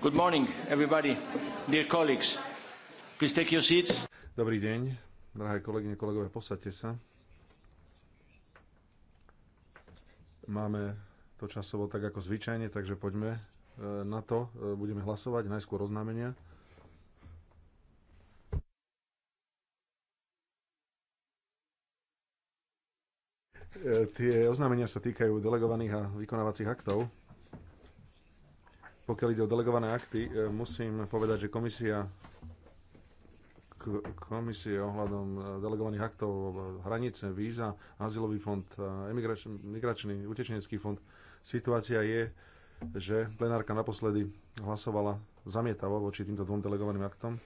Good morning, everybody, dear colleagues. Please take your seats. Dobrý deň, drahé kolegyne, kolegové, posadte sa. Máme to časovo tak ako zvyčajne, takže poďme e, na to. E, budeme hlasovať, najskôr oznámenia. E, tie oznámenia sa týkajú delegovaných a vykonávacích aktov. Pokiaľ ide o delegované akty, eh, musím povedať, že komisia komisie ohľadom eh, delegovaných aktov eh, hranice, víza, azylový fond, emigračný, migračný, utečenecký fond. Situácia je, že plenárka naposledy hlasovala zamietavo voči týmto dvom delegovaným aktom,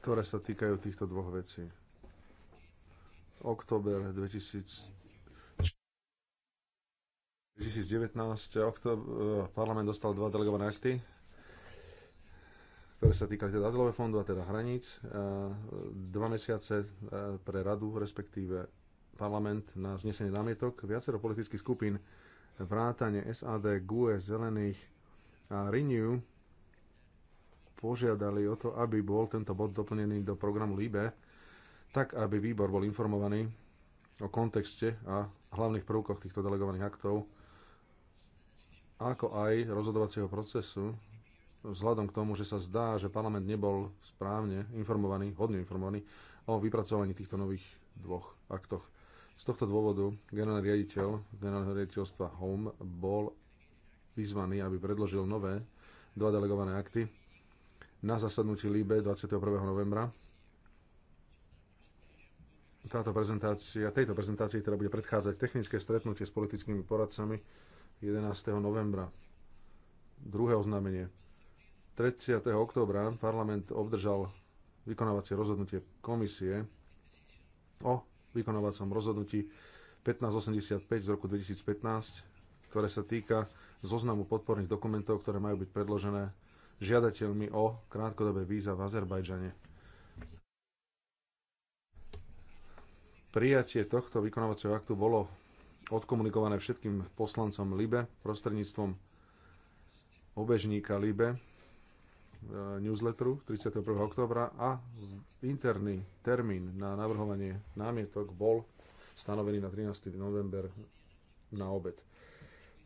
ktoré sa týkajú týchto dvoch vecí. Október 2000 2019 oktober, eh, parlament dostal dva delegované akty, ktoré sa týkali teda azylového fondu a teda hraníc. Eh, dva mesiace eh, pre radu, respektíve parlament na znesenie námietok. Viacero politických skupín vrátane SAD, GUE, Zelených a Renew požiadali o to, aby bol tento bod doplnený do programu LIBE, tak aby výbor bol informovaný o kontexte a hlavných prvkoch týchto delegovaných aktov ako aj rozhodovacieho procesu, vzhľadom k tomu, že sa zdá, že parlament nebol správne informovaný, hodne informovaný o vypracovaní týchto nových dvoch aktoch. Z tohto dôvodu generálny riaditeľ generálneho riaditeľstva HOME bol vyzvaný, aby predložil nové dva delegované akty na zasadnutí LIBE 21. novembra. Táto prezentácia, tejto prezentácii teda bude predchádzať technické stretnutie s politickými poradcami 11. novembra. Druhé oznámenie. 30. oktobra parlament obdržal vykonávacie rozhodnutie komisie o vykonávacom rozhodnutí 1585 z roku 2015, ktoré sa týka zoznamu podporných dokumentov, ktoré majú byť predložené žiadateľmi o krátkodobé víza v Azerbajdžane. Prijatie tohto vykonávacieho aktu bolo odkomunikované všetkým poslancom LIBE prostredníctvom obežníka LIBE e, newsletteru 31. oktobra a interný termín na navrhovanie námietok bol stanovený na 13. november na obed.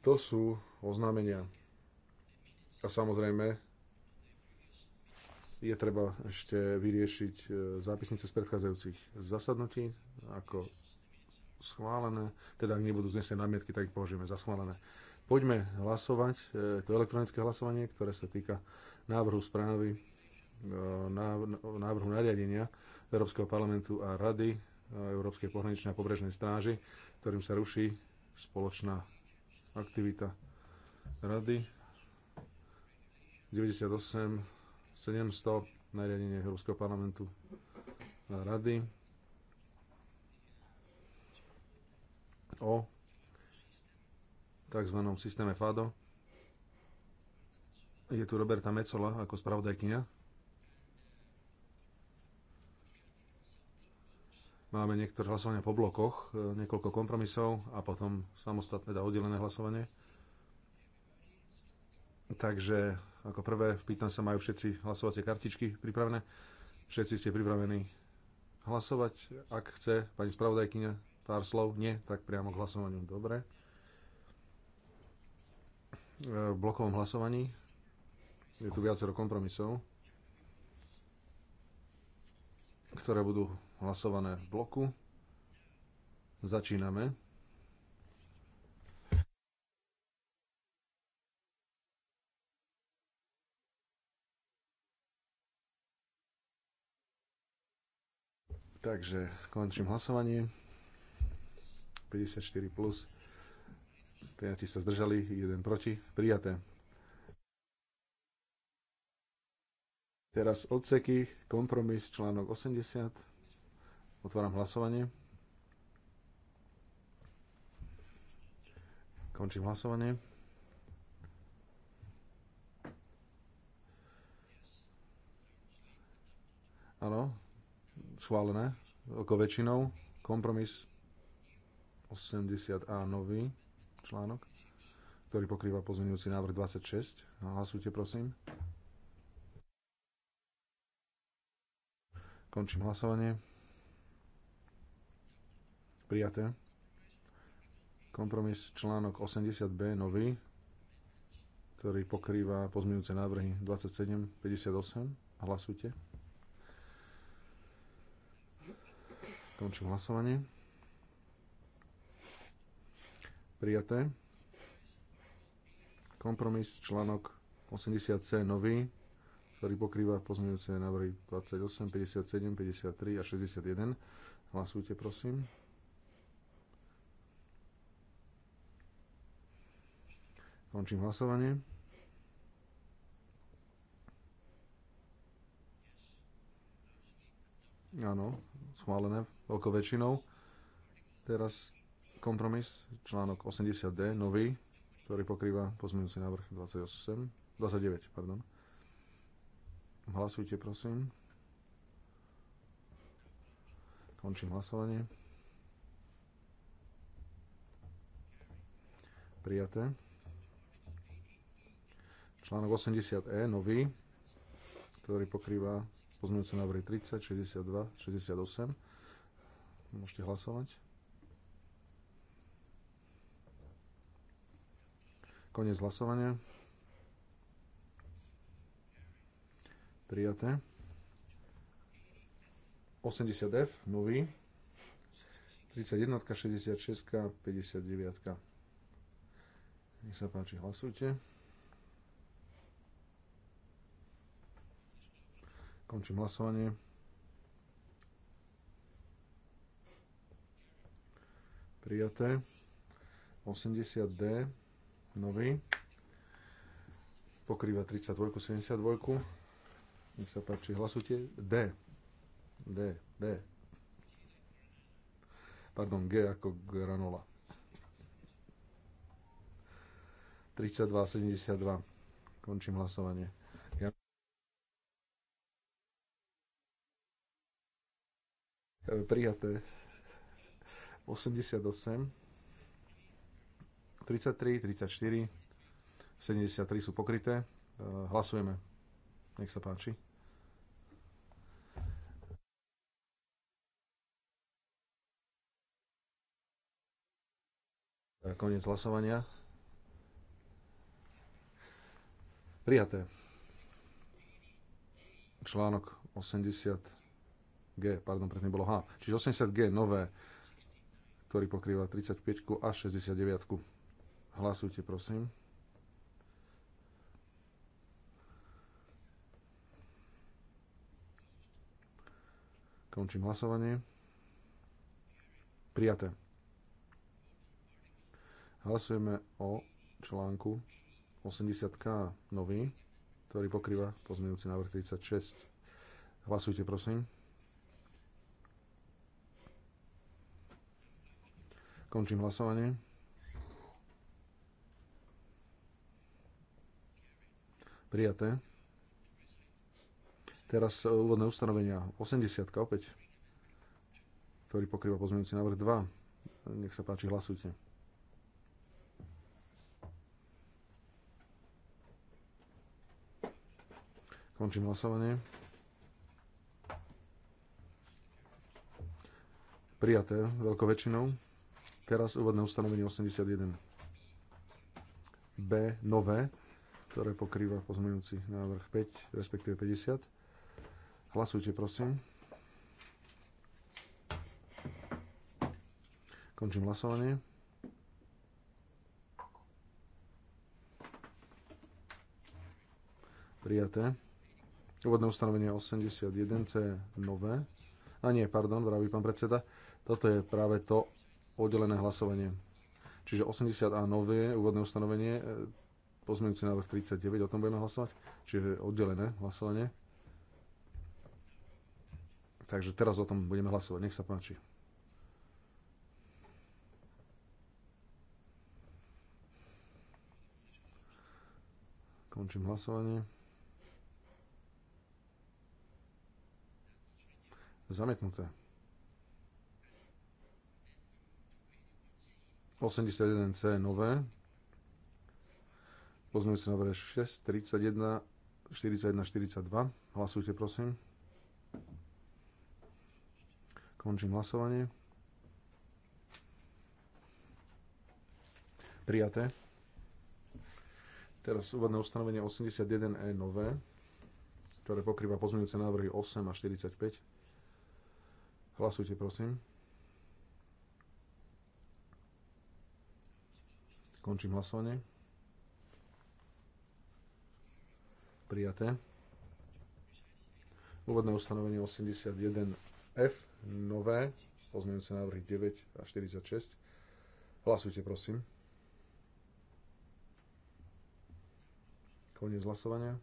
To sú oznámenia. A samozrejme, je treba ešte vyriešiť e, zápisnice z predchádzajúcich zasadnutí, ako schválené, teda ak nebudú znesené námietky, tak ich považujeme za schválené. Poďme hlasovať, e, to elektronické hlasovanie, ktoré sa týka návrhu správy, e, návrhu nariadenia Európskeho parlamentu a Rady e, Európskej pohraničnej a pobrežnej stráži, ktorým sa ruší spoločná aktivita Rady 98 700 nariadenie Európskeho parlamentu a Rady o tzv. systéme FADO. Je tu Roberta Mecola ako spravodajkynia. Máme niektoré hlasovania po blokoch, e, niekoľko kompromisov a potom samostatné, a oddelené hlasovanie. Takže ako prvé, pýtam sa, majú všetci hlasovacie kartičky pripravené? Všetci ste pripravení hlasovať, ak chce pani spravodajkyňa pár slov? Nie, tak priamo k hlasovaniu. Dobre. E, v blokovom hlasovaní je tu viacero kompromisov, ktoré budú hlasované v bloku. Začíname. Takže končím hlasovanie. 54 plus. 5 sa zdržali, jeden proti. Prijaté. Teraz odseky, kompromis, článok 80. Otváram hlasovanie. Končím hlasovanie. Áno, schválené, ako väčšinou, kompromis 80a nový článok, ktorý pokrýva pozmeňujúci návrh 26. Hlasujte, prosím. Končím hlasovanie. Prijaté. Kompromis článok 80b nový, ktorý pokrýva pozmeňujúce návrhy 27, 58. Hlasujte. Končím hlasovanie. Prijaté. Kompromis článok 80C nový, ktorý pokrýva pozmeňujúce návrhy 28, 57, 53 a 61. Hlasujte, prosím. Končím hlasovanie. Áno, schválené veľkou väčšinou. Teraz kompromis, článok 80D, nový, ktorý pokrýva pozmeňujúci návrh 28, 29, pardon. Hlasujte, prosím. Končím hlasovanie. Prijaté. Článok 80E, nový, ktorý pokrýva pozmeňujúce návrhy 30, 62, 68. Môžete hlasovať. Konec hlasovania. Prijaté. 80F, nový. 31, 66, 59. Nech sa páči, hlasujte. Končím hlasovanie. Prijaté. 80D nový. Pokrýva 32, 72. Nech sa páči, hlasujte. D. D, D. Pardon, G ako granola. 32, 72. Končím hlasovanie. Ja... Prijaté. 88. 33, 34, 73 sú pokryté. E, hlasujeme. Nech sa páči. E, koniec hlasovania. Prijaté. Článok 80G, pardon, predtým bolo H. Čiže 80G nové, ktorý pokrýva 35 a 69. Hlasujte, prosím. Končím hlasovanie. Prijaté. Hlasujeme o článku 80K nový, ktorý pokrýva pozmeňujúci návrh 36. Hlasujte, prosím. Končím hlasovanie. Prijaté. Teraz úvodné ustanovenia. 80 opäť, ktorý pokrýva pozmeňujúci návrh 2. Nech sa páči, hlasujte. Končím hlasovanie. Prijaté veľkou väčšinou. Teraz úvodné ustanovenie 81. B. Nové ktoré pokrýva pozmeňujúci návrh 5, respektíve 50. Hlasujte, prosím. Končím hlasovanie. Prijaté. Úvodné ustanovenie 81C nové. A nie, pardon, vraví pán predseda. Toto je práve to oddelené hlasovanie. Čiže 80A nové úvodné ustanovenie, Pozmeňujúci návrh 39, o tom budeme hlasovať, čiže oddelené hlasovanie. Takže teraz o tom budeme hlasovať, nech sa páči. Končím hlasovanie. Zamietnuté. 81C nové. Pozmeňujúce návrhy 6, 31, 41, 42. Hlasujte, prosím. Končím hlasovanie. Prijaté. Teraz úvodné ustanovenie 81E nové, ktoré pokrýva pozmeňujúce návrhy 8 a 45. Hlasujte, prosím. Končím hlasovanie. Prijaté. Úvodné ustanovenie 81F, nové, pozmeňujúce návrhy 9 a 46. Hlasujte, prosím. Koniec hlasovania.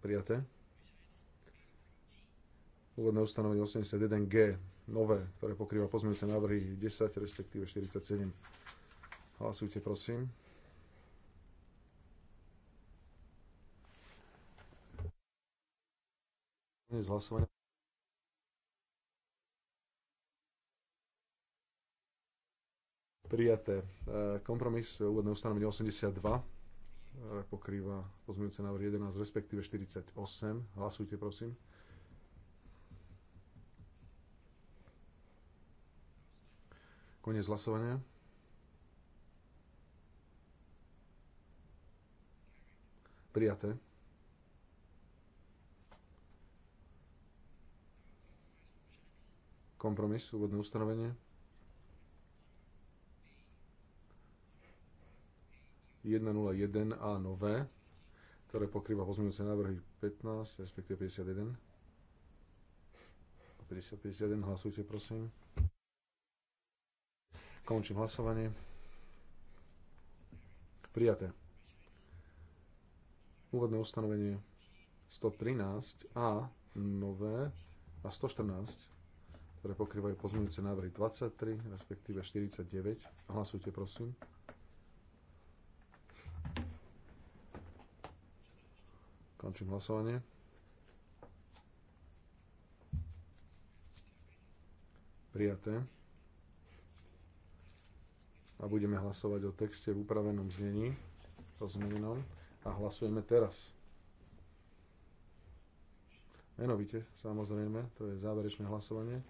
Prijaté. Úvodné ustanovenie 81G, nové, ktoré pokrýva pozmeňujúce návrhy 10, respektíve 47. Hlasujte, prosím. hlasovania prijaté. E, kompromis e, úvodné ustanovenie 82 e, pokrýva pozmeňujúce návrh 11, respektíve 48. Hlasujte, prosím. Konec hlasovania. Prijaté. Kompromis, úvodné ustanovenie. jeden a nové, ktoré pokrýva pozmeňujúce návrhy 15, respektíve 51. 50, 51, hlasujte prosím. Končím hlasovanie. Prijaté. Úvodné ustanovenie 113 a nové a 114 ktoré pokrývajú pozmeňujúce návrhy 23, respektíve 49. Hlasujte, prosím. Končím hlasovanie. Prijaté. A budeme hlasovať o texte v upravenom znení, pozmenenom. A hlasujeme teraz. Menovite, samozrejme, to je záverečné hlasovanie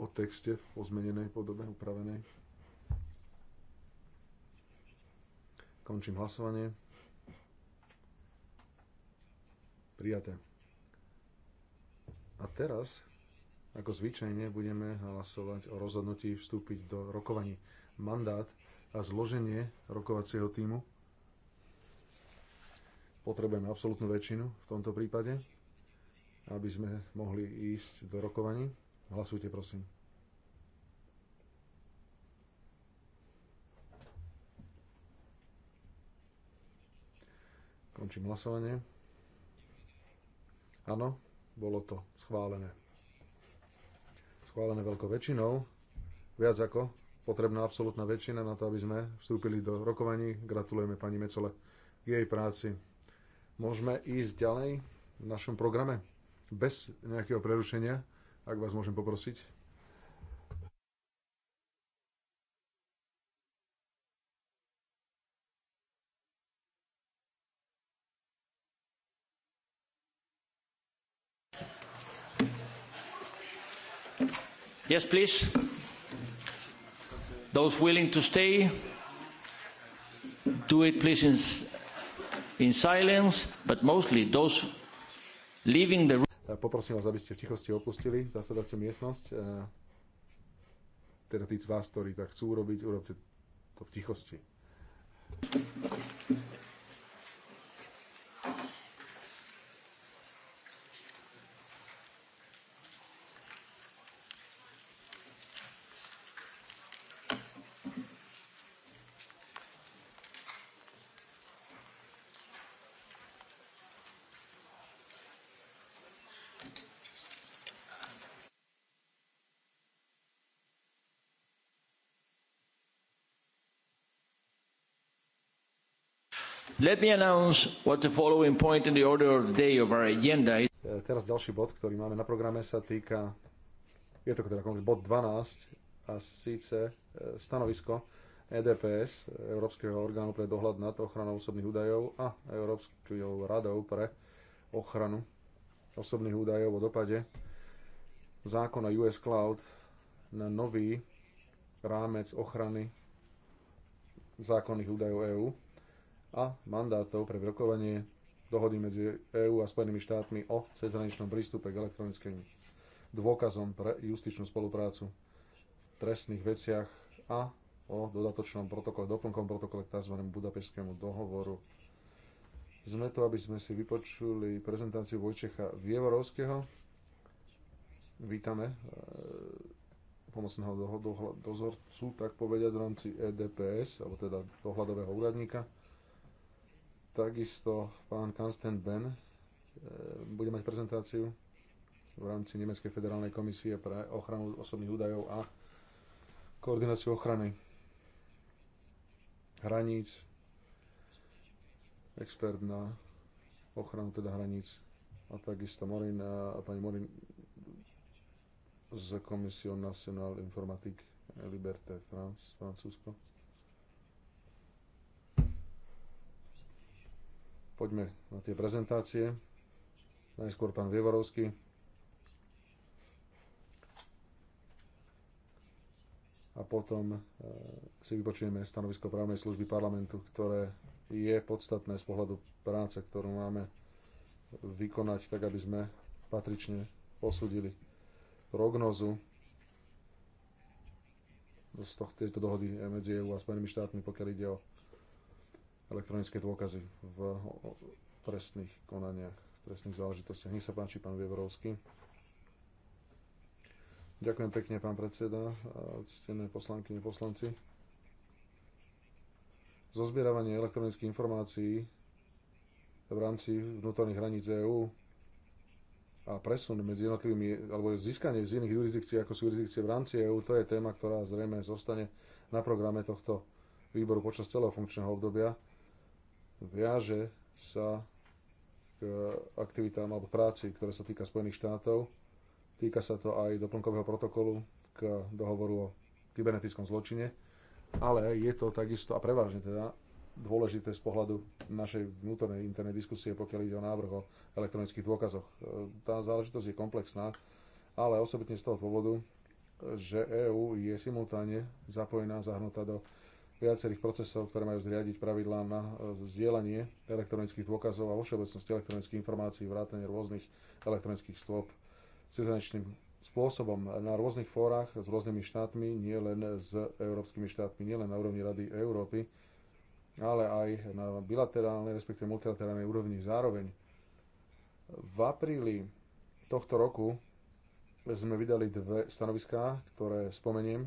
o texte v pozmenenej podobe, upravenej. Končím hlasovanie. Prijaté. A teraz, ako zvyčajne, budeme hlasovať o rozhodnutí vstúpiť do rokovaní. Mandát a zloženie rokovacieho týmu. Potrebujeme absolútnu väčšinu v tomto prípade, aby sme mohli ísť do rokovaní. Hlasujte, prosím. Končím hlasovanie. Áno, bolo to schválené. Schválené veľkou väčšinou, viac ako potrebná absolútna väčšina na to, aby sme vstúpili do rokovaní. Gratulujeme pani Mecole k jej práci. Môžeme ísť ďalej v našom programe bez nejakého prerušenia. Ak vás môžem poprosiť. Yes, please. Those willing to stay, do it please in, in silence, but mostly those leaving the room. E, poprosím vás, aby ste v tichosti opustili zasadaciu miestnosť. E, teda tí z vás, ktorí tak chcú urobiť, urobte to v tichosti. Let me announce what the following point in the order of the day of our agenda is. E, teraz ďalší bod, ktorý máme na programe, sa týka, je to teda bod 12, a síce e, stanovisko EDPS, Európskeho orgánu pre dohľad nad ochranou osobných údajov a Európskou radou pre ochranu osobných údajov o dopade zákona US Cloud na nový rámec ochrany zákonných údajov EÚ a mandátov pre rokovanie dohody medzi EÚ a Spojenými štátmi o cezhraničnom prístupe k elektronickým dôkazom pre justičnú spoluprácu v trestných veciach a o dodatočnom protokole, doplnkom protokole k tzv. budapešskému dohovoru. Sme tu, aby sme si vypočuli prezentáciu Vojčecha Vievorovského. Vítame e, pomocného dozorcu, tak povediať v rámci EDPS, alebo teda dohľadového úradníka. Takisto pán Kansten Ben eh, bude mať prezentáciu v rámci Nemeckej federálnej komisie pre ochranu osobných údajov a koordináciu ochrany hraníc, expert na ochranu teda hraníc a takisto Morin eh, a pani Morin z Commission National Informatique Liberté France, Francúzsko. Poďme na tie prezentácie. Najskôr pán Vievorovský. A potom e, si vypočujeme stanovisko právnej služby parlamentu, ktoré je podstatné z pohľadu práce, ktorú máme vykonať, tak aby sme patrične posúdili prognozu z tejto dohody medzi EU a Spojenými štátmi, pokiaľ ide o elektronické dôkazy v trestných konaniach, v trestných záležitostiach. Nech sa páči, pán Vievorovský. Ďakujem pekne, pán predseda, ctené poslanky, poslanci. Zozbieravanie elektronických informácií v rámci vnútorných hraníc EÚ a presun medzi jednotlivými, alebo získanie z iných jurisdikcií, ako sú jurisdikcie v rámci EÚ, to je téma, ktorá zrejme zostane na programe tohto výboru počas celého funkčného obdobia viaže sa k aktivitám alebo práci, ktoré sa týka Spojených štátov. Týka sa to aj doplnkového protokolu k dohovoru o kybernetickom zločine, ale je to takisto a prevažne teda dôležité z pohľadu našej vnútornej internej diskusie, pokiaľ ide o návrh o elektronických dôkazoch. E, tá záležitosť je komplexná, ale osobitne z toho dôvodu, že EÚ je simultáne zapojená, zahrnutá do viacerých procesov, ktoré majú zriadiť pravidlá na e, zdieľanie elektronických dôkazov a vo všeobecnosti elektronických informácií, vrátane rôznych elektronických stôp cezhraničným spôsobom na rôznych fórach s rôznymi štátmi, nie len s európskymi štátmi, nie len na úrovni Rady Európy, ale aj na bilaterálnej, respektíve multilaterálnej úrovni zároveň. V apríli tohto roku sme vydali dve stanoviská, ktoré spomeniem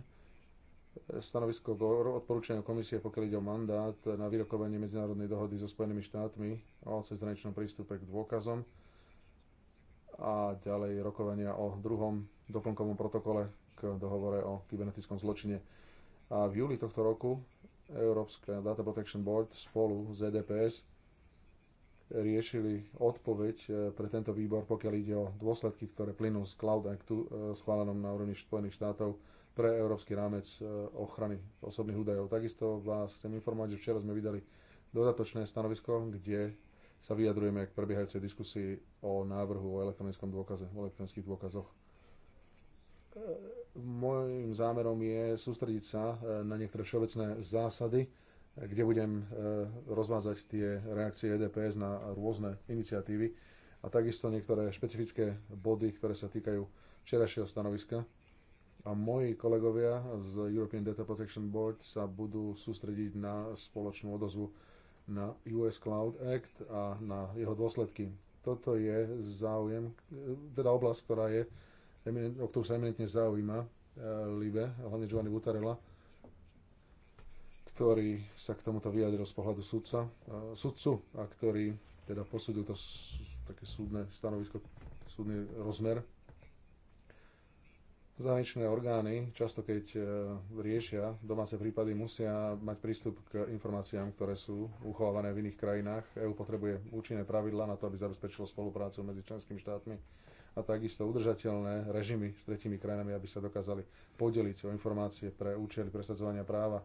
stanovisko odporúčania komisie, pokiaľ ide o mandát na vyrokovanie medzinárodnej dohody so Spojenými štátmi o cezhraničnom prístupe k dôkazom a ďalej rokovania o druhom doplnkovom protokole k dohovore o kybernetickom zločine. A v júli tohto roku Európska Data Protection Board spolu s EDPS riešili odpoveď e, pre tento výbor, pokiaľ ide o dôsledky, ktoré plynú z Cloud Actu e, schválenom na úrovni Spojených štátov pre európsky rámec e, ochrany osobných údajov. Takisto vás chcem informovať, že včera sme vydali dodatočné stanovisko, kde sa vyjadrujeme k prebiehajúcej diskusii o návrhu o elektronickom dôkaze, o elektronických dôkazoch. E, Mojím zámerom je sústrediť sa e, na niektoré všeobecné zásady, kde budem rozvádzať tie reakcie EDPS na rôzne iniciatívy a takisto niektoré špecifické body, ktoré sa týkajú včerajšieho stanoviska a moji kolegovia z European Data Protection Board sa budú sústrediť na spoločnú odozvu na US Cloud Act a na jeho dôsledky. Toto je záujem, teda oblasť, ktorá je, o ktorú sa eminentne zaujíma eh, Libe, hlavne Giovanni Butarella, ktorý sa k tomuto vyjadril z pohľadu sudca, eh, sudcu a ktorý teda posúdil to také súdne stanovisko, súdny rozmer zahraničné orgány, často keď e, riešia domáce prípady, musia mať prístup k informáciám, ktoré sú uchovávané v iných krajinách. EÚ potrebuje účinné pravidlá na to, aby zabezpečilo spoluprácu medzi členskými štátmi a takisto udržateľné režimy s tretími krajinami, aby sa dokázali podeliť o informácie pre účely presadzovania práva.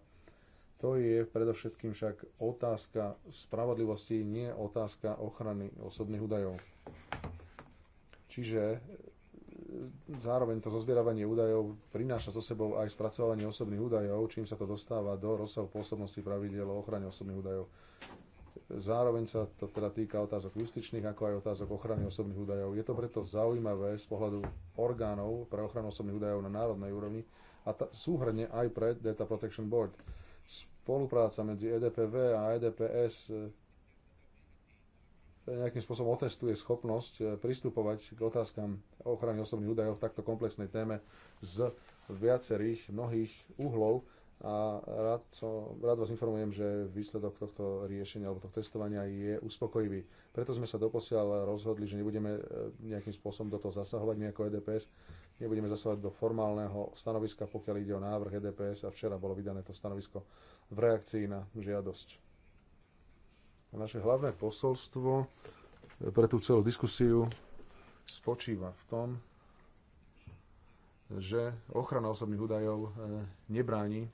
To je predovšetkým však otázka spravodlivosti, nie otázka ochrany osobných údajov. Čiže zároveň to zozbieravanie údajov prináša so sebou aj spracovanie osobných údajov, čím sa to dostáva do rozsahu pôsobnosti pravidel o ochrane osobných údajov. Zároveň sa to teda týka otázok justičných, ako aj otázok ochrany osobných údajov. Je to preto zaujímavé z pohľadu orgánov pre ochranu osobných údajov na národnej úrovni a súhrne aj pre Data Protection Board. Spolupráca medzi EDPV a EDPS nejakým spôsobom otestuje schopnosť e, pristupovať k otázkam ochrany osobných údajov v takto komplexnej téme z viacerých mnohých uhlov a rád, so, rád vás informujem, že výsledok tohto riešenia alebo tohto testovania je uspokojivý. Preto sme sa doposiaľ rozhodli, že nebudeme e, nejakým spôsobom do toho zasahovať my ako EDPS, nebudeme zasahovať do formálneho stanoviska, pokiaľ ide o návrh EDPS a včera bolo vydané to stanovisko v reakcii na žiadosť. Naše hlavné posolstvo pre tú celú diskusiu spočíva v tom, že ochrana osobných údajov eh, nebráni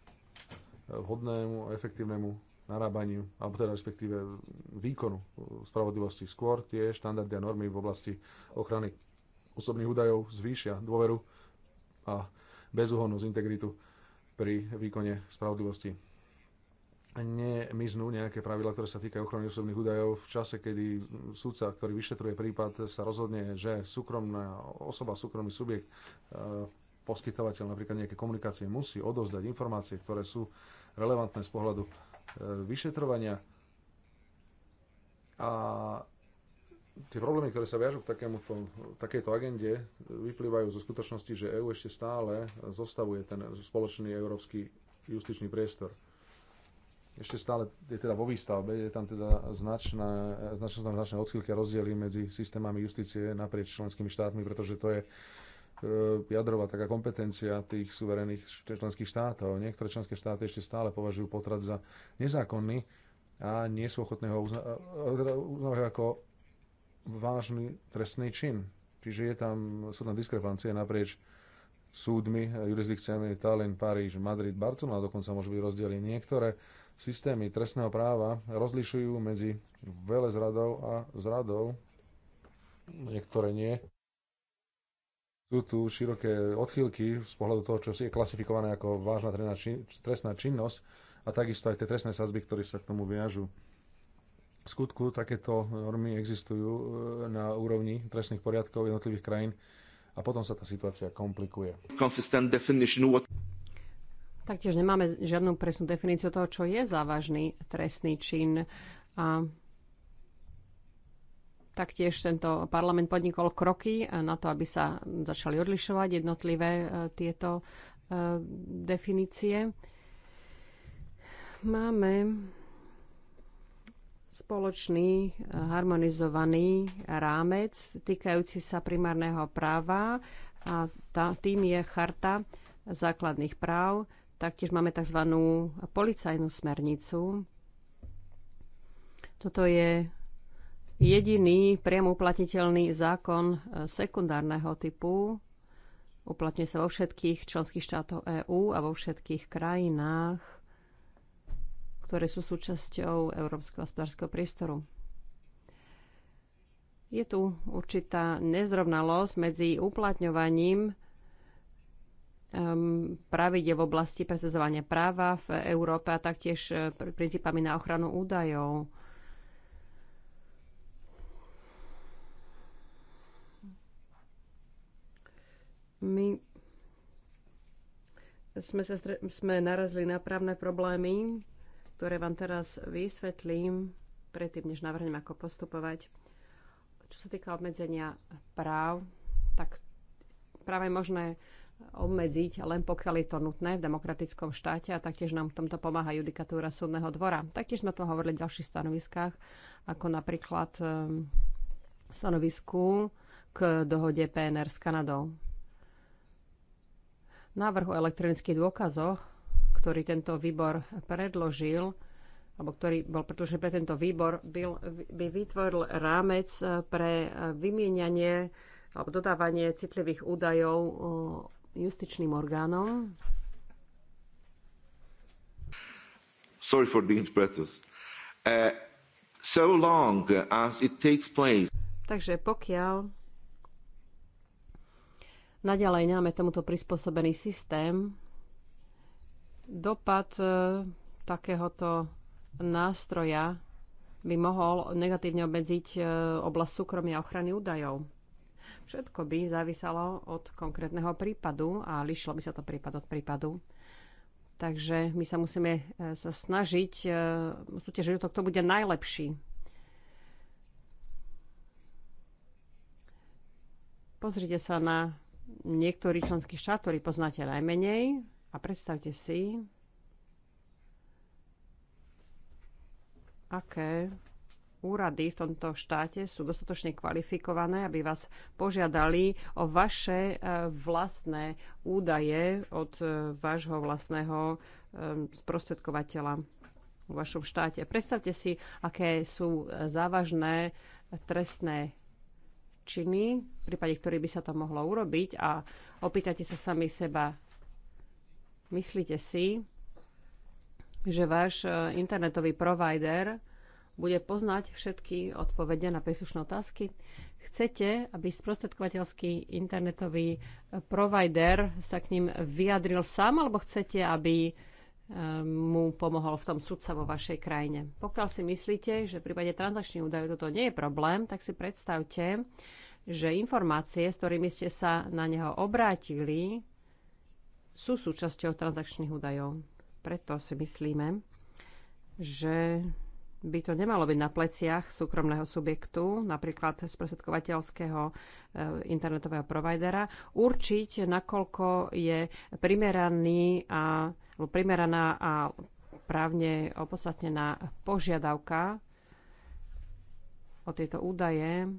vhodnému, eh, efektívnemu narábaniu, alebo teda respektíve výkonu spravodlivosti. Skôr tie štandardy a normy v oblasti ochrany osobných údajov zvýšia dôveru a bezúhonnosť, integritu pri výkone spravodlivosti nemiznú nejaké pravidla, ktoré sa týkajú ochrany osobných údajov v čase, kedy súdca, ktorý vyšetruje prípad, sa rozhodne, že súkromná osoba, súkromný subjekt, e, poskytovateľ napríklad nejaké komunikácie musí odovzdať informácie, ktoré sú relevantné z pohľadu e, vyšetrovania. A tie problémy, ktoré sa viažú k takémuto, takejto agende, vyplývajú zo skutočnosti, že EÚ ešte stále zostavuje ten spoločný európsky justičný priestor ešte stále je teda vo výstavbe, je tam teda značná, značná, značná odchýlka rozdiely medzi systémami justície naprieč členskými štátmi, pretože to je e, jadrová taká kompetencia tých suverených členských štátov. Niektoré členské štáty ešte stále považujú potrat za nezákonný a nie sú ochotné ho e, teda uznávať ako vážny trestný čin. Čiže je tam, sú tam diskrepancie naprieč súdmi, jurisdikciami Tallinn, Paríž, Madrid, Barcelona dokonca môžu byť rozdiely. Niektoré systémy trestného práva rozlišujú medzi veľa zradou a zradou, niektoré nie. Sú tu široké odchýlky z pohľadu toho, čo je klasifikované ako vážna trestná činnosť a takisto aj tie trestné sazby, ktoré sa k tomu viažu. V skutku takéto normy existujú e, na úrovni trestných poriadkov jednotlivých krajín a potom sa tá situácia komplikuje. Taktiež nemáme žiadnu presnú definíciu toho, čo je závažný trestný čin. A taktiež tento parlament podnikol kroky na to, aby sa začali odlišovať jednotlivé e, tieto e, definície. Máme spoločný e, harmonizovaný rámec týkajúci sa primárneho práva a tá, tým je charta základných práv, Taktiež máme tzv. policajnú smernicu. Toto je jediný priamo uplatniteľný zákon e, sekundárneho typu. Uplatňuje sa vo všetkých členských štátoch EÚ a vo všetkých krajinách, ktoré sú súčasťou Európskeho hospodárskeho priestoru. Je tu určitá nezrovnalosť medzi uplatňovaním Ehm, pravidie v oblasti presadzovania práva v Európe a taktiež e, princípami na ochranu údajov. My sme, sa stre- sme narazili na právne problémy, ktoré vám teraz vysvetlím, predtým, než navrhnem, ako postupovať. Čo sa týka obmedzenia práv, tak práve možné obmedziť, len pokiaľ je to nutné v demokratickom štáte a taktiež nám v tomto pomáha judikatúra súdneho dvora. Taktiež sme to hovorili v ďalších stanoviskách, ako napríklad eh, stanovisku k dohode PNR s Kanadou. Návrh o elektronických dôkazoch, ktorý tento výbor predložil, alebo ktorý bol pretože pre tento výbor, byl, by vytvoril rámec eh, pre eh, vymienianie alebo dodávanie citlivých údajov justičným orgánom. Sorry for the interpreters. Uh, so long as it takes place. Takže pokiaľ naďalej nemáme tomuto prispôsobený systém, dopad uh, takéhoto nástroja by mohol negatívne obmedziť uh, oblasť súkromia ochrany údajov. Všetko by závisalo od konkrétneho prípadu a lišlo by sa to prípad od prípadu. Takže my sa musíme e, sa snažiť e, súťažiť o to, kto bude najlepší. Pozrite sa na niektorý členský štát, ktorý poznáte najmenej a predstavte si, aké úrady v tomto štáte sú dostatočne kvalifikované, aby vás požiadali o vaše e, vlastné údaje od e, vášho vlastného e, sprostredkovateľa v vašom štáte. Predstavte si, aké sú závažné trestné činy, v prípade ktorých by sa to mohlo urobiť a opýtate sa sami seba, myslíte si, že váš internetový provider bude poznať všetky odpovede na príslušné otázky. Chcete, aby sprostredkovateľský internetový provider sa k ním vyjadril sám, alebo chcete, aby e, mu pomohol v tom sudca vo vašej krajine. Pokiaľ si myslíte, že v prípade transakčných údajov toto nie je problém, tak si predstavte, že informácie, s ktorými ste sa na neho obrátili, sú súčasťou transakčných údajov. Preto si myslíme, že by to nemalo byť na pleciach súkromného subjektu, napríklad sprostredkovateľského e, internetového providera, určiť, nakoľko je primeraný a, primeraná a právne opodstatnená požiadavka o tieto údaje.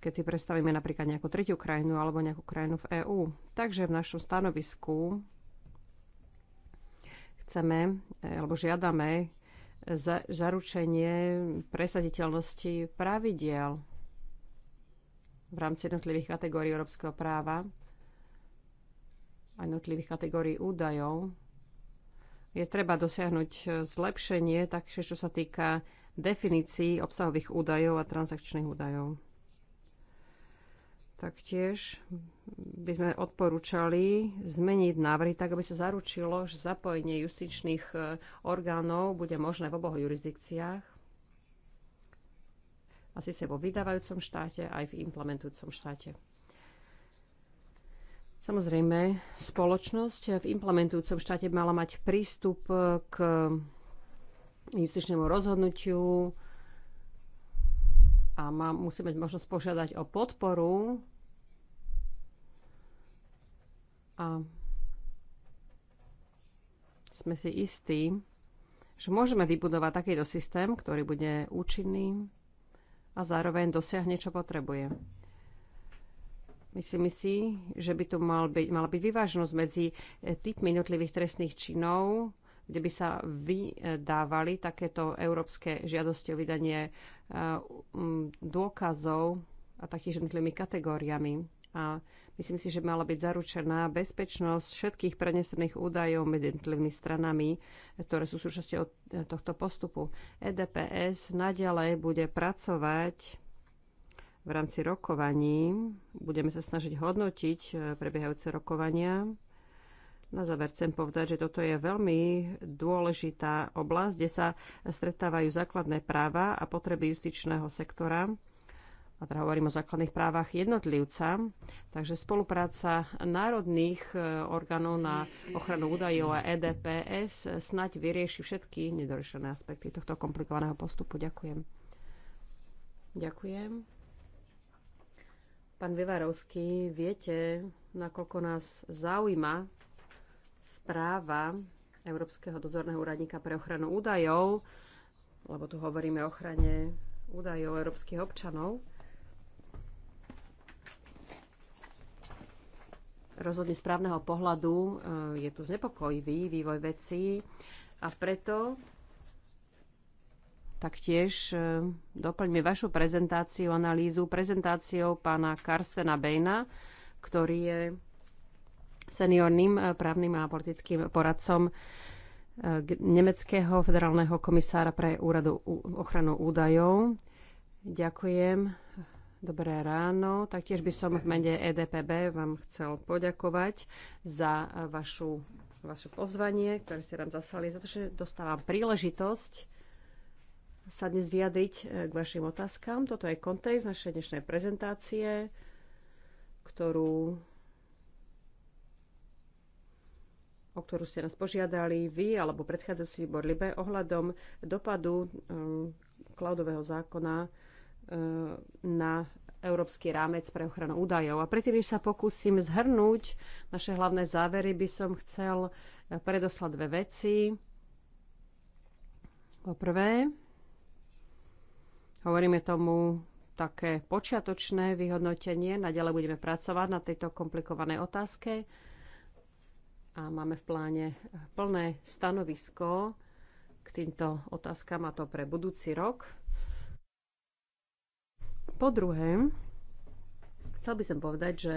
Keď si predstavíme napríklad nejakú tretiu krajinu alebo nejakú krajinu v EÚ. Takže v našom stanovisku chceme eh, alebo žiadame eh, za, zaručenie presaditeľnosti pravidiel v rámci jednotlivých kategórií európskeho práva a jednotlivých kategórií údajov. Je treba dosiahnuť eh, zlepšenie, takže čo sa týka definícií obsahových údajov a transakčných údajov. Taktiež by sme odporúčali zmeniť návrhy tak, aby sa zaručilo, že zapojenie justičných e, orgánov bude možné v oboch jurisdikciách. Asi sa vo vydávajúcom štáte aj v implementujúcom štáte. Samozrejme, spoločnosť v implementujúcom štáte mala mať prístup e, k justičnému rozhodnutiu a má, musí mať možnosť požiadať o podporu A sme si istí, že môžeme vybudovať takýto systém, ktorý bude účinný a zároveň dosiahne, čo potrebuje. Myslím si, že by tu mal byť, mala byť vyváženosť medzi eh, typmi jednotlivých trestných činov, kde by sa vydávali takéto európske žiadosti o vydanie eh, dôkazov a taktiež jednotlivými kategóriami a myslím si, že mala byť zaručená bezpečnosť všetkých prenesených údajov medzi jednotlivými stranami, ktoré sú súčasťou e, tohto postupu. EDPS naďalej bude pracovať v rámci rokovaní. Budeme sa snažiť hodnotiť e, prebiehajúce rokovania. Na záver chcem povedať, že toto je veľmi dôležitá oblasť, kde sa stretávajú základné práva a potreby justičného sektora a teda hovorím o základných právach jednotlivca. Takže spolupráca národných e, orgánov na ochranu údajov a EDPS snať vyrieši všetky nedorešené aspekty tohto komplikovaného postupu. Ďakujem. Ďakujem. Pán Vyvarovský, viete, nakoľko nás zaujíma správa Európskeho dozorného úradníka pre ochranu údajov, lebo tu hovoríme o ochrane údajov európskych občanov. rozhodne správneho pohľadu e, je tu znepokojivý vývoj vecí a preto taktiež e, doplňme vašu prezentáciu, analýzu prezentáciou pána Karstena Bejna, ktorý je seniorným e, právnym a politickým poradcom nemeckého federálneho komisára pre úradu ochranu údajov. Ďakujem Dobré ráno. Taktiež by som v mene EDPB vám chcel poďakovať za vašu, vaše pozvanie, ktoré ste nám zaslali, za to, že dostávam príležitosť sa dnes vyjadriť e, k vašim otázkam. Toto je kontext našej dnešnej prezentácie, ktorú o ktorú ste nás požiadali vy alebo predchádzajúci výbor Libe ohľadom dopadu um, cloudového zákona na Európsky rámec pre ochranu údajov. A predtým, než sa pokúsim zhrnúť naše hlavné závery, by som chcel eh, predoslať dve veci. Poprvé, hovoríme tomu také počiatočné vyhodnotenie. Naďalej budeme pracovať na tejto komplikovanej otázke a máme v pláne plné stanovisko k týmto otázkam a to pre budúci rok po druhé, chcel by som povedať, že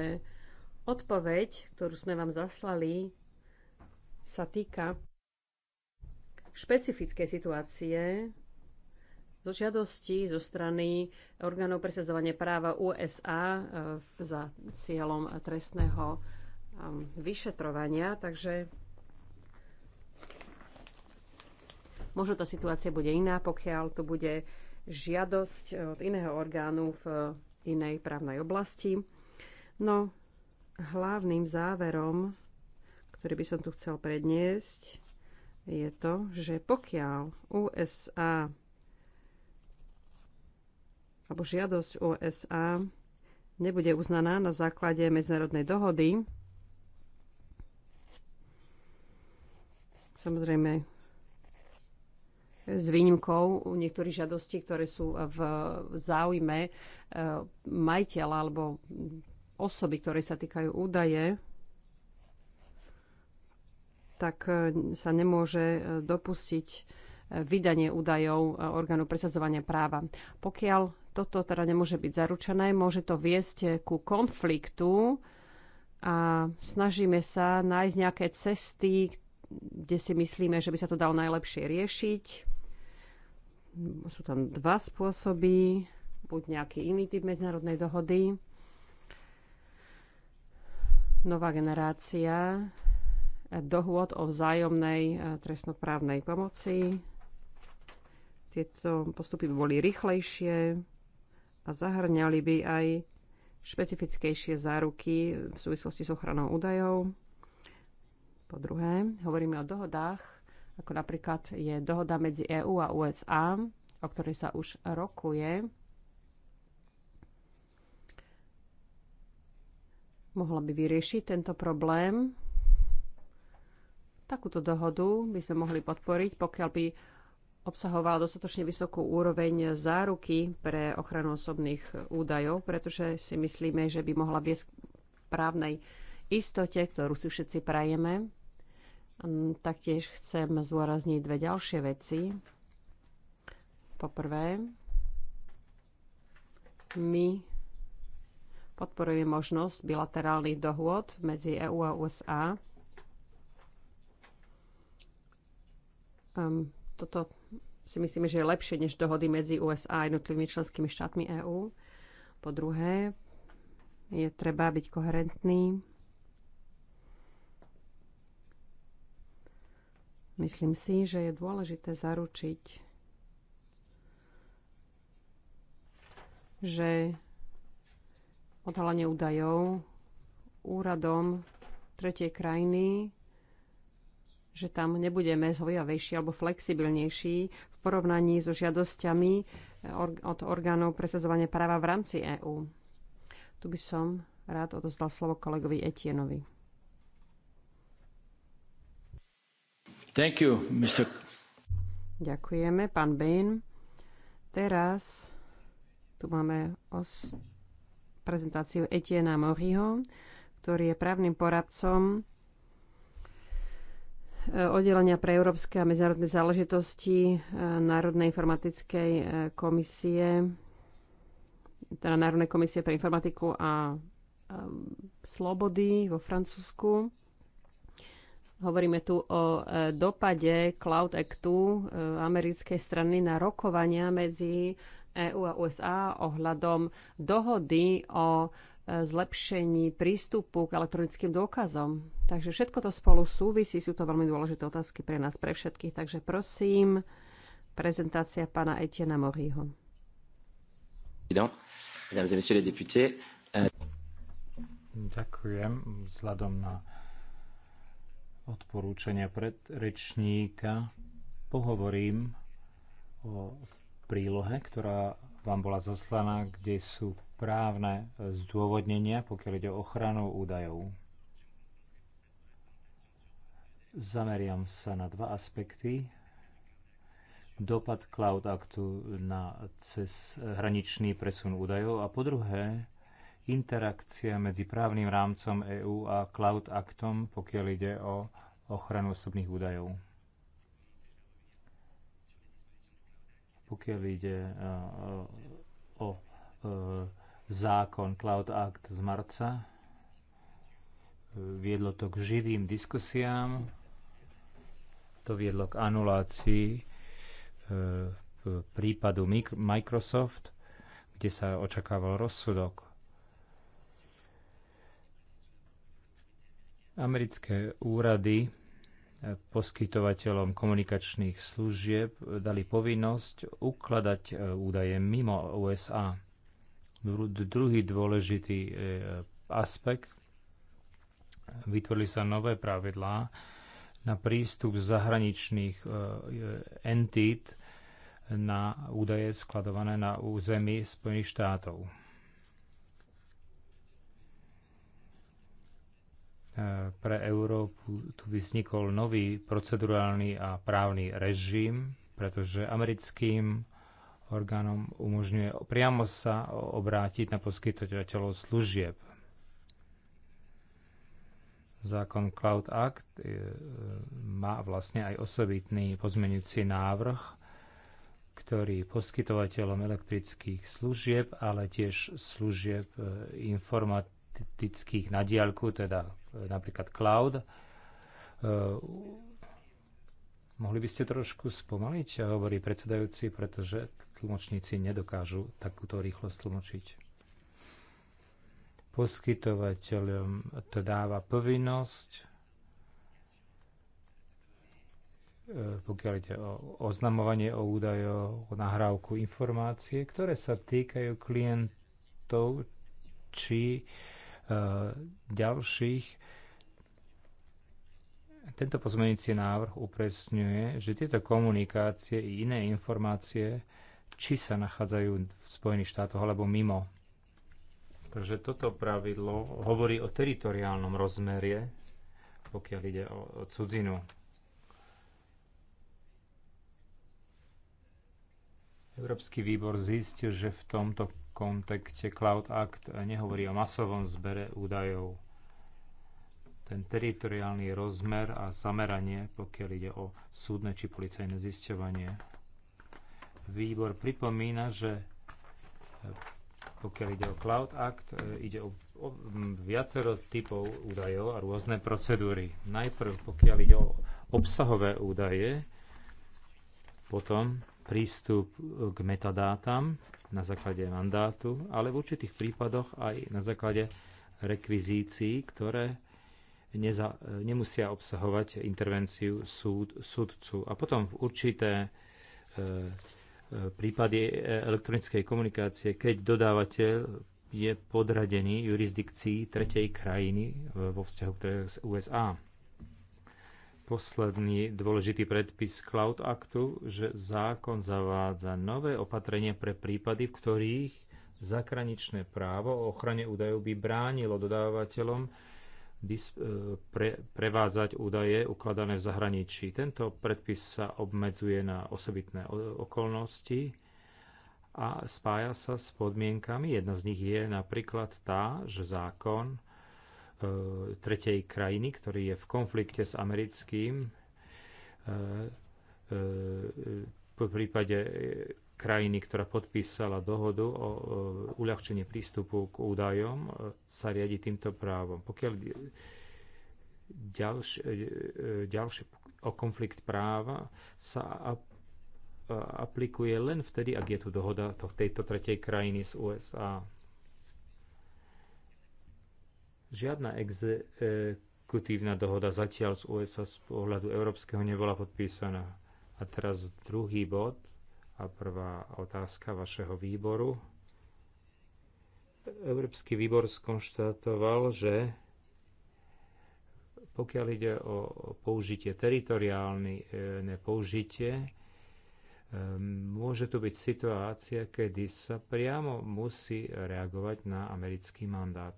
odpoveď, ktorú sme vám zaslali, sa týka špecifickej situácie zo žiadosti zo strany orgánov presadzovania práva USA e, za cieľom trestného vyšetrovania. Takže možno tá situácia bude iná, pokiaľ to bude žiadosť eh, od iného orgánu v eh, inej právnej oblasti. No, hlavným záverom, ktorý by som tu chcel predniesť, je to, že pokiaľ USA alebo žiadosť USA nebude uznaná na základe medzinárodnej dohody, samozrejme s výnimkou niektorých žiadostí, ktoré sú v záujme e, majiteľa alebo osoby, ktoré sa týkajú údaje, tak e, sa nemôže e, dopustiť vydanie údajov orgánu presadzovania práva. Pokiaľ toto teda nemôže byť zaručené, môže to viesť ku konfliktu a snažíme sa nájsť nejaké cesty, kde si myslíme, že by sa to dalo najlepšie riešiť. Sú tam dva spôsoby, buď nejaký iný typ medzinárodnej dohody, nová generácia dohôd o vzájomnej eh, trestnoprávnej pomoci. Tieto postupy by boli rýchlejšie a zahrňali by aj špecifickejšie záruky v súvislosti s ochranou údajov. Po druhé, hovoríme o dohodách, ako napríklad je dohoda medzi EÚ a USA, o ktorej sa už rokuje. Mohla by vyriešiť tento problém. Takúto dohodu by sme mohli podporiť, pokiaľ by obsahovala dostatočne vysokú úroveň záruky pre ochranu osobných údajov, pretože si myslíme, že by mohla viesť právnej istote, ktorú si všetci prajeme. Hm, taktiež chcem zdôrazniť dve ďalšie veci. Poprvé, my podporujeme možnosť bilaterálnych dohôd medzi EU a USA. Um, hm, toto si myslíme, že je lepšie než dohody medzi USA a jednotlivými členskými štátmi EÚ. Po druhé, je treba byť koherentný Myslím si, že je dôležité zaručiť, že odhalenie údajov úradom tretej krajiny, že tam nebudeme zhojavejší alebo flexibilnejší v porovnaní so žiadosťami eh, od orgánov presadzovania práva v rámci EÚ. Tu by som rád odozdal slovo kolegovi Etienovi. Thank you, Mr. Ďakujeme, pán Bain. Teraz tu máme os- prezentáciu Etiena Moriho, ktorý je právnym poradcom e, oddelenia pre európske a medzinárodné záležitosti e, Národnej informatickej e, komisie, teda Národnej komisie pre informatiku a, a slobody vo Francúzsku. Hovoríme tu o e, dopade Cloud Actu e, americkej strany na rokovania medzi EU a USA ohľadom dohody o e, zlepšení prístupu k elektronickým dôkazom. Takže všetko to spolu súvisí, sú to veľmi dôležité otázky pre nás, pre všetkých. Takže prosím, prezentácia pána Etiena Moriho. Euh, Ďakujem. Vzhľadom na odporúčania predrečníka pohovorím o prílohe, ktorá vám bola zaslaná, kde sú právne zdôvodnenia, pokiaľ ide o ochranu údajov. Zameriam sa na dva aspekty. Dopad Cloud Actu na cez hraničný presun údajov a po druhé interakcia medzi právnym rámcom EÚ a Cloud Actom, pokiaľ ide o ochranu osobných údajov. Pokiaľ ide e, o, o, e, zákon Cloud Act z marca, e, viedlo to k živým diskusiám, to viedlo k anulácii e, prípadu Microsoft, kde sa očakával rozsudok Americké úrady poskytovateľom komunikačných služieb dali povinnosť ukladať e, údaje mimo USA. Druhý dôležitý e, aspekt, vytvorili sa nové pravidlá na prístup zahraničných e, entít na údaje skladované na území Spojených štátov Eh, pre Európu tu vznikol nový procedurálny a právny režim, pretože americkým orgánom umožňuje priamo sa obrátiť na poskytovateľov služieb. Zákon Cloud Act eh, má vlastne aj osobitný pozmenujúci návrh, ktorý poskytovateľom elektrických služieb, ale tiež služieb eh, informat analytických na diálku, teda e, napríklad cloud. E, mohli by ste trošku spomaliť, hovorí predsedajúci, pretože tlmočníci nedokážu takúto rýchlosť tlmočiť. Poskytovateľom to dáva povinnosť e, pokiaľ ide o oznamovanie o údajov, o nahrávku informácie, ktoré sa týkajú klientov, či E, ďalších. Tento pozmeňujúci návrh upresňuje, že tieto komunikácie i iné informácie, či sa nachádzajú v Spojených štátoch alebo mimo. Takže toto pravidlo hovorí o teritoriálnom rozmerie, pokiaľ ide o, o cudzinu. Európsky výbor zistil, že v tomto kontekte Cloud Act nehovorí o masovom zbere údajov. Ten teritoriálny rozmer a zameranie, pokiaľ ide o súdne či policajné zisťovanie. Výbor pripomína, že e, pokiaľ ide o Cloud Act, e, ide o, o viacero typov údajov a rôzne procedúry. Najprv, pokiaľ ide o obsahové údaje, potom prístup k metadátam, na základe mandátu, ale v určitých prípadoch aj na základe rekvizícií, ktoré neza, nemusia obsahovať intervenciu súd, súdcu. A potom v určité e, e, prípady elektronickej komunikácie, keď dodávateľ je podradený jurisdikcii tretej krajiny e, vo vzťahu k USA posledný dôležitý predpis Cloud Actu, že zákon zavádza nové opatrenia pre prípady, v ktorých zahraničné právo o ochrane údajov by bránilo dodávateľom e, pre, prevádzať údaje ukladané v zahraničí. Tento predpis sa obmedzuje na osobitné okolnosti a spája sa s podmienkami. Jedna z nich je napríklad tá, že zákon E, tretej krajiny, ktorý je v konflikte s americkým, v e, e, prípade krajiny, ktorá podpísala dohodu o uľahčení prístupu k údajom, sa riadi týmto právom. Pokiaľ ďalší ďalšie o konflikt práva sa aplikuje len vtedy, ak je tu dohoda tejto tretej krajiny z USA. Žiadna exekutívna dohoda zatiaľ z USA z pohľadu európskeho nebola podpísaná. A teraz druhý bod a prvá otázka vašeho výboru. Európsky výbor skonštatoval, že pokiaľ ide o použitie, teritoriálne použitie, ehm, môže tu byť situácia, kedy sa priamo musí reagovať na americký mandát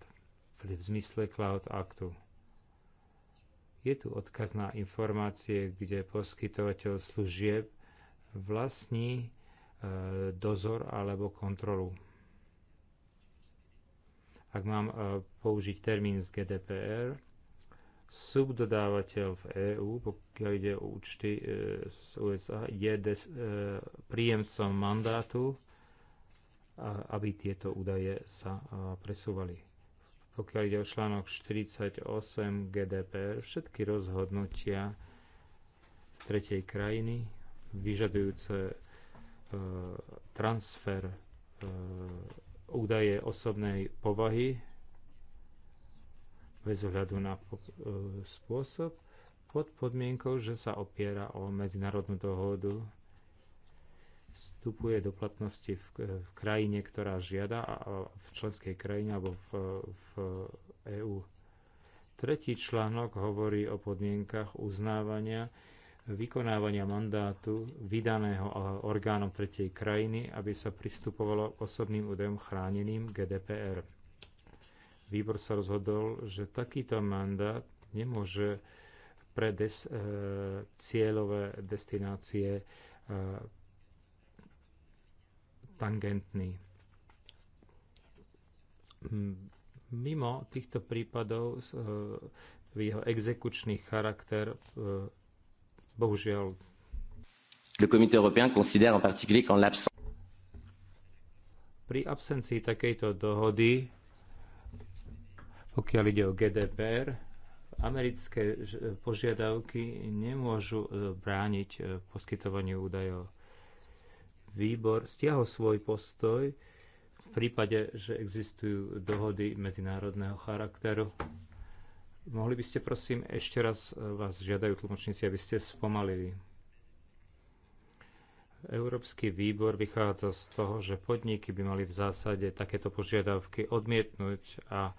v zmysle Cloud Aktu. Je tu odkaz na informácie, kde poskytovateľ služieb vlastní e, dozor alebo kontrolu. Ak mám e, použiť termín z GDPR, subdodávateľ v EÚ, pokiaľ ide o účty e, z USA, je des, príjemcom mandátu, aby tieto údaje sa presúvali pokiaľ ide o článok 48 GDPR, všetky rozhodnutia z tretej krajiny vyžadujúce e, transfer e, údaje osobnej povahy bez ohľadu na po, e, spôsob pod podmienkou, že sa opiera o medzinárodnú dohodu vstupuje do platnosti v, v krajine, ktorá žiada, v členskej krajine alebo v, v EÚ. Tretí článok hovorí o podmienkach uznávania vykonávania mandátu vydaného orgánom tretej krajiny, aby sa pristupovalo k osobným údajom chráneným GDPR. Výbor sa rozhodol, že takýto mandát nemôže pre des, e, cieľové destinácie e, tangentný. Mimo týchto prípadov e, jeho exekučný charakter e, bohužiaľ Le comité européen considère en particulier qu'en l'absence pri absencii takejto dohody, pokiaľ ide o GDPR, americké požiadavky nemôžu e, brániť poskytovaniu údajov výbor stiahol svoj postoj v prípade, že existujú dohody medzinárodného charakteru. Mohli by ste prosím ešte raz e, vás žiadajú tlmočníci, aby ste spomalili. Európsky výbor vychádza z toho, že podniky by mali v zásade takéto požiadavky odmietnúť a e,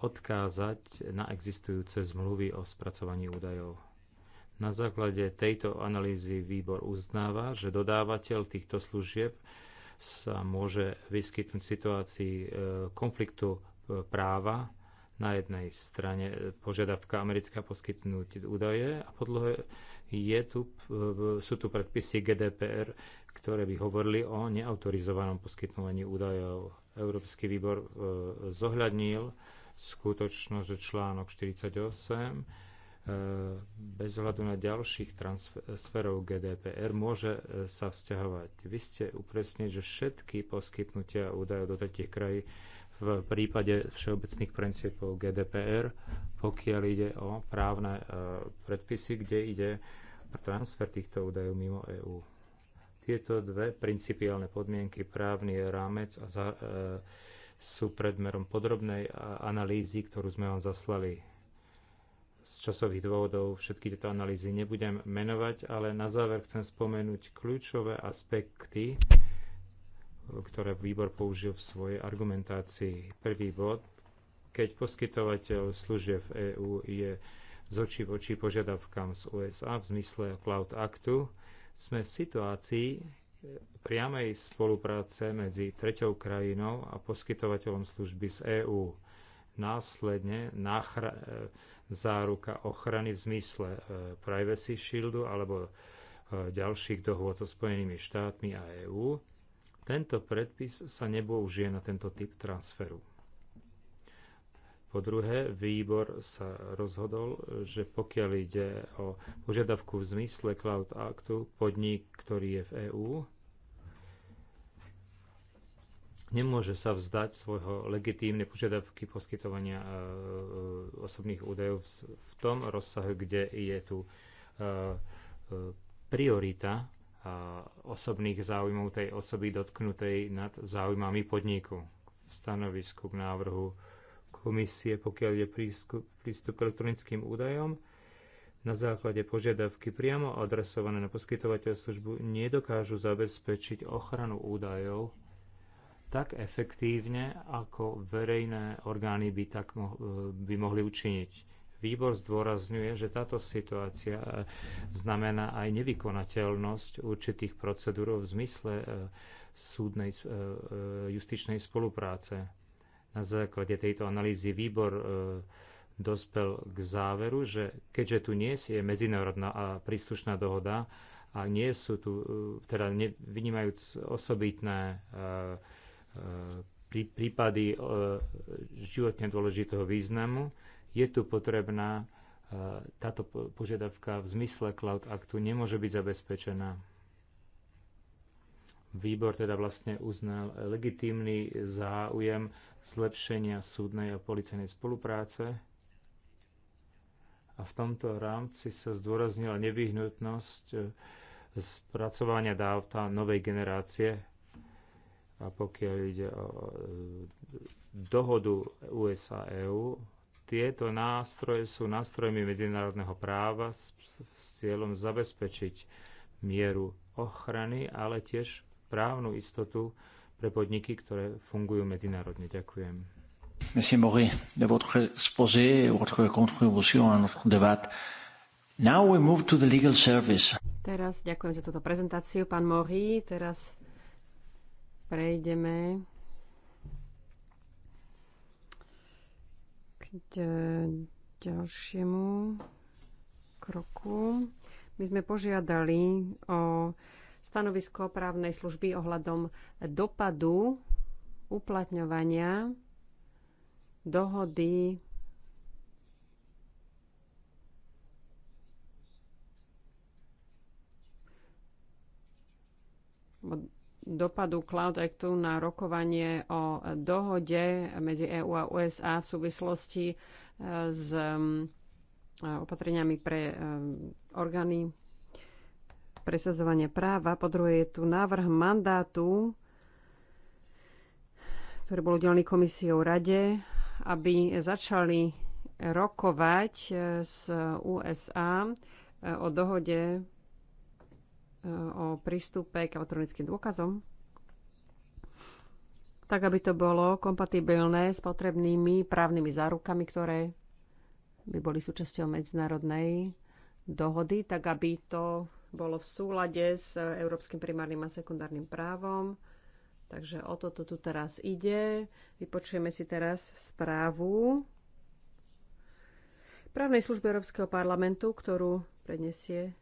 odkázať na existujúce zmluvy o spracovaní údajov. Na základe tejto analýzy výbor uznáva, že dodávateľ týchto služieb sa môže vyskytnúť v situácii e, konfliktu e, práva. Na jednej strane požiadavka americká poskytnúť údaje a podľa je tu, e, sú tu predpisy GDPR, ktoré by hovorili o neautorizovanom poskytnutí údajov. Európsky výbor zohľadnil skutočnosť, že článok 48 E, bez hľadu na ďalších transferov GDPR môže e, sa vzťahovať. Vy ste upresnili, že všetky poskytnutia údajov do tretich krají v prípade všeobecných princípov GDPR, pokiaľ ide o právne e, predpisy, kde ide transfer týchto údajov mimo EÚ. Tieto dve principiálne podmienky, právny rámec a za, e, sú predmerom podrobnej analýzy, ktorú sme vám zaslali z časových dôvodov všetky tieto analýzy nebudem menovať, ale na záver chcem spomenúť kľúčové aspekty, ktoré výbor použil v svojej argumentácii. Prvý bod, keď poskytovateľ služieb EÚ je z očí v oči požiadavkám z USA v zmysle Cloud Actu, sme v situácii priamej spolupráce medzi treťou krajinou a poskytovateľom služby z EÚ následne náchra- e, záruka ochrany v zmysle e, Privacy Shieldu alebo e, ďalších dohôd so Spojenými štátmi a EÚ. Tento predpis sa neboužije na tento typ transferu. Po druhé, výbor sa rozhodol, že pokiaľ ide o požiadavku v zmysle Cloud Actu, podnik, ktorý je v EÚ, nemôže sa vzdať svojho legitímne požiadavky poskytovania e, e, osobných údajov v tom rozsahu, kde je tu e, priorita osobných záujmov tej osoby dotknutej nad záujmami podniku. V stanovisku k návrhu komisie, pokiaľ je prístup k elektronickým údajom, na základe požiadavky priamo adresované na poskytovateľ službu nedokážu zabezpečiť ochranu údajov tak efektívne, ako verejné orgány by, tak mo- e, by mohli učiniť. Výbor zdôrazňuje, že táto situácia e, znamená aj nevykonateľnosť určitých procedúr v zmysle e, súdnej justičnej spolupráce. Na základe tejto analýzy výbor dospel k záveru, že keďže tu nie je medzinárodná a príslušná dohoda a nie sú tu, teda vynímajúc osobitné E, prípady e, životne dôležitého významu. Je tu potrebná e, táto požiadavka v zmysle Cloud Actu nemôže byť zabezpečená. Výbor teda vlastne uznal legitímny záujem zlepšenia súdnej a policajnej spolupráce a v tomto rámci sa zdôraznila nevyhnutnosť spracovania dávta novej generácie a pokiaľ ide o e, dohodu USA-EU, e tieto nástroje sú nástrojmi medzinárodného práva s, s cieľom zabezpečiť mieru ochrany, ale tiež právnu istotu pre podniky, ktoré fungujú medzinárodne. Ďakujem. Monsieur Maury, de votre exposé et votre contribution à notre débat. Now we move to the legal service. Teraz ďakujem za túto prezentáciu, pán Mori. Teraz prejdeme k e, ďalšiemu kroku. My sme požiadali o stanovisko právnej služby ohľadom dopadu uplatňovania dohody dopadu Cloud Actu na rokovanie o dohode medzi EÚ a USA v súvislosti eh, s mm, eh, opatreniami pre eh, orgány presazovania práva. Po druhé je tu návrh mandátu, ktorý bol udelený komisiou rade, aby začali rokovať z USA o dohode o prístupe k elektronickým dôkazom, tak aby to bolo kompatibilné s potrebnými právnymi zárukami, ktoré by boli súčasťou medzinárodnej dohody, tak aby to bolo v súlade s európskym primárnym a sekundárnym právom. Takže o toto tu teraz ide. Vypočujeme si teraz správu právnej služby Európskeho parlamentu, ktorú prednesie.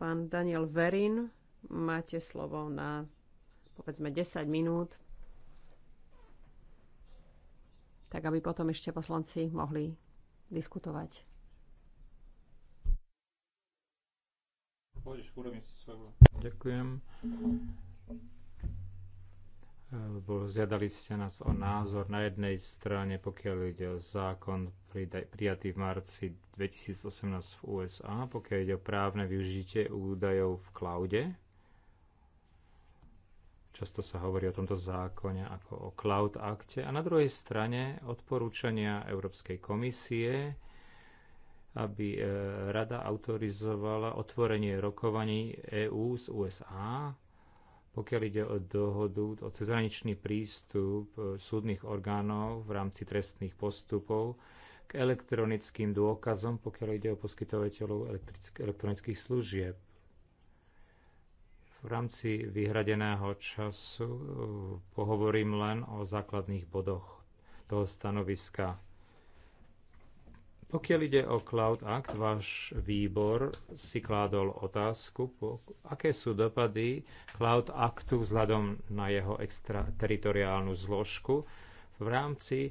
Pán Daniel Verin, máte slovo na povedzme 10 minút, tak aby potom ešte poslanci mohli diskutovať. Ďakujem lebo zjadali ste nás o názor na jednej strane, pokiaľ ide o zákon prijatý v marci 2018 v USA, pokiaľ ide o právne využitie údajov v cloude. Často sa hovorí o tomto zákone ako o Cloud Akte. A na druhej strane odporúčania Európskej komisie, aby e, rada autorizovala otvorenie rokovaní EÚ z USA pokiaľ ide o dohodu, o cezhraničný prístup e, súdnych orgánov v rámci trestných postupov k elektronickým dôkazom, pokiaľ ide o poskytovateľov elektronických služieb. V rámci vyhradeného času e, pohovorím len o základných bodoch toho stanoviska pokiaľ ide o Cloud Act, váš výbor si kládol otázku, aké sú dopady Cloud Actu vzhľadom na jeho extrateritoriálnu zložku v rámci e,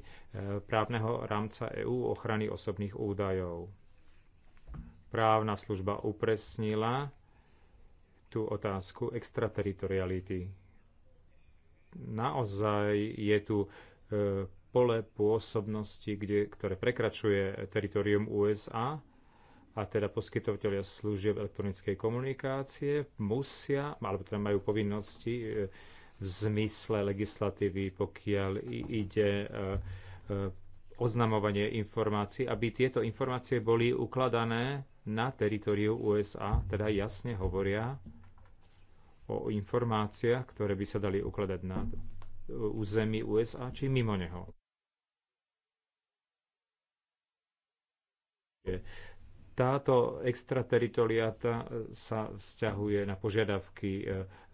právneho rámca EÚ ochrany osobných údajov. Právna služba upresnila tú otázku extrateritoriality. Naozaj je tu e, pole pôsobnosti, kde, ktoré prekračuje teritorium USA, a teda poskytovateľia služieb elektronickej komunikácie musia, alebo teda majú povinnosti e, v zmysle legislatívy, pokiaľ ide e, e, oznamovanie informácií, aby tieto informácie boli ukladané na teritoriu USA, teda jasne hovoria o informáciách, ktoré by sa dali ukladať na území USA či mimo neho. Táto extrateritoriáta e, sa vzťahuje na požiadavky e,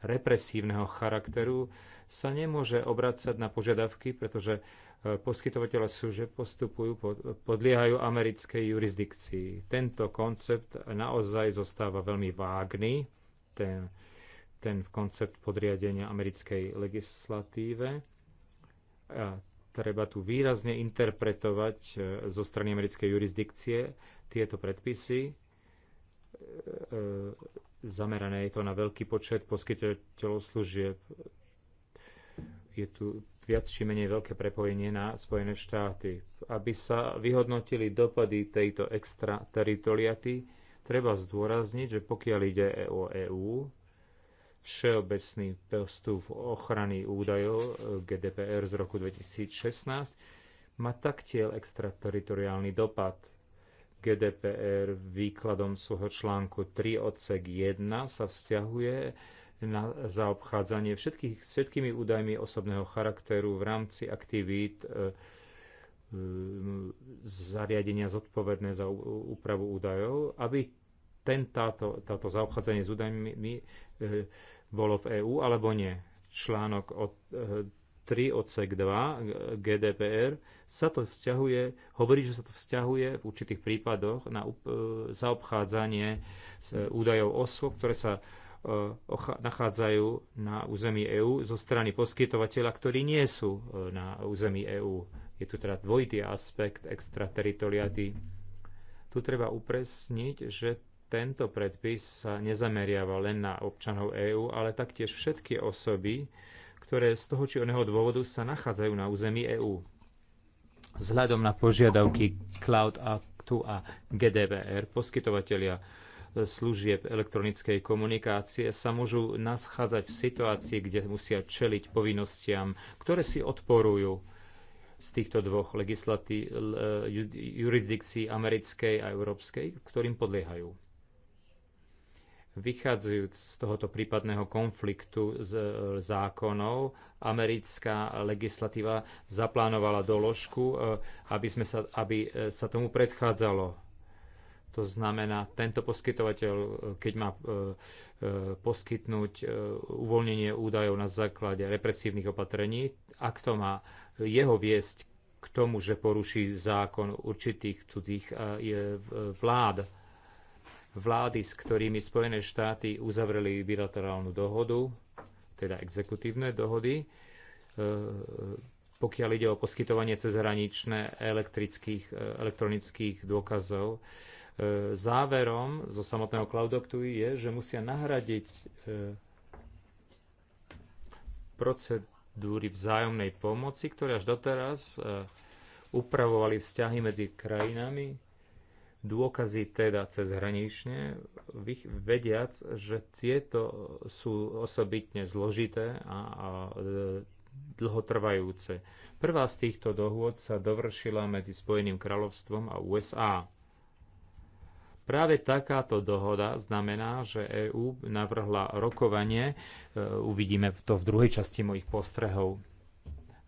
represívneho charakteru, sa nemôže obracať na požiadavky, pretože e, poskytovateľe súže postupujú, podliehajú americkej jurisdikcii. Tento koncept naozaj zostáva veľmi vágný, ten, ten koncept podriadenia americkej legislatíve. A treba tu výrazne interpretovať e, zo strany americkej jurisdikcie tieto predpisy. E, e, zamerané je to na veľký počet poskytovateľov služieb. Je tu viac či menej veľké prepojenie na Spojené štáty. Aby sa vyhodnotili dopady tejto extrateritoriaty, treba zdôrazniť, že pokiaľ ide o EÚ, všeobecný postup ochrany údajov eh, GDPR z roku 2016 má taktiel extrateritoriálny dopad. GDPR výkladom svojho článku 3 odsek 1 sa vzťahuje na zaobchádzanie všetkých, všetkými údajmi osobného charakteru v rámci aktivít e, zariadenia zodpovedné za úpravu údajov, aby ten, táto, táto zaobchádzanie s údajmi e, bolo v EÚ alebo nie. Článok od, 3 e, odsek 2 GDPR sa to vzťahuje, hovorí, že sa to vzťahuje v určitých prípadoch na e, zaobchádzanie s e, údajov osôb, ktoré sa nachádzajú na území EÚ zo strany poskytovateľa, ktorí nie sú na území EÚ. Je tu teda dvojitý aspekt extrateritoriality. Tu treba upresniť, že tento predpis sa nezameriava len na občanov EÚ, ale taktiež všetky osoby, ktoré z toho či oného dôvodu sa nachádzajú na území EÚ. Vzhľadom na požiadavky Cloud Actu a GDPR poskytovatelia e, služieb elektronickej komunikácie sa môžu nachádzať v situácii, kde musia čeliť povinnostiam, ktoré si odporujú z týchto dvoch legislatí, e, jurisdikcií americkej a európskej, ktorým podliehajú. Vychádzajúc z tohoto prípadného konfliktu z e, zákonov, americká legislatíva zaplánovala doložku, e, aby, sme sa, aby e, sa tomu predchádzalo. To znamená, tento poskytovateľ, keď má poskytnúť uvoľnenie údajov na základe represívnych opatrení, ak to má jeho viesť k tomu, že poruší zákon určitých cudzích vlád, vlády, s ktorými Spojené štáty uzavreli bilaterálnu dohodu, teda exekutívne dohody, e, pokiaľ ide o poskytovanie cezhraničné elektrických, e, elektronických dôkazov. E, záverom zo samotného Cloudoctu je, že musia nahradiť procedúry vzájomnej pomoci, ktoré až doteraz upravovali vzťahy medzi krajinami, dôkazy teda cez hranične, vediac, že tieto sú osobitne zložité a, a e, dlhotrvajúce. Prvá z týchto dohôd sa dovršila medzi Spojeným kráľovstvom a USA. Práve takáto dohoda znamená, že EÚ navrhla rokovanie, e, uvidíme to v druhej časti mojich postrehov.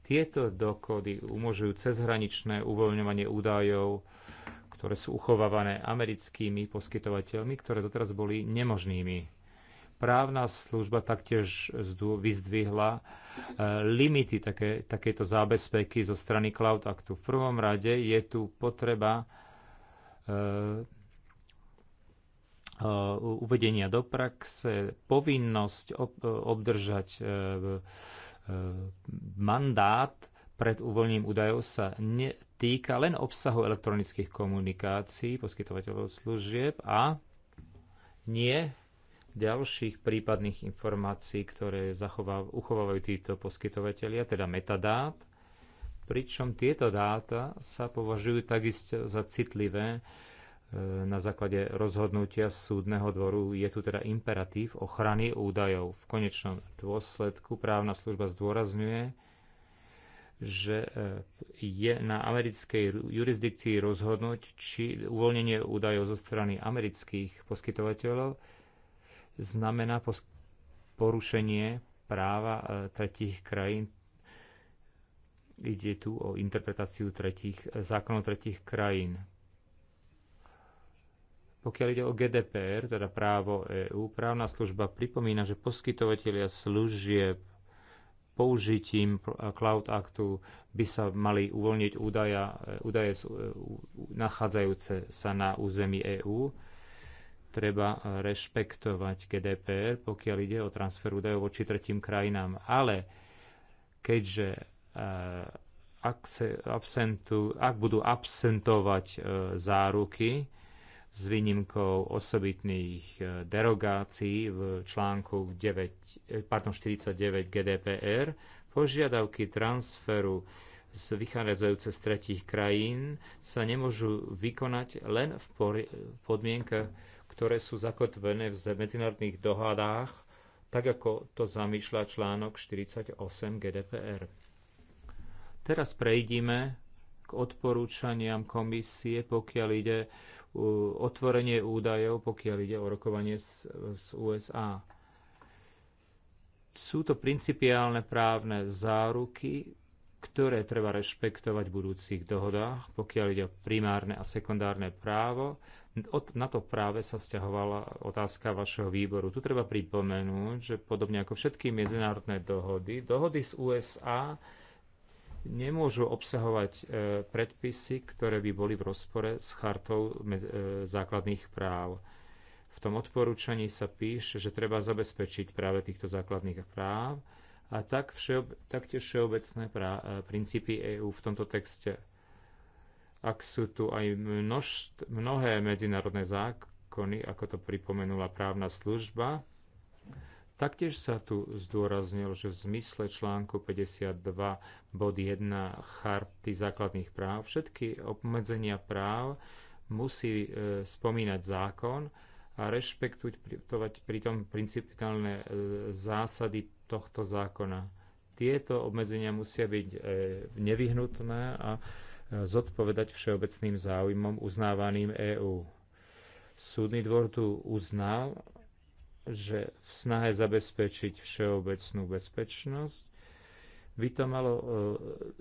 Tieto dokody umožňujú cezhraničné uvoľňovanie údajov, ktoré sú uchovávané americkými poskytovateľmi, ktoré doteraz boli nemožnými. Právna služba taktiež vyzdvihla e, limity také, takéto zábezpeky zo strany Cloud Actu. V prvom rade je tu potreba e, e, uvedenia do praxe, povinnosť obdržať mandát pred uvoľnením údajov sa ne, týka len obsahu elektronických komunikácií poskytovateľov služieb a nie ďalších prípadných informácií, ktoré zachováv, uchovávajú títo poskytovateľia, teda metadát, pričom tieto dáta sa považujú takisto za citlivé e, na základe rozhodnutia súdneho dvoru. Je tu teda imperatív ochrany údajov. V konečnom dôsledku právna služba zdôrazňuje, že e, je na americkej jurisdikcii rozhodnúť, či uvoľnenie údajov zo strany amerických poskytovateľov znamená porušenie práva e, tretích krajín. Ide tu o interpretáciu tretích, e, zákonov tretich krajín. Pokiaľ ide o GDPR, teda právo EÚ, právna služba pripomína, že poskytovateľia služieb použitím Cloud Actu by sa mali uvoľniť údaja, e, údaje e, nachádzajúce sa na území EÚ. Treba e, rešpektovať GDPR, pokiaľ ide o transfer údajov voči tretím krajinám. Ale keďže ak, se, absentu, ak budú absentovať záruky, s výnimkou osobitných e, derogácií v článku 9, e, pardon, 49 GDPR, požiadavky transferu z vychádzajúce z tretích krajín sa nemôžu vykonať len v podmienkach, ktoré sú zakotvené v medzinárodných dohadách, tak ako to zamýšľa článok 48 GDPR. Teraz prejdime k odporúčaniam komisie, pokiaľ ide otvorenie údajov, pokiaľ ide o rokovanie z, USA. Sú to principiálne právne záruky, ktoré treba rešpektovať v budúcich dohodách, pokiaľ ide o primárne a sekundárne právo. Na to práve sa stiahovala otázka vašeho výboru. Tu treba pripomenúť, že podobne ako všetky medzinárodné dohody, dohody z USA nemôžu obsahovať e, predpisy, ktoré by boli v rozpore s chartou e, základných práv. V tom odporúčaní sa píše, že treba zabezpečiť práve týchto základných práv a tak všeob, taktiež všeobecné prá, e, princípy EÚ v tomto texte. Ak sú tu aj množ, mnohé medzinárodné zákony, ako to pripomenula právna služba, Taktiež sa tu zdôraznil, že v zmysle článku 52 bod 1 Charty základných práv všetky obmedzenia práv musí e, spomínať zákon a rešpektovať pritom principiálne e, zásady tohto zákona. Tieto obmedzenia musia byť e, nevyhnutné a e, zodpovedať všeobecným záujmom uznávaným EÚ. Súdny dvor tu uznal že v snahe zabezpečiť všeobecnú bezpečnosť by to malo e,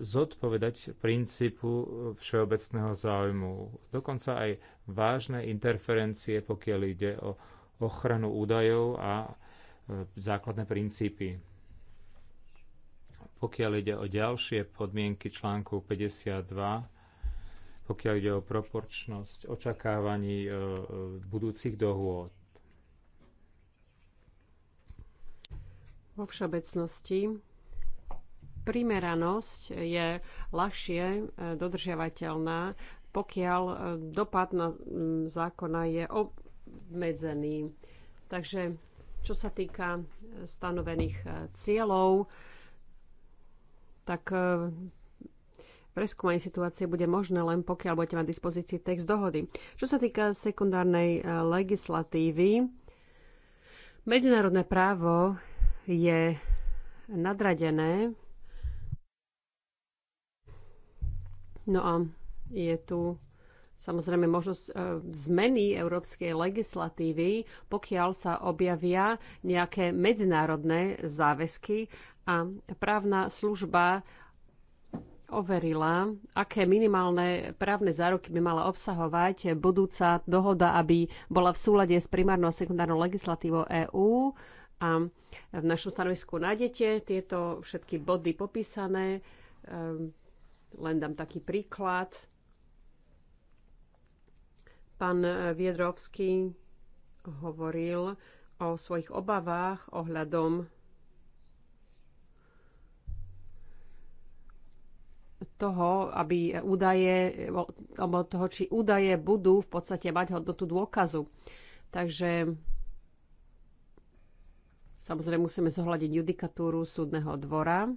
zodpovedať princípu všeobecného záujmu. Dokonca aj vážne interferencie, pokiaľ ide o ochranu údajov a e, základné princípy. Pokiaľ ide o ďalšie podmienky článku 52, pokiaľ ide o proporčnosť očakávaní e, budúcich dohôd, Vo všeobecnosti primeranosť je ľahšie e, dodržiavateľná, pokiaľ e, dopad na zákona je obmedzený. Takže čo sa týka e, stanovených cieľov, tak preskúmanie situácie bude možné len pokiaľ budete mať dispozícii text dohody. Čo sa týka sekundárnej legislatívy, medzinárodné právo je nadradené. No a je tu samozrejme možnosť e, zmeny európskej legislatívy, pokiaľ sa objavia nejaké medzinárodné záväzky a právna služba overila, aké minimálne právne záruky by mala obsahovať budúca dohoda, aby bola v súlade s primárnou a sekundárnou legislatívou EÚ a v našom stanovisku nájdete tieto všetky body popísané. Ehm, len dám taký príklad. Pán eh, Viedrovský hovoril o svojich obavách ohľadom toho, aby údaje, alebo toho, či údaje budú v podstate mať hodnotu dôkazu. Takže Samozrejme musíme zohľadiť judikatúru súdneho dvora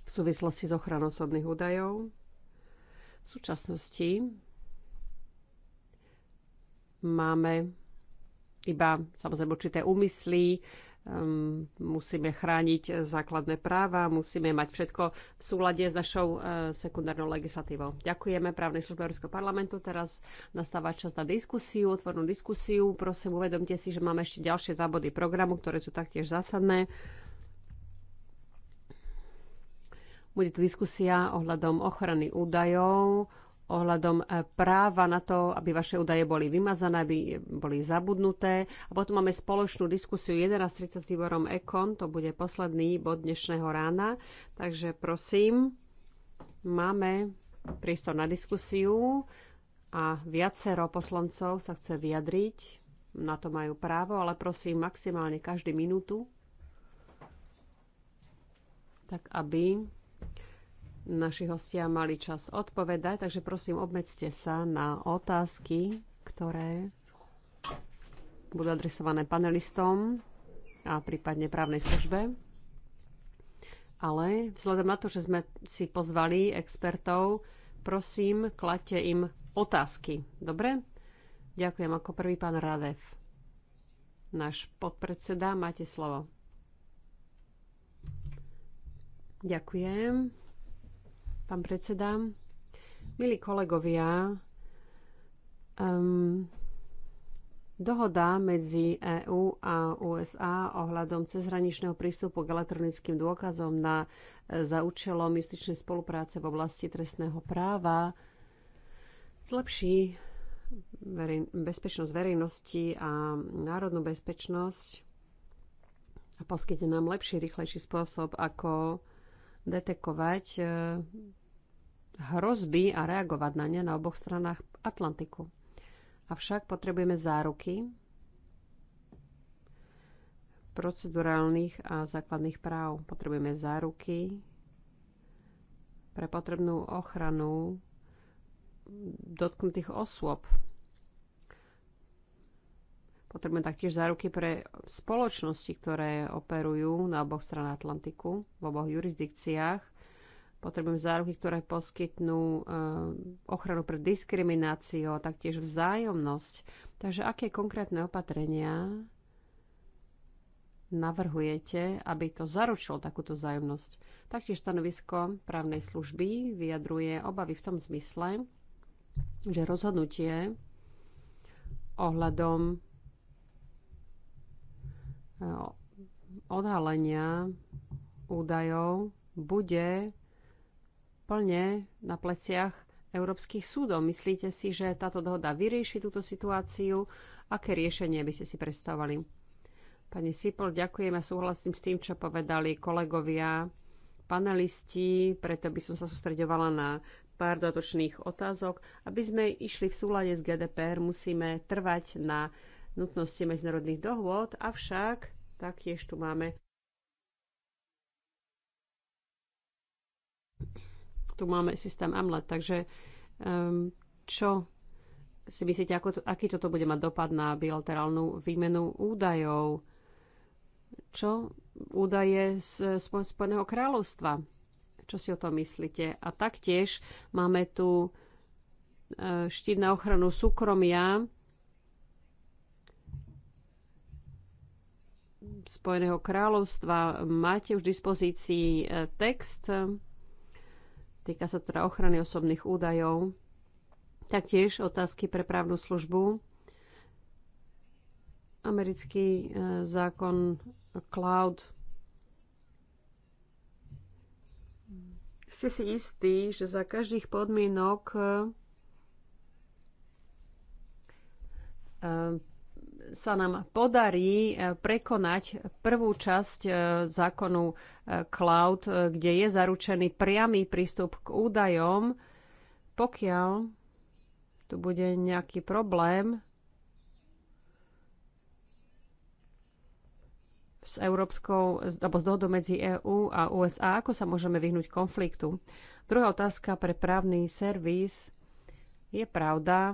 v súvislosti s ochranou osobných údajov. V súčasnosti máme iba samozrejme určité úmysly, um, musíme chrániť základné práva, musíme mať všetko v súlade s našou uh, sekundárnou legislatívou. Ďakujeme právnej službe Európskeho parlamentu. Teraz nastáva čas na diskusiu, otvornú diskusiu. Prosím, uvedomte si, že máme ešte ďalšie dva body programu, ktoré sú taktiež zásadné. Bude tu diskusia ohľadom ochrany údajov ohľadom e, práva na to, aby vaše údaje boli vymazané, aby boli zabudnuté. A potom máme spoločnú diskusiu 11.30 s Ivorom Ekon, to bude posledný bod dnešného rána. Takže prosím, máme priestor na diskusiu a viacero poslancov sa chce vyjadriť. Na to majú právo, ale prosím maximálne každý minútu, tak aby naši hostia mali čas odpovedať, takže prosím, obmedzte sa na otázky, ktoré budú adresované panelistom a prípadne právnej službe. Ale vzhľadom na to, že sme si pozvali expertov, prosím, kladte im otázky. Dobre? Ďakujem ako prvý pán Radev. Náš podpredseda, máte slovo. Ďakujem pán predseda. Milí kolegovia, um, dohoda medzi EÚ a USA ohľadom cezhraničného prístupu k elektronickým dôkazom na, e, za účelom justičnej spolupráce v oblasti trestného práva zlepší verej, bezpečnosť verejnosti a národnú bezpečnosť a poskytne nám lepší, rýchlejší spôsob, ako detekovať e, hrozby a reagovať na ne na oboch stranách Atlantiku. Avšak potrebujeme záruky procedurálnych a základných práv. Potrebujeme záruky pre potrebnú ochranu dotknutých osôb. Potrebujeme taktiež záruky pre spoločnosti, ktoré operujú na oboch stranách Atlantiku, v oboch jurisdikciách. Potrebujem záruky, ktoré poskytnú eh, ochranu pred diskrimináciou, taktiež vzájomnosť. Takže aké konkrétne opatrenia navrhujete, aby to zaručilo takúto vzájomnosť? Taktiež stanovisko právnej služby vyjadruje obavy v tom zmysle, že rozhodnutie ohľadom eh, odhalenia údajov bude plne na pleciach európskych súdov. Myslíte si, že táto dohoda vyrieši túto situáciu? Aké riešenie by ste si predstavovali? Pani Sipol, ďakujem a súhlasím s tým, čo povedali kolegovia, panelisti, preto by som sa sústreďovala na pár dodatočných otázok. Aby sme išli v súlade s GDPR, musíme trvať na nutnosti medzinárodných dohôd, avšak taktiež tu máme tu máme systém Amlet. takže um, čo si myslíte, ako to, aký toto bude mať dopad na bilaterálnu výmenu údajov? Čo údaje z, Spojeného kráľovstva? Čo si o to myslíte? A taktiež máme tu e, štít na ochranu súkromia Spojeného kráľovstva. Máte už v dispozícii e, text Týka sa teda ochrany osobných údajov. Taktiež otázky pre právnu službu. Americký e, zákon cloud. Ste si istí, že za každých podmienok e, sa nám podarí e, prekonať prvú časť e, zákonu e, cloud, kde je zaručený priamy prístup k údajom, pokiaľ tu bude nejaký problém s európskou, alebo s dohodou medzi EÚ a USA, ako sa môžeme vyhnúť konfliktu. Druhá otázka pre právny servis. Je pravda,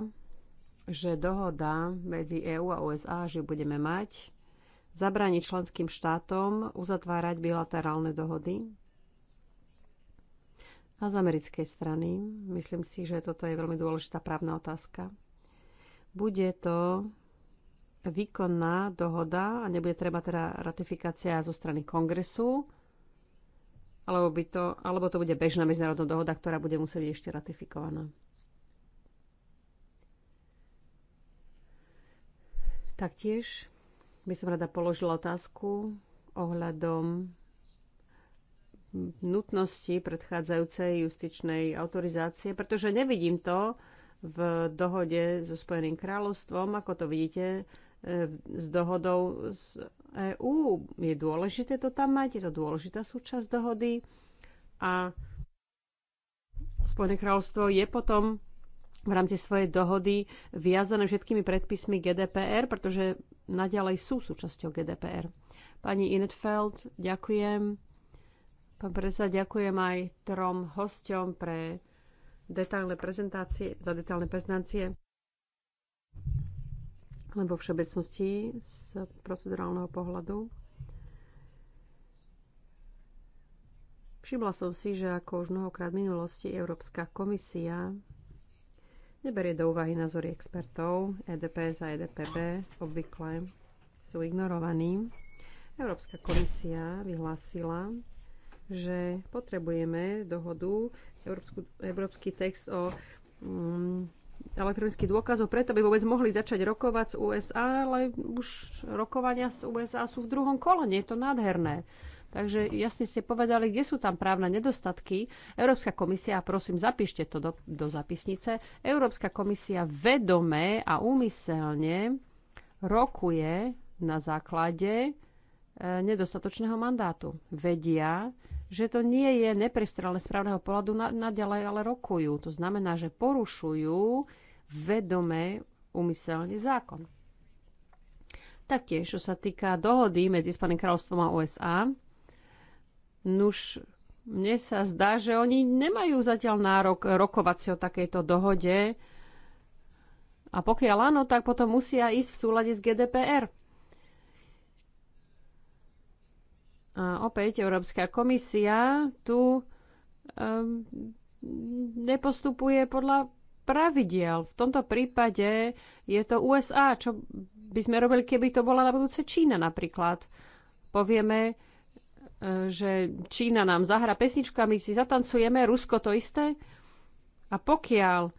že dohoda medzi EÚ a USA, že budeme mať, zabráni členským štátom uzatvárať bilaterálne dohody. A z americkej strany, myslím si, že toto je veľmi dôležitá právna otázka, bude to výkonná dohoda a nebude treba teda ratifikácia zo strany kongresu, alebo, by to, alebo to bude bežná medzinárodná dohoda, ktorá bude musieť byť ešte ratifikovaná. Taktiež by som rada položila otázku ohľadom nutnosti predchádzajúcej justičnej autorizácie, pretože nevidím to v dohode so Spojeným kráľovstvom, ako to vidíte e, s dohodou z EÚ. Je dôležité to tam mať, je to dôležitá súčasť dohody a Spojené kráľovstvo je potom v rámci svojej dohody viazané všetkými predpismi GDPR, pretože naďalej sú súčasťou GDPR. Pani Inetfeld, ďakujem. Pán predseda, ďakujem aj trom hosťom pre detailné prezentácie, za detailné prezentácie. Len vo všeobecnosti z procedurálneho pohľadu. Všimla som si, že ako už mnohokrát v minulosti Európska komisia neberie do úvahy názory expertov, EDPS a EDPB obvykle sú ignorovaní. Európska komisia vyhlásila, že potrebujeme dohodu, európsku, európsky text o mm, elektronický dôkazov, preto by vôbec mohli začať rokovať z USA, ale už rokovania z USA sú v druhom kole, nie je to nádherné. Takže jasne ste povedali, kde sú tam právne nedostatky. Európska komisia, a prosím, zapíšte to do, do zapisnice, Európska komisia vedome a úmyselne rokuje na základe e, nedostatočného mandátu. Vedia, že to nie je neprestrelné správneho pohľadu naďalej, ale rokujú. To znamená, že porušujú vedome umyselne zákon. Taktiež, čo sa týka dohody medzi Spaným kráľovstvom a USA, Nuž, mne sa zdá, že oni nemajú zatiaľ nárok rokovať si o takejto dohode. A pokiaľ áno, tak potom musia ísť v súlade s GDPR. A opäť Európska komisia tu um, nepostupuje podľa pravidiel. V tomto prípade je to USA, čo by sme robili, keby to bola na budúce Čína napríklad. Povieme, E, že Čína nám zahra pesničkami, si zatancujeme, Rusko to isté. A pokiaľ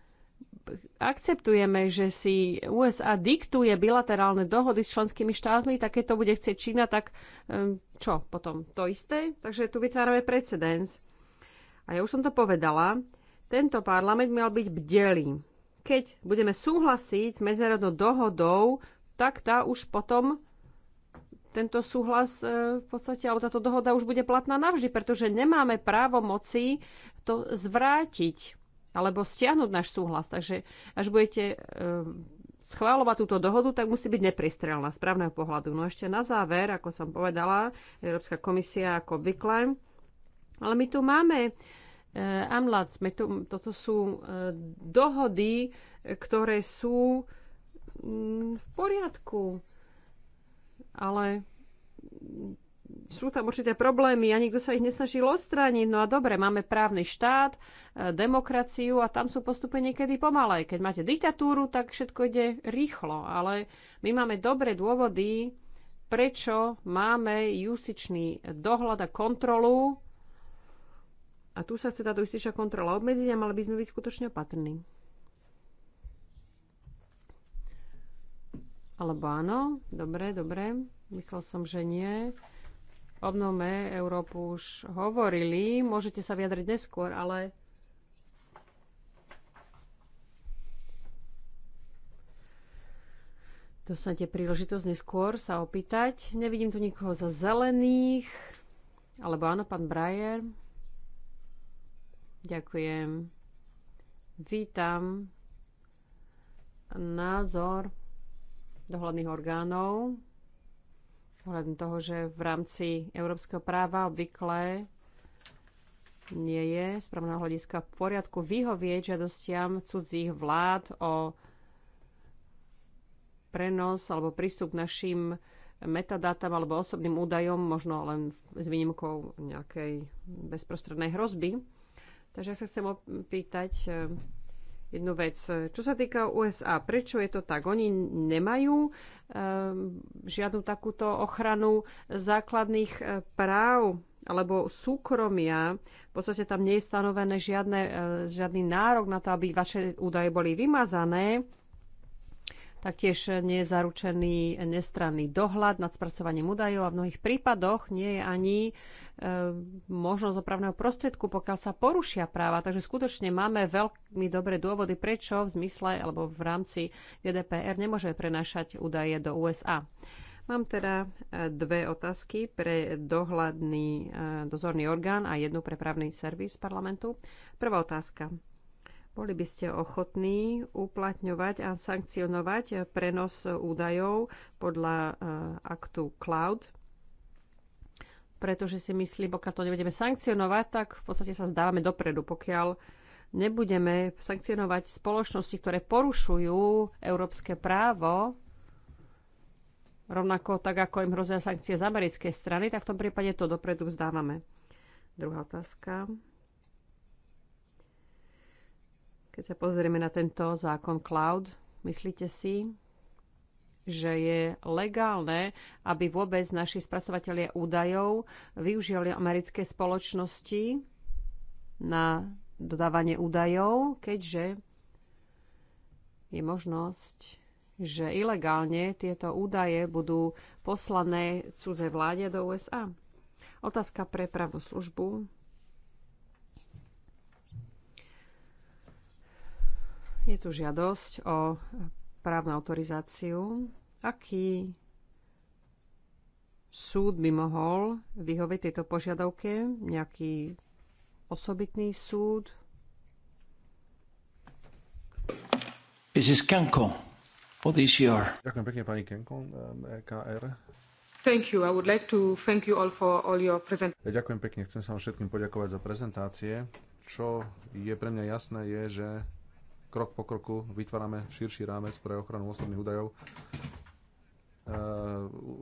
akceptujeme, že si USA diktuje bilaterálne dohody s členskými štátmi, tak keď to bude chcieť Čína, tak e, čo potom? To isté? Takže tu vytvárame precedens. A ja už som to povedala, tento parlament mal byť bdelý. Keď budeme súhlasiť s medzinárodnou dohodou, tak tá už potom tento súhlas e, v podstate, alebo táto dohoda už bude platná navždy, pretože nemáme právo moci to zvrátiť alebo stiahnuť náš súhlas. Takže až budete e, schváľovať túto dohodu, tak musí byť nepristrelná z právneho pohľadu. No ešte na záver, ako som povedala, Európska komisia ako obvykle, ale my tu máme e, AMLAC, tu, toto sú dohody, ktoré sú mm, v poriadku ale sú tam určité problémy a nikto sa ich nesnažil odstrániť. No a dobre, máme právny štát, e, demokraciu a tam sú postupy niekedy pomalé. Keď máte diktatúru, tak všetko ide rýchlo, ale my máme dobré dôvody, prečo máme justičný dohľad a kontrolu. A tu sa chce táto justičná kontrola obmedziť a mali by sme byť skutočne opatrní. Alebo áno? Dobre, dobre. Myslel som, že nie. Obnome Európu už hovorili. Môžete sa vyjadriť neskôr, ale dostanete príležitosť neskôr sa opýtať. Nevidím tu nikoho za zelených. Alebo áno, pán Brajer. Ďakujem. Vítam názor dohľadných orgánov, ohľadom toho, že v rámci európskeho práva obvykle nie je správneho hľadiska v poriadku vyhovieť žiadostiam cudzích vlád o prenos alebo prístup k našim metadátam alebo osobným údajom, možno len s výnimkou nejakej bezprostrednej hrozby. Takže ja sa chcem opýtať, jednu vec. Čo sa týka USA, prečo je to tak? Oni nemajú eh, žiadnu takúto ochranu základných eh, práv alebo súkromia. V podstate tam nie je stanovené žiadne, eh, žiadny nárok na to, aby vaše údaje boli vymazané. Taktiež nie je zaručený nestranný dohľad nad spracovaním údajov a v mnohých prípadoch nie je ani e, možnosť opravného prostriedku, pokiaľ sa porušia práva. Takže skutočne máme veľmi dobré dôvody, prečo v zmysle alebo v rámci GDPR nemôže prenášať údaje do USA. Mám teda e, dve otázky pre dohľadný e, dozorný orgán a jednu pre právny servis parlamentu. Prvá otázka. Boli by ste ochotní uplatňovať a sankcionovať prenos údajov podľa eh, aktu cloud, pretože si myslím, pokiaľ to nebudeme sankcionovať, tak v podstate sa zdávame dopredu. Pokiaľ nebudeme sankcionovať spoločnosti, ktoré porušujú európske právo, rovnako tak, ako im hrozia sankcie z americkej strany, tak v tom prípade to dopredu vzdávame. Druhá otázka. Keď sa pozrieme na tento zákon cloud, myslíte si, že je legálne, aby vôbec naši spracovatelia údajov využili americké spoločnosti na dodávanie údajov, keďže je možnosť, že ilegálne tieto údaje budú poslané cudzej vláde do USA. Otázka pre pravú službu. Je tu žiadosť o právnu autorizáciu. Aký súd by mohol vyhovieť tejto požiadavke? Nejaký osobitný súd? Ďakujem pekne, pani Kenkon, um, EKR. Thank you. I would like to thank you all for all your present... Ďakujem pekne. Chcem sa vám všetkým poďakovať za prezentácie. Čo je pre mňa jasné, je, že krok po kroku vytvárame širší rámec pre ochranu osobných údajov. E,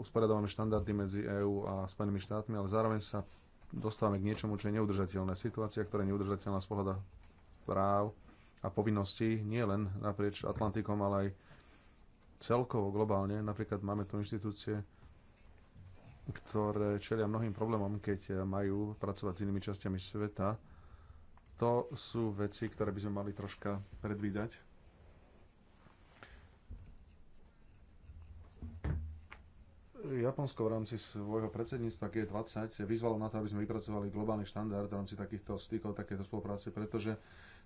usporiadávame štandardy medzi EÚ a Spojenými štátmi, ale zároveň sa dostávame k niečomu, čo je neudržateľné. Situácia, ktorá je neudržateľná z pohľada práv a povinností, nie len naprieč Atlantikom, ale aj celkovo globálne. Napríklad máme tu inštitúcie, ktoré čelia mnohým problémom, keď majú pracovať s inými častiami sveta to sú veci, ktoré by sme mali troška predvídať. Japonsko v rámci svojho predsedníctva G20 vyzvalo na to, aby sme vypracovali globálny štandard v rámci takýchto stykov, takéto spolupráce, pretože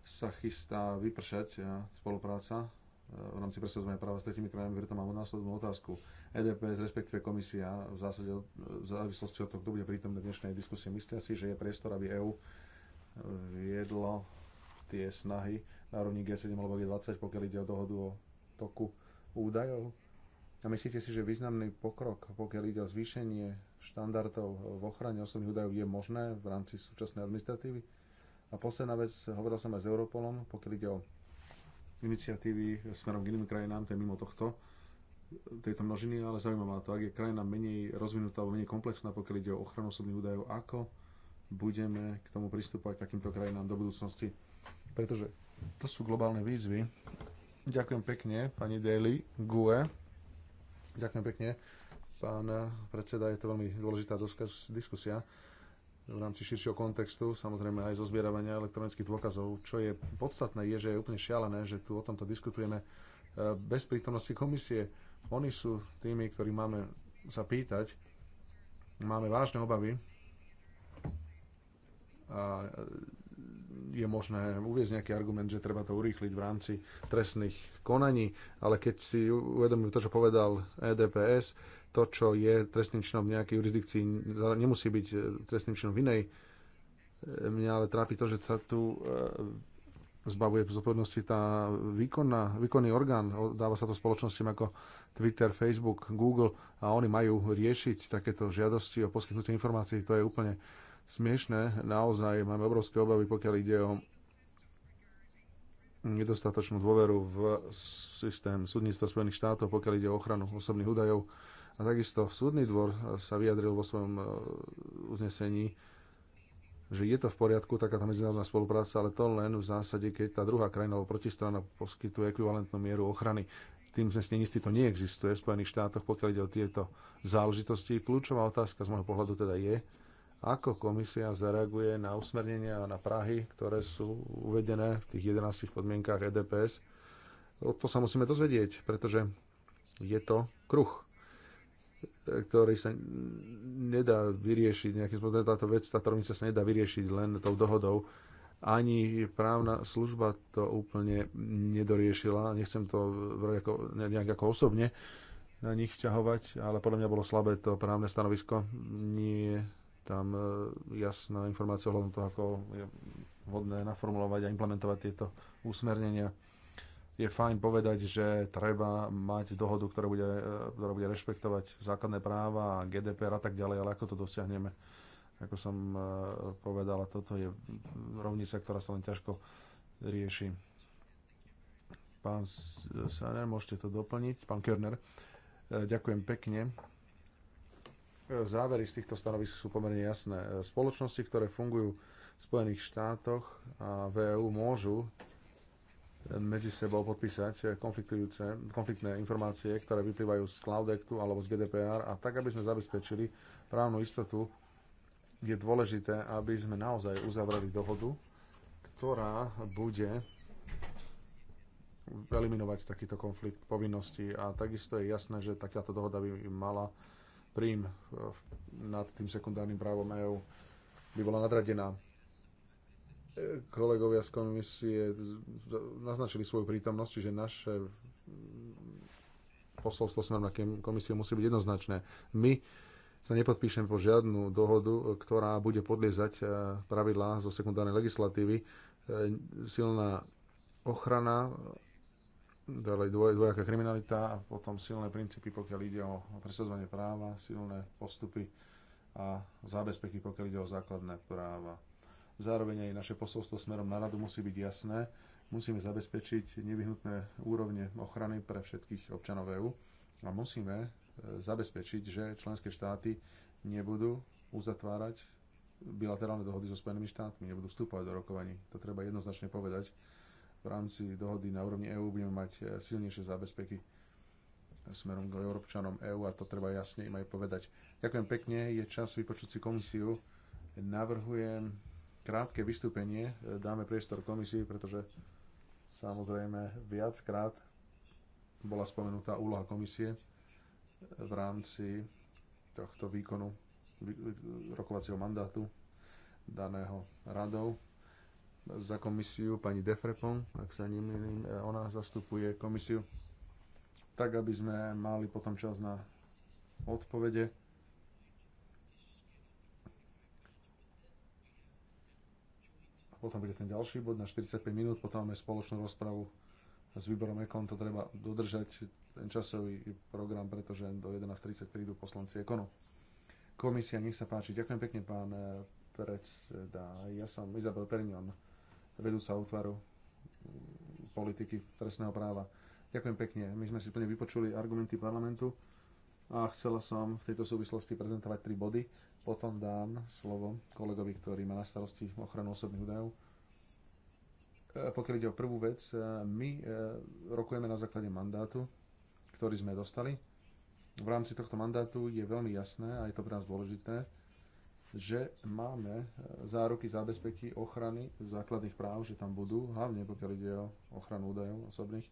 sa chystá vypršať e, spolupráca e, v rámci presadzovania práva s tretími krajinami, preto mám následnú otázku. EDPS, respektíve komisia, v zásade e, v závislosti od toho, kto bude prítomný dnešnej diskusie, myslia si, že je priestor, aby EÚ viedlo tie snahy na rovni G7 alebo G20, pokiaľ ide o dohodu o toku údajov. A myslíte si, že významný pokrok, pokiaľ ide o zvýšenie štandardov v ochrane osobných údajov, je možné v rámci súčasnej administratívy? A posledná vec, hovoril som aj s Europolom, pokiaľ ide o iniciatívy smerom k iným krajinám, to je mimo tohto, tejto množiny, ale zaujímavá to, ak je krajina menej rozvinutá alebo menej komplexná, pokiaľ ide o ochranu osobných údajov, ako budeme k tomu pristúpať takýmto krajinám do budúcnosti. Pretože to sú globálne výzvy. Ďakujem pekne, pani Daly, GUE. Ďakujem pekne, pán predseda, je to veľmi dôležitá diskusia v rámci širšieho kontextu, samozrejme aj zo zbieravania elektronických dôkazov. Čo je podstatné, je, že je úplne šialené, že tu o tomto diskutujeme eh, bez prítomnosti komisie. Oni sú tými, ktorí máme sa pýtať. Máme vážne obavy a je možné uviezť nejaký argument, že treba to urýchliť v rámci trestných konaní, ale keď si uvedomím to, čo povedal EDPS, to, čo je trestným činom v nejakej jurisdikcii, nemusí byť e, trestným činom v inej. E, mňa ale trápi to, že sa tu e, zbavuje zodpovednosti tá výkonná, výkonný orgán. Dáva sa to spoločnosti ako Twitter, Facebook, Google a oni majú riešiť takéto žiadosti o poskytnutie informácií. To je úplne uh, smiešné. Naozaj máme obrovské obavy, pokiaľ ide o nedostatočnú dôveru v systém súdnictva Spojených štátov, pokiaľ ide o ochranu osobných údajov. A takisto súdny dvor sa vyjadril vo svojom e, uznesení, že je to v poriadku, takáto medzinárodná spolupráca, ale to len v zásade, keď tá druhá krajina alebo protistrana poskytuje ekvivalentnú mieru ochrany. Tým sme si to neexistuje v Spojených štátoch, pokiaľ ide o tieto záležitosti. Kľúčová otázka z môjho pohľadu teda je, ako komisia zareaguje na usmernenia a na Prahy, ktoré sú uvedené v tých 11 podmienkách EDPS? O to sa musíme dozvedieť, pretože je to kruh, e, ktorý sa nedá vyriešiť nejakým spôsobom. Táto vec, tá trojnica sa nedá vyriešiť len tou dohodou. Ani právna služba to úplne nedoriešila. Nechcem to nejak ako osobne na nich ťahovať, ale podľa mňa bolo slabé to právne stanovisko. Nie tam jasná informácia o toho, ako je vhodné naformulovať a implementovať tieto usmernenia. Je fajn povedať, že treba mať dohodu, ktorá bude, ktorá bude rešpektovať základné práva, GDPR a tak ďalej, ale ako to dosiahneme? Ako som povedal, toto je rovnica, ktorá sa len ťažko rieši. Pán Sáner, môžete to doplniť. Pán Körner, ďakujem pekne závery z týchto stanovisk sú pomerne jasné. Spoločnosti, ktoré fungujú v Spojených štátoch a v EU môžu medzi sebou podpísať konfliktné informácie, ktoré vyplývajú z Cloud Actu alebo z GDPR a tak, aby sme zabezpečili právnu istotu, je dôležité, aby sme naozaj uzavreli dohodu, ktorá bude eliminovať takýto konflikt povinností a takisto je jasné, že takáto dohoda by mala príjm eh, nad tým sekundárnym právom EÚ by bola nadradená. Eh, kolegovia z komisie naznačili svoju prítomnosť, čiže naše mm, posolstvo smerom na komisiu musí byť jednoznačné. My sa nepodpíšem po žiadnu dohodu, eh, ktorá bude podliezať pravidlá zo sekundárnej legislatívy. Silná ochrana ďalej dvoj, dvojaká kriminalita a potom silné princípy, pokiaľ ide o presadzovanie práva, silné postupy a zábezpeky, pokiaľ ide o základné práva. Zároveň aj naše posolstvo smerom na radu musí byť jasné. Musíme zabezpečiť nevyhnutné úrovne ochrany pre všetkých občanov EÚ a musíme e, zabezpečiť, že členské štáty nebudú uzatvárať bilaterálne dohody so Spojenými štátmi, nebudú vstúpať do rokovaní. To treba jednoznačne povedať v rámci dohody na úrovni EÚ budeme mať e, silnejšie zábezpeky smerom k Európčanom EÚ a to treba jasne im aj povedať. Ďakujem pekne, je čas vypočuť si komisiu. Navrhujem krátke vystúpenie, e, dáme priestor komisii, pretože samozrejme viackrát bola spomenutá úloha komisie e, v rámci tohto výkonu rokovacieho mandátu daného radou za komisiu, pani Defrepon, ak sa nemýlim, e, ona zastupuje komisiu, tak aby sme mali potom čas na odpovede. A potom bude ten ďalší bod na 45 minút, potom máme spoločnú rozpravu s výborom Ekon, to treba dodržať ten časový program, pretože do 11.30 prídu poslanci Ekonu. Komisia, nech sa páči. Ďakujem pekne, pán e, predseda. Ja som Izabel Perňon vedúca útvaru politiky trestného práva. Ďakujem pekne. My sme si plne vypočuli argumenty parlamentu a chcela som v tejto súvislosti prezentovať tri body. Potom dám slovo kolegovi, ktorý má na starosti ochranu osobných údajov. E, pokiaľ ide o prvú vec, e, my e, rokujeme na základe mandátu, ktorý sme dostali. V rámci tohto mandátu je veľmi jasné, a je to pre nás dôležité, že máme e, záruky, zábezpeky ochrany základných práv, že tam budú, hlavne pokiaľ ide o ochranu údajov osobných.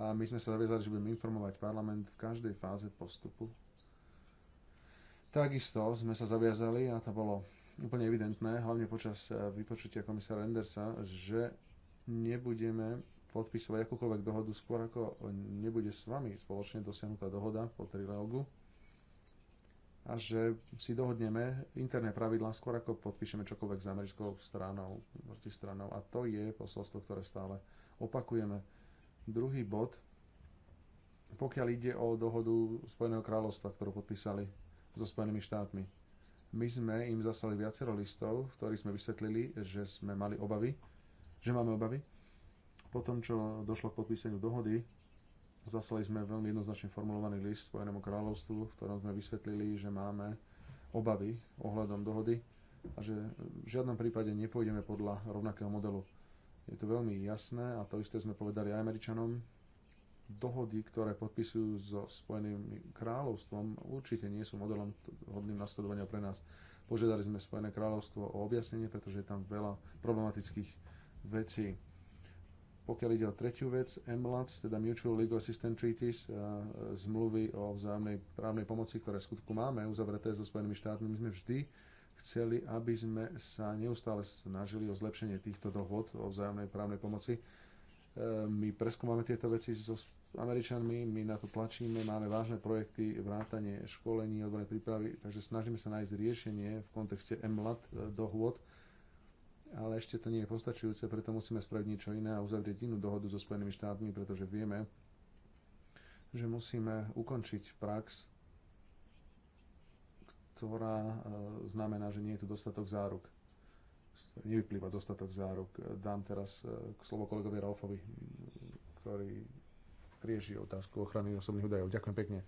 A my sme sa zaviazali, že budeme informovať parlament v každej fáze postupu. Takisto sme sa zaviazali, a to bolo úplne evidentné, hlavne počas e, vypočutia komisára Endersa, že nebudeme podpisovať akúkoľvek dohodu skôr, ako nebude s vami spoločne dosiahnutá dohoda po trilógu a že si dohodneme interné pravidlá skôr ako podpíšeme čokoľvek s americkou stranou, stranou a to je posolstvo, ktoré stále opakujeme. Druhý bod, pokiaľ ide o dohodu Spojeného kráľovstva, ktorú podpísali so Spojenými štátmi. My sme im zaslali viacero listov, v ktorých sme vysvetlili, že sme mali obavy, že máme obavy. potom, čo došlo k podpísaniu dohody, Zaslali sme veľmi jednoznačne formulovaný list Spojenému kráľovstvu, v ktorom sme vysvetlili, že máme obavy ohľadom dohody a že v žiadnom prípade nepôjdeme podľa rovnakého modelu. Je to veľmi jasné a to isté sme povedali aj Američanom. Dohody, ktoré podpisujú so Spojeným kráľovstvom, určite nie sú modelom hodným nasledovania pre nás. Požiadali sme Spojené kráľovstvo o objasnenie, pretože je tam veľa problematických vecí pokiaľ ide o tretiu vec, MLATS, teda Mutual Legal Assistance Treaties, zmluvy o vzájomnej právnej pomoci, ktoré v skutku máme uzavreté so Spojenými štátmi, my sme vždy chceli, aby sme sa neustále snažili o zlepšenie týchto dohod o vzájomnej právnej pomoci. E, my preskúmame tieto veci so Američanmi, my na to tlačíme, máme vážne projekty, vrátanie školení, odborné prípravy, takže snažíme sa nájsť riešenie v kontexte MLAT e, dohôd, ale ešte to nie je postačujúce, preto musíme spraviť niečo iné a uzavrieť inú dohodu so Spojenými štátmi, pretože vieme, že musíme ukončiť prax, ktorá e, znamená, že nie je tu dostatok záruk. Nevyplýva dostatok záruk. Dám teraz k e, slovo kolegovi Ralfovi, ktorý rieši otázku ochrany osobných údajov. Ďakujem pekne.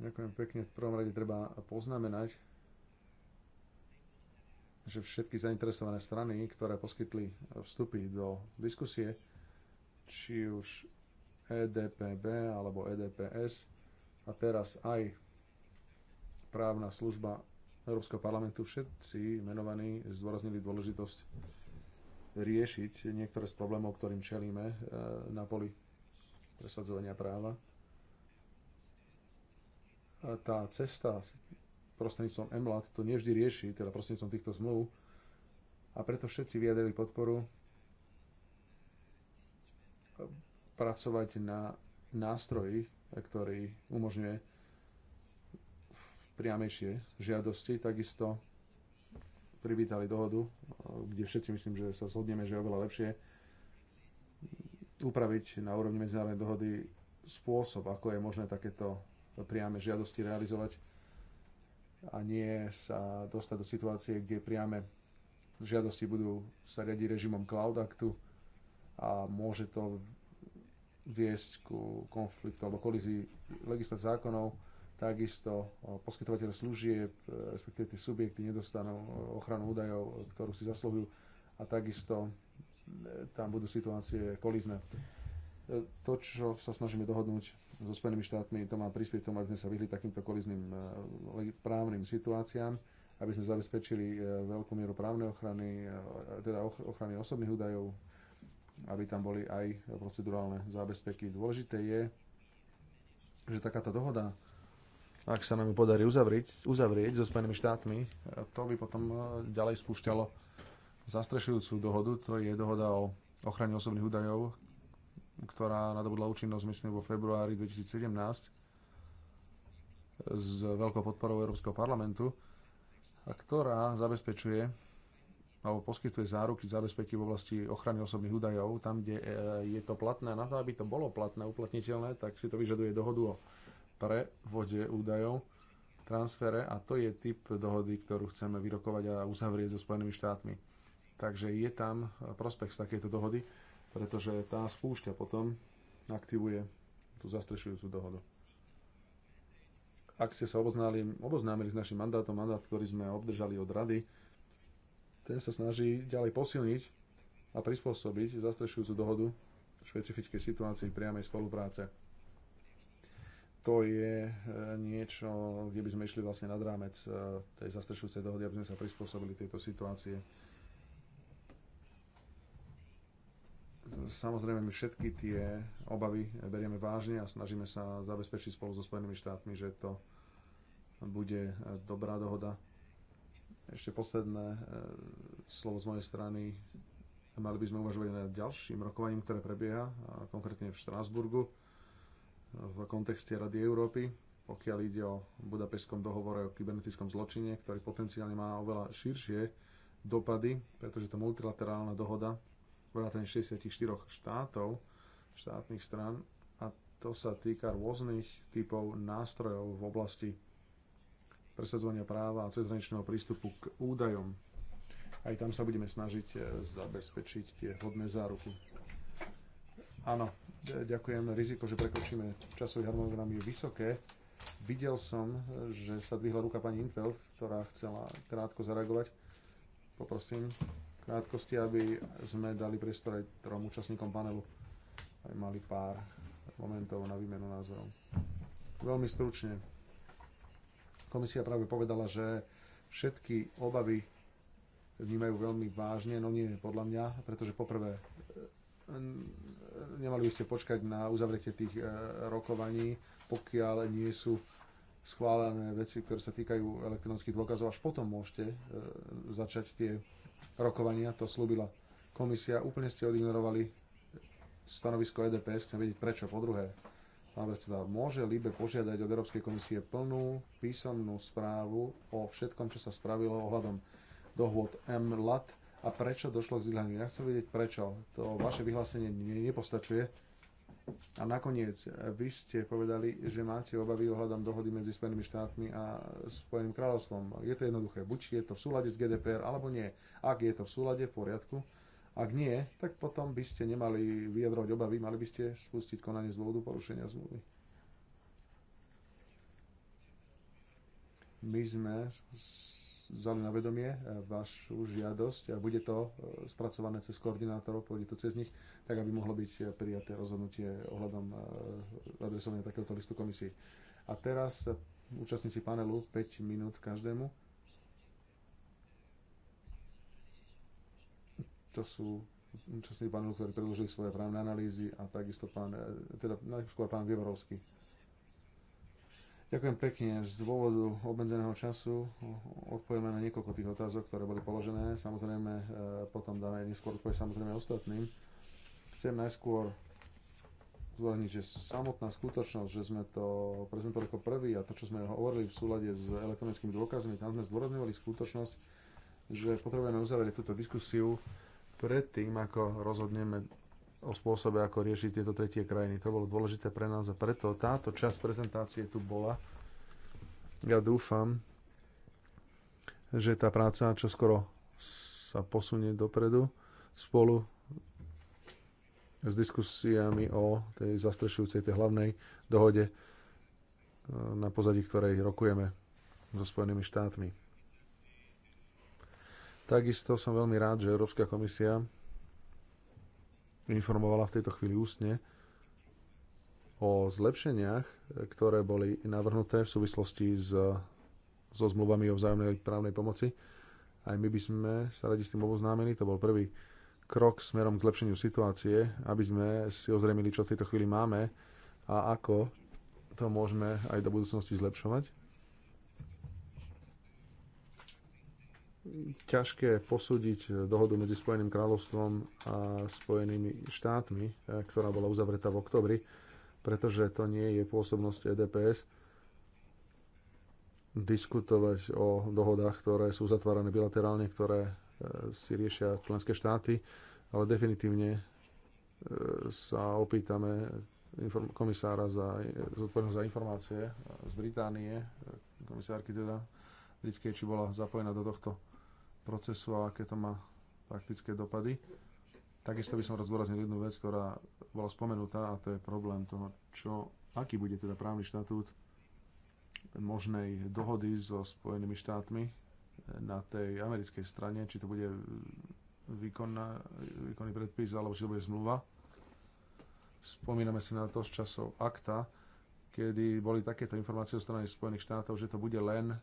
Ďakujem pekne. V prvom rade treba poznamenať, že všetky zainteresované strany, ktoré poskytli e, vstupy do diskusie, či už EDPB alebo EDPS a teraz aj právna služba Európskeho parlamentu, všetci menovaní zdôraznili dôležitosť riešiť niektoré z problémov, ktorým čelíme e, na poli presadzovania práva. tá cesta prostredníctvom MLAT to nevždy rieši, teda prostredníctvom týchto zmluv. A preto všetci vyjadrili podporu pracovať na nástroji, ktorý umožňuje priamejšie žiadosti. Takisto privítali dohodu, kde všetci myslím, že sa zhodneme, že je oveľa lepšie upraviť na úrovni medzinárodnej dohody spôsob, ako je možné takéto priame žiadosti realizovať a nie sa dostať do situácie, kde priame žiadosti budú sa riadiť režimom cloud aktu a môže to viesť ku konfliktu alebo kolízii legislat zákonov, takisto e, poskytovateľ služieb, e, respektíve tie subjekty nedostanú e, ochranu údajov, ktorú si zasluhujú a takisto tam budú situácie kolízne to, čo sa snažíme dohodnúť so Spojenými štátmi, to má prispieť tomu, aby sme sa vyhli takýmto kolizným e, právnym situáciám, aby sme zabezpečili e, veľkú mieru právnej ochrany, e, teda ochrany osobných údajov, aby tam boli aj procedurálne zábezpeky. Dôležité je, že takáto dohoda, ak sa nám ju podarí uzavrieť, uzavrieť so Spojenými štátmi, to by potom ďalej spúšťalo zastrešujúcu dohodu, to je dohoda o ochrane osobných údajov, ktorá nadobudla účinnosť, myslím, vo februári 2017 s veľkou podporou Európskeho parlamentu a ktorá zabezpečuje alebo poskytuje záruky, zabezpeky v oblasti ochrany osobných údajov. Tam, kde e, je to platné, na to, aby to bolo platné, uplatniteľné, tak si to vyžaduje dohodu o prevode údajov, transfere a to je typ dohody, ktorú chceme vyrokovať a uzavrieť so Spojenými štátmi. Takže je tam prospekt z takejto dohody pretože tá spúšťa potom aktivuje tú zastrešujúcu dohodu. Ak ste sa oboznali, oboznámili s našim mandátom, mandát, ktorý sme obdržali od rady, ten sa snaží ďalej posilniť a prispôsobiť zastrešujúcu dohodu v špecifickej situácii priamej spolupráce. To je e, niečo, kde by sme išli vlastne nad rámec e, tej zastrešujúcej dohody, aby sme sa prispôsobili tejto situácie Samozrejme, my všetky tie obavy berieme vážne a snažíme sa zabezpečiť spolu so Spojenými štátmi, že to bude dobrá dohoda. Ešte posledné e, slovo z mojej strany. Mali by sme uvažovať nad ďalším rokovaním, ktoré prebieha, konkrétne v Štrásburgu, v kontexte Rady Európy, pokiaľ ide o budapešskom dohovore o kybernetickom zločine, ktorý potenciálne má oveľa širšie dopady, pretože to multilaterálna dohoda vrátane 64 štátov, štátnych stran a to sa týka rôznych typov nástrojov v oblasti presadzovania práva a cezhraničného prístupu k údajom. Aj tam sa budeme snažiť e, zabezpečiť tie hodné záruky. Áno, e, ďakujem. Riziko, že prekročíme časový harmonogram je vysoké. Videl som, e, že sa dvihla ruka pani Infeld, ktorá chcela krátko zareagovať. Poprosím krátkosti, aby sme dali priestor aj trom účastníkom panelu, aby mali pár momentov na výmenu názorov. Veľmi stručne. Komisia práve povedala, že všetky obavy vnímajú veľmi vážne, no nie podľa mňa, pretože poprvé eh, nemali by ste počkať na uzavretie tých eh, rokovaní, pokiaľ nie sú schválené veci, ktoré sa týkajú elektronických dôkazov, až potom môžete eh, začať tie rokovania, to slúbila komisia. Úplne ste odignorovali stanovisko EDPS, chcem vedieť prečo. Po druhé, pán predseda, môže Libe požiadať od Európskej komisie plnú písomnú správu o všetkom, čo sa spravilo ohľadom dohôd MLAT a prečo došlo k zlyhaniu. Ja chcem vedieť prečo. To vaše vyhlásenie nepostačuje a nakoniec, e, vy ste povedali, že máte obavy ohľadom dohody medzi Spojenými štátmi a Spojeným kráľovstvom. Je to jednoduché. Buď je to v súlade s GDPR, alebo nie. Ak je to v súlade, v poriadku. Ak nie, tak potom by ste nemali vyjadrovať obavy, mali by ste spustiť konanie z dôvodu porušenia zmluvy. My sme vzali na vedomie e, vašu žiadosť a bude to e, spracované cez koordinátorov, pôjde to cez nich tak aby mohlo byť eh, prijaté rozhodnutie ohľadom eh, adresovania takéhoto listu komisii. A teraz eh, účastníci panelu 5 minút každému. To sú účastníci panelu, ktorí predložili svoje právne analýzy a takisto pán, teda najskôr pán Vievorovský. Ďakujem pekne. Z dôvodu obmedzeného času odpovieme na niekoľko tých otázok, ktoré boli položené. Samozrejme, potom dáme neskôr odpoveď samozrejme ostatným. Chcem najskôr zdôrazniť, že samotná skutočnosť, že sme to prezentovali ako prvý a to, čo sme hovorili v súlade s elektronickými dôkazmi, tam sme zdôrazňovali skutočnosť, že potrebujeme uzavrieť túto diskusiu predtým, ako rozhodneme o spôsobe, ako riešiť tieto tretie krajiny. To bolo dôležité pre nás a preto táto časť prezentácie tu bola. Ja dúfam, že tá práca čoskoro sa posunie dopredu spolu s diskusiami o tej zastrešujúcej, tej hlavnej dohode, e, na pozadí ktorej rokujeme so Spojenými štátmi. Takisto som veľmi rád, že Európska komisia informovala v tejto chvíli ústne o zlepšeniach, ktoré boli navrhnuté v súvislosti s, so zmluvami o vzájomnej právnej pomoci. Aj my by sme sa radi s tým oboznámili, to bol prvý krok smerom k zlepšeniu situácie, aby sme si ozremili, čo v tejto chvíli máme a ako to môžeme aj do budúcnosti zlepšovať. Ťažké posúdiť dohodu medzi Spojeným kráľovstvom a Spojenými štátmi, eh, ktorá bola uzavretá v oktobri, pretože to nie je pôsobnosť EDPS diskutovať o dohodách, ktoré sú zatvárané bilaterálne, ktoré si riešia členské štáty, ale definitívne e, sa opýtame komisára za, zodpovednosť za informácie z Británie, e, komisárky teda britskej, či bola zapojená do tohto procesu a aké to má praktické dopady. Takisto by som rozborazil jednu vec, ktorá bola spomenutá a to je problém toho, čo, aký bude teda právny štatút možnej dohody so Spojenými štátmi na tej americkej strane, či to bude výkonná, výkonný predpis alebo či to bude zmluva. Spomíname si na to z časov akta, kedy boli takéto informácie zo strany Spojených štátov, že to bude len e,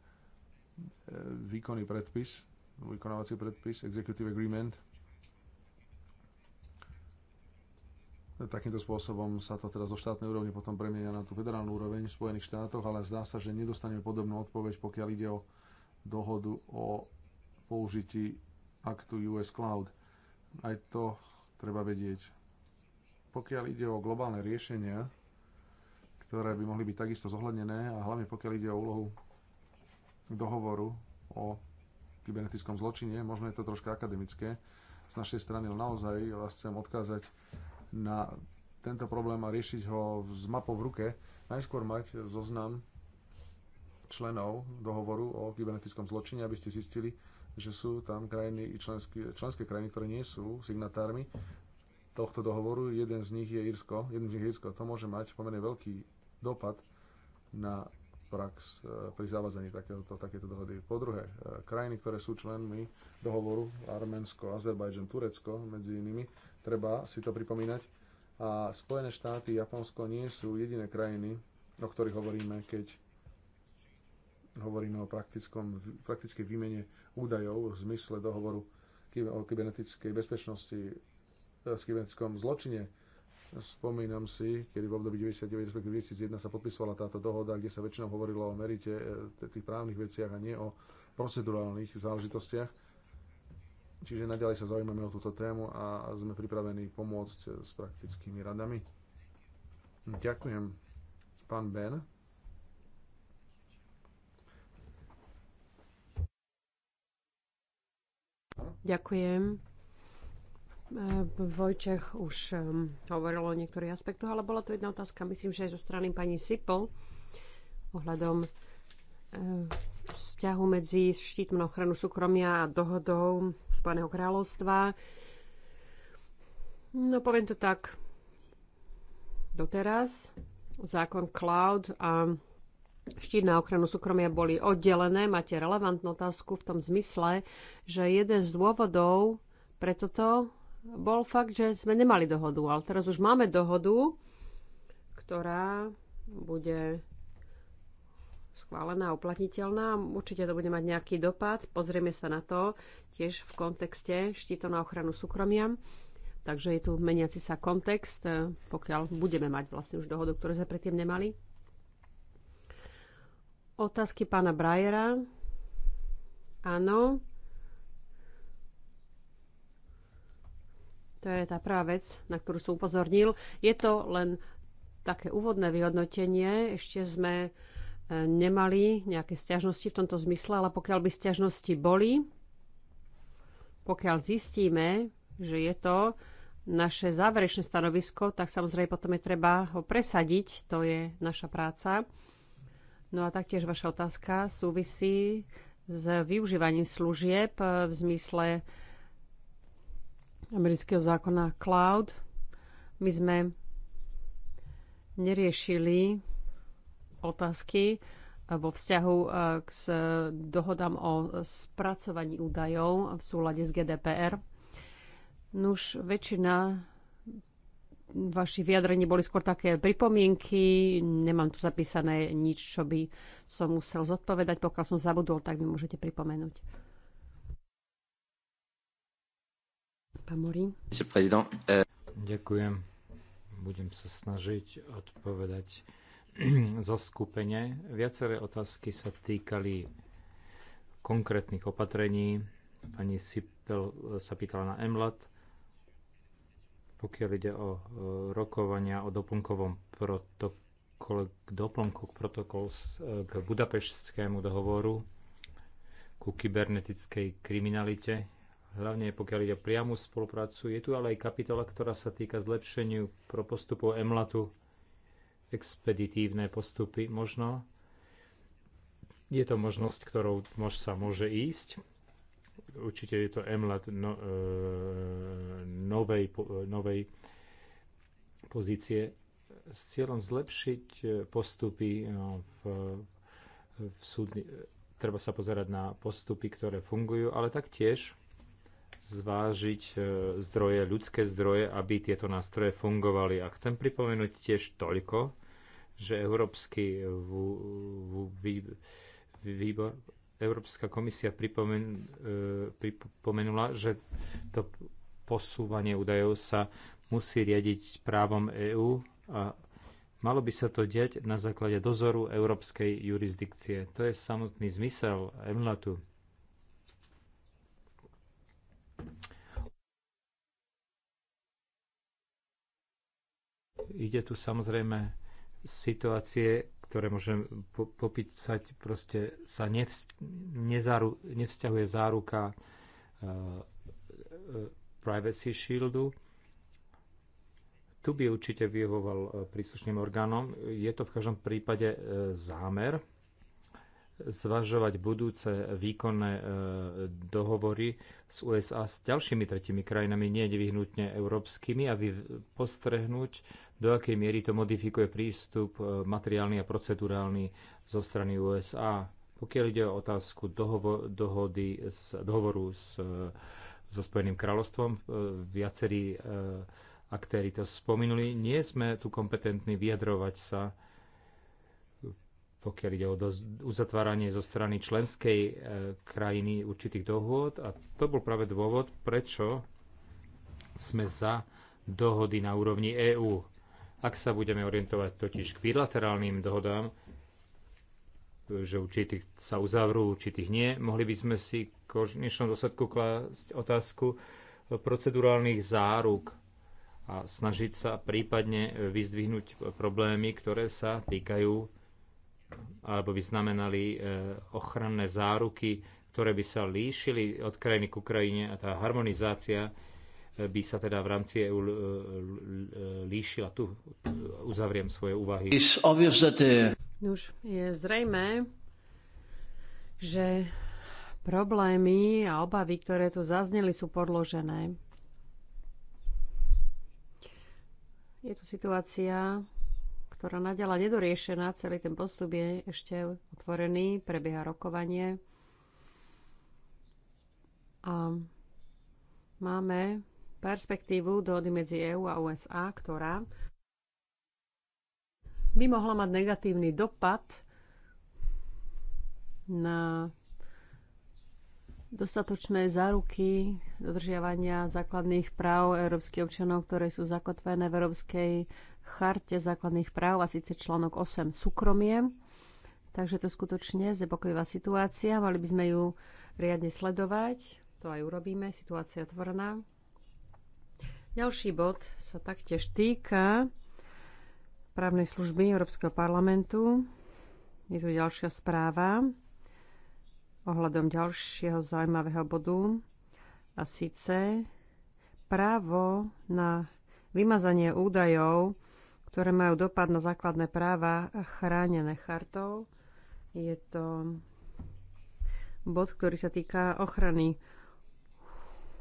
výkonný predpis, vykonávací predpis, executive agreement. Takýmto spôsobom sa to teda zo štátnej úrovne potom premenia na tú federálnu úroveň v Spojených štátoch, ale zdá sa, že nedostaneme podobnú odpoveď, pokiaľ ide o dohodu o použití aktu US Cloud. Aj to treba vedieť. Pokiaľ ide o globálne riešenia, ktoré by mohli byť takisto zohľadnené a hlavne pokiaľ ide o úlohu dohovoru o kybernetickom zločine, možno je to troška akademické, z našej strany naozaj vás chcem odkázať na tento problém a riešiť ho s mapou v ruke. Najskôr mať zoznam členov dohovoru o kybernetickom zločine, aby ste zistili, že sú tam krajiny, členské, členské krajiny, ktoré nie sú signatármi tohto dohovoru. Jeden z nich je Írsko. Jeden z nich je Írsko. To môže mať pomerne veľký dopad na prax e, pri zavazení takéto, takéto dohody. Po druhé, e, krajiny, ktoré sú členmi dohovoru, Arménsko, Azerbajdžan, Turecko, medzi inými, treba si to pripomínať. A Spojené štáty, Japonsko nie sú jediné krajiny, o ktorých hovoríme, keď Hovoríme o praktickom, praktickej výmene údajov v zmysle dohovoru o kybernetickej bezpečnosti, v e, kybernetickom zločine. Spomínam si, kedy v období 1999 2001 sa podpisovala táto dohoda, kde sa väčšinou hovorilo o merite e, tých právnych veciach a nie o procedurálnych záležitostiach. Čiže naďalej sa zaujímame o túto tému a sme pripravení pomôcť e, s praktickými radami. Ďakujem. Pán Ben. Ďakujem. Eh, Vojčech už eh, hovoril o niektorých aspektoch, ale bola tu jedna otázka, myslím, že aj zo strany pani Sipol, ohľadom eh, vzťahu medzi štítom na ochranu súkromia a dohodou Spojeného kráľovstva. No poviem to tak, doteraz zákon Cloud a štít na ochranu súkromia boli oddelené. Máte relevantnú otázku v tom zmysle, že jeden z dôvodov pre toto bol fakt, že sme nemali dohodu, ale teraz už máme dohodu, ktorá bude schválená a uplatniteľná. Určite to bude mať nejaký dopad. Pozrieme sa na to tiež v kontexte štíto na ochranu súkromia. Takže je tu meniaci sa kontext, pokiaľ budeme mať vlastne už dohodu, ktorú sme predtým nemali. Otázky pána Brajera. Áno. To je tá prvá vec, na ktorú som upozornil. Je to len také úvodné vyhodnotenie. Ešte sme e, nemali nejaké stiažnosti v tomto zmysle, ale pokiaľ by stiažnosti boli, pokiaľ zistíme, že je to naše záverečné stanovisko, tak samozrejme potom je treba ho presadiť, to je naša práca. No a taktiež vaša otázka súvisí s využívaním služieb v zmysle amerického zákona cloud. My sme neriešili otázky vo vzťahu eh, k dohodám o spracovaní údajov v súlade s GDPR. Nuž väčšina vašich vyjadrení boli skôr také pripomienky. Nemám tu zapísané nič, čo by som musel zodpovedať. Pokiaľ som zabudol, tak mi môžete pripomenúť. Pán Morín. Euh, Ďakujem. Budem sa snažiť odpovedať zo skupenie. Viaceré otázky sa týkali konkrétnych opatrení. Pani Sipel sa pýtala na MLAT pokiaľ ide o e, rokovania o doplnkovom protokole, k doplnku k protokol e, k Budapešskému dohovoru ku kybernetickej kriminalite, hlavne pokiaľ ide o priamu spoluprácu. Je tu ale aj kapitola, ktorá sa týka zlepšeniu pro postupov EMLATu, expeditívne postupy možno. Je to možnosť, ktorou mož sa môže ísť Určite je to MLAT no, e, novej, po, e, novej pozície s cieľom zlepšiť e, postupy no, v, v súdni. E, treba sa pozerať na postupy, ktoré fungujú, ale taktiež zvážiť zdroje, ľudské zdroje, aby tieto nástroje fungovali. A chcem pripomenúť tiež toľko, že Európsky výbor Európska komisia pripomen, e, pripomenula, že to posúvanie údajov sa musí riadiť právom EÚ a malo by sa to diať na základe dozoru európskej jurisdikcie. To je samotný zmysel EMLATu. Ide tu samozrejme situácie, ktoré môžem popísať, proste sa nevz, nezaru, nevzťahuje záruka uh, Privacy Shieldu. Tu by určite vyhovoval e, príslušným orgánom. Je to v každom prípade zámer zvažovať budúce výkonné dohovory s USA s ďalšími tretími krajinami, nie nevyhnutne európskymi, a postrehnúť do akej miery to modifikuje prístup e, materiálny a procedurálny zo strany USA. Pokiaľ ide o otázku dohovo, dohody s, dohovoru s, e, so Spojeným kráľovstvom, e, viacerí aktéry to spomenuli, nie sme tu kompetentní vyjadrovať sa pokiaľ ide o uzatváranie zo strany členskej krajiny určitých dohôd. A to bol práve dôvod, prečo sme za dohody na úrovni EÚ. Ak sa budeme orientovať totiž k bilaterálnym dohodám, že určitých sa uzavrú, určitých nie, mohli by sme si v konečnom dôsledku klásť otázku procedurálnych záruk a snažiť sa prípadne vyzdvihnúť problémy, ktoré sa týkajú alebo by znamenali e, ochranné záruky, ktoré by sa líšili od krajiny k krajine a tá harmonizácia by sa teda v rámci EU e, líšila. Tu uzavriem svoje úvahy. Už je zrejme, že problémy a obavy, ktoré tu zazneli, sú podložené. Je to situácia, ktorá nadiaľa nedoriešená, celý ten postup je ešte otvorený, prebieha rokovanie. A máme perspektívu dohody medzi EÚ a USA, ktorá by mohla mať negatívny dopad na dostatočné záruky dodržiavania základných práv európskych občanov, ktoré sú zakotvené v Európskej charte základných práv a síce článok 8 súkromie. Takže to skutočne znepokojivá situácia. Mali by sme ju riadne sledovať. To aj urobíme. Situácia je otvorená. Ďalší bod sa taktiež týka právnej služby Európskeho parlamentu. Je tu ďalšia správa ohľadom ďalšieho zaujímavého bodu a síce právo na vymazanie údajov, ktoré majú dopad na základné práva chránené chartou. Je to bod, ktorý sa týka ochrany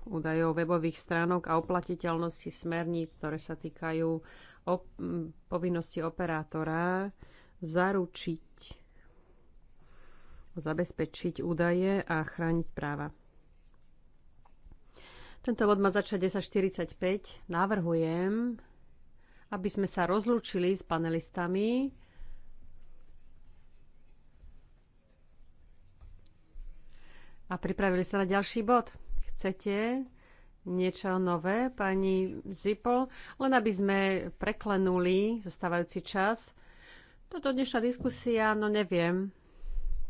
údajov webových stránok a oplatiteľnosti smerníc, ktoré sa týkajú op- povinnosti operátora zaručiť, zabezpečiť údaje a chrániť práva. Tento bod má začať 10.45. Navrhujem, aby sme sa rozlúčili s panelistami. A pripravili sa na ďalší bod chcete niečo nové, pani Zipol, len aby sme preklenuli zostávajúci čas. Toto dnešná diskusia, no neviem,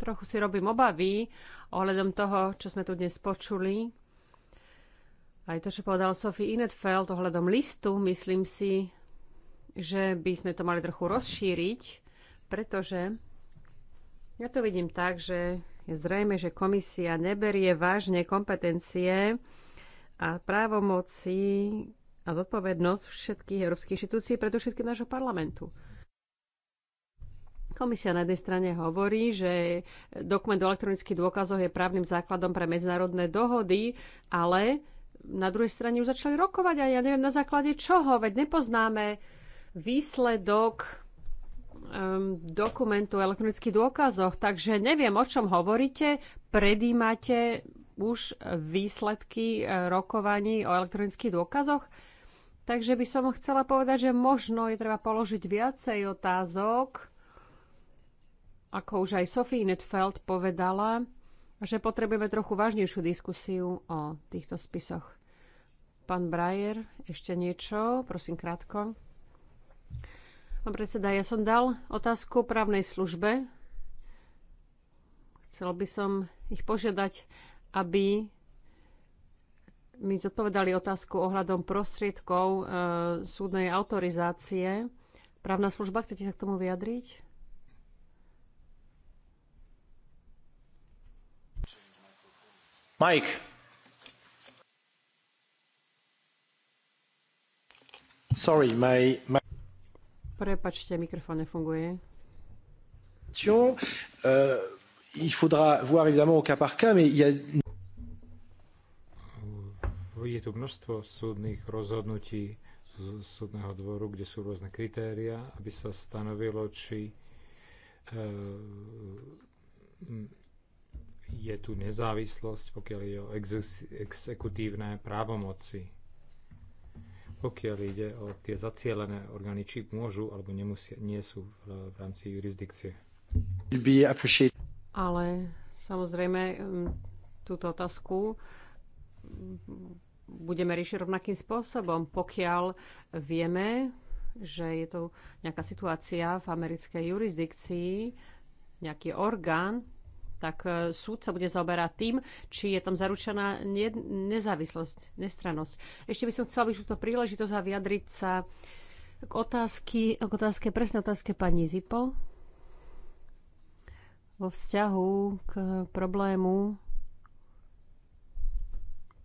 trochu si robím obavy ohľadom toho, čo sme tu dnes počuli. Aj to, čo povedal Sophie Inetfeld ohľadom listu, myslím si, že by sme to mali trochu rozšíriť, pretože ja to vidím tak, že je zrejme, že komisia neberie vážne kompetencie a právomoci a zodpovednosť všetkých európskych inštitúcií, predovšetkým nášho parlamentu. Komisia na jednej strane hovorí, že dokument o elektronických dôkazoch je právnym základom pre medzinárodné dohody, ale na druhej strane už začali rokovať a ja neviem na základe čoho, veď nepoznáme výsledok um, dokumentu elektronických dôkazoch, takže neviem, o čom hovoríte, predímate už výsledky eh, rokovaní o elektronických dôkazoch. Takže by som chcela povedať, že možno je treba položiť viacej otázok, ako už aj Sophie Netfeld povedala, že potrebujeme trochu vážnejšiu diskusiu o týchto spisoch. Pán Brajer, ešte niečo, prosím krátko. Pán predseda, ja som dal otázku právnej službe. Chcel by som ich požiadať, aby mi zodpovedali otázku ohľadom prostriedkov e, súdnej autorizácie. Právna služba, chcete sa k tomu vyjadriť? Mike. Sorry, my, my... Prepačte, mikrofón nefunguje. Euh, il faudra voir évidemment au cas par cas, mais il y a... Je tu množstvo súdnych rozhodnutí z súdneho dvoru, kde sú rôzne kritéria, aby sa stanovilo, či euh, je tu nezávislosť, pokiaľ je o exekutívne právomoci pokiaľ ide o tie zacielené orgány, či môžu alebo nemusia, nie sú v, v rámci jurisdikcie. Ale samozrejme túto otázku budeme riešiť rovnakým spôsobom, pokiaľ vieme, že je to nejaká situácia v americkej jurisdikcii, nejaký orgán, tak e, súd sa bude zaoberať tým, či je tam zaručená nezávislosť, nestrannosť. Ešte by som chcela byť túto príležitosť a vyjadriť sa k, otázky, k otázke, presne otázke pani Zipo vo vzťahu k problému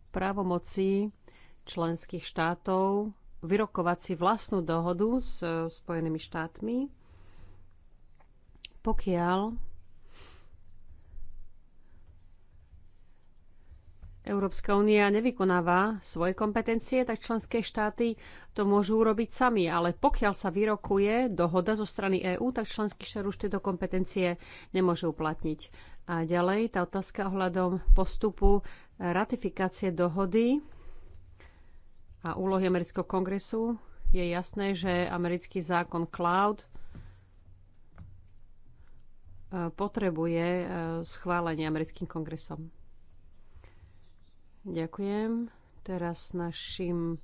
právomoci členských štátov vyrokovať si vlastnú dohodu s Spojenými štátmi, pokiaľ Európska únia nevykonáva svoje kompetencie, tak členské štáty to môžu urobiť sami. Ale pokiaľ sa vyrokuje dohoda zo strany EÚ, tak členský štát už tieto kompetencie nemôže uplatniť. A ďalej tá otázka ohľadom postupu ratifikácie dohody a úlohy Amerického kongresu. Je jasné, že americký zákon Cloud eh, potrebuje eh, schválenie americkým kongresom. Ďakujem. Teraz našim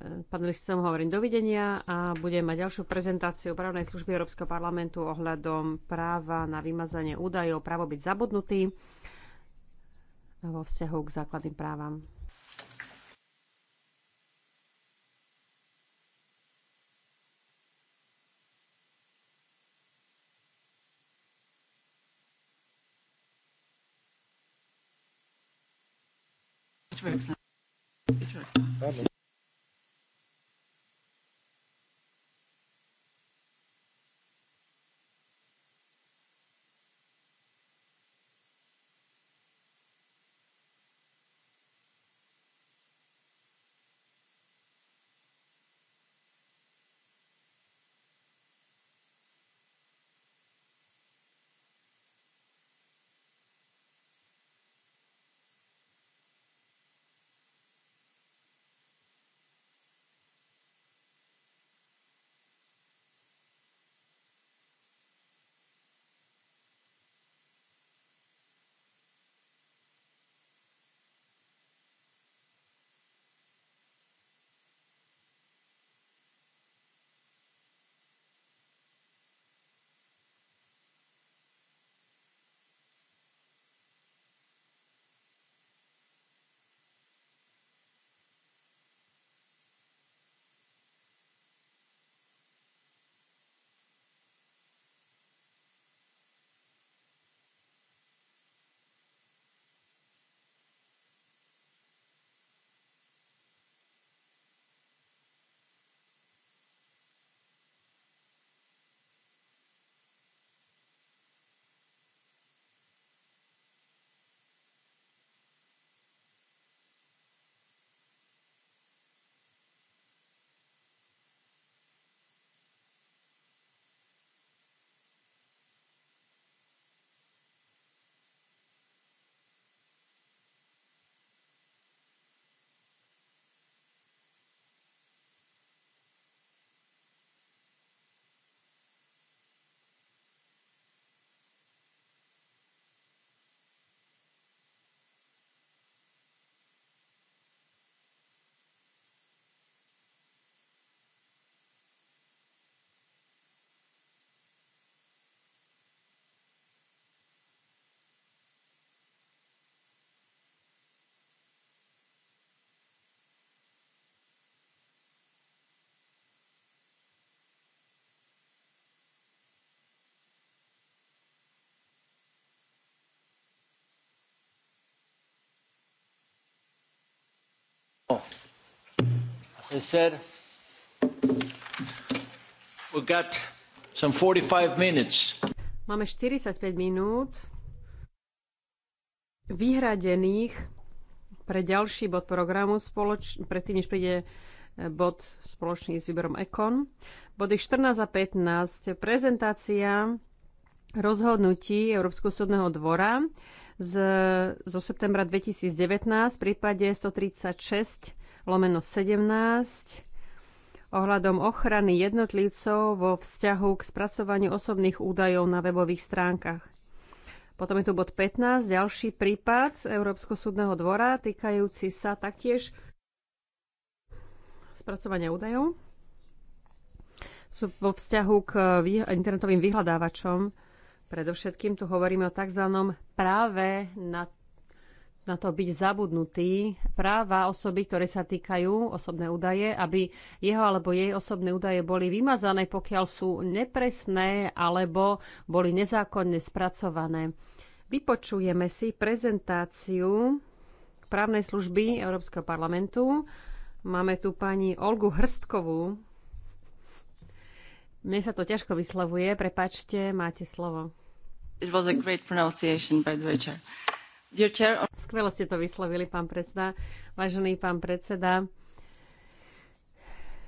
e, panelistom hovorím dovidenia a budem mať ďalšiu prezentáciu právnej služby Európskeho parlamentu ohľadom práva na vymazanie údajov, právo byť zabudnutý vo vzťahu k základným právam. Which works now. Which works now. Oh. As I said, we've got some 45 minutes. Máme 45 minút vyhradených pre ďalší bod programu, spoloč- predtým, než príde e, bod spoločný s výberom Ekon. Body 14 a 15. Prezentácia rozhodnutí Európskeho súdneho dvora z, zo septembra 2019 v prípade 136 lomeno 17 ohľadom ochrany jednotlivcov vo vzťahu k spracovaniu osobných údajov na webových stránkach. Potom je tu bod 15, ďalší prípad z európsko súdneho dvora týkajúci sa taktiež spracovania údajov sú vo vzťahu k internetovým vyhľadávačom Predovšetkým tu hovoríme o tzv. práve na, na to byť zabudnutý, práva osoby, ktoré sa týkajú osobné údaje, aby jeho alebo jej osobné údaje boli vymazané, pokiaľ sú nepresné alebo boli nezákonne spracované. Vypočujeme si prezentáciu právnej služby Európskeho parlamentu. Máme tu pani Olgu Hrstkovú. Mne sa to ťažko vyslovuje, prepačte, máte slovo. It was a great pronunciation, by the way, chair. Dear chair... Skvelo ste to vyslovili, pán predseda. Vážený pán predseda,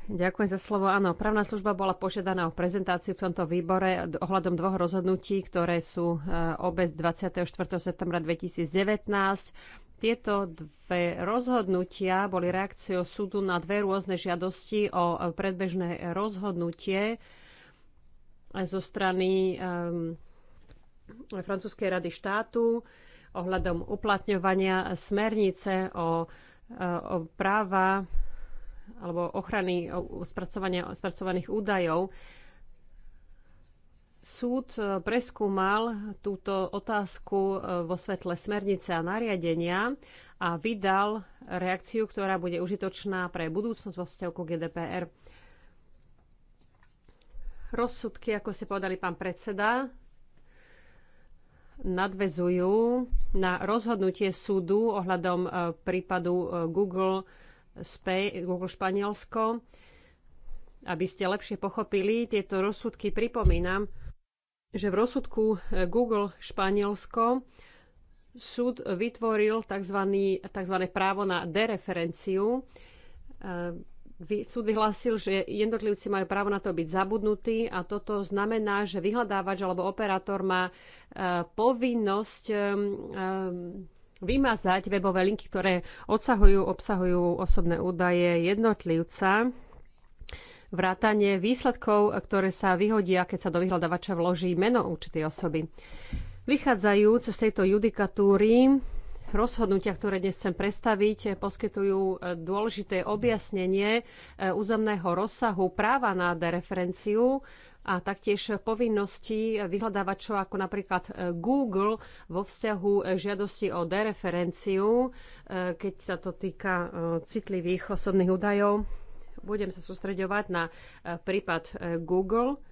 Ďakujem za slovo. Áno, právna služba bola požiadaná o prezentáciu v tomto výbore ohľadom dvoch rozhodnutí, ktoré sú eh, obec 24. septembra 2019. Tieto dve rozhodnutia boli reakciou súdu na dve rôzne žiadosti o eh, predbežné rozhodnutie zo strany um, Francúzskej rady štátu ohľadom uplatňovania smernice o, e, o práva alebo ochrany spracovania, spracovaných údajov. Súd e, preskúmal túto otázku e, vo svetle smernice a nariadenia a vydal reakciu, ktorá bude užitočná pre budúcnosť vo vzťahu ku GDPR. Rozsudky, ako ste povedali pán predseda, nadvezujú na rozhodnutie súdu ohľadom e, prípadu e, Google, Spain, Google Španielsko. Aby ste lepšie pochopili tieto rozsudky, pripomínam, že v rozsudku e, Google Španielsko súd vytvoril tzv. tzv. právo na dereferenciu, súd vyhlásil, že jednotlivci majú právo na to byť zabudnutí a toto znamená, že vyhľadávač alebo operátor má e, povinnosť e, e, vymazať webové linky, ktoré obsahujú, obsahujú osobné údaje jednotlivca vrátanie výsledkov, ktoré sa vyhodia, keď sa do vyhľadávača vloží meno určitej osoby. Vychádzajúc z tejto judikatúry rozhodnutia, ktoré dnes chcem predstaviť, eh, poskytujú eh, dôležité objasnenie eh, územného rozsahu práva na dereferenciu a taktiež povinnosti vyhľadávačov ako napríklad Google vo vzťahu žiadosti o dereferenciu, keď sa to týka citlivých osobných údajov. Budem sa sústreďovať na prípad Google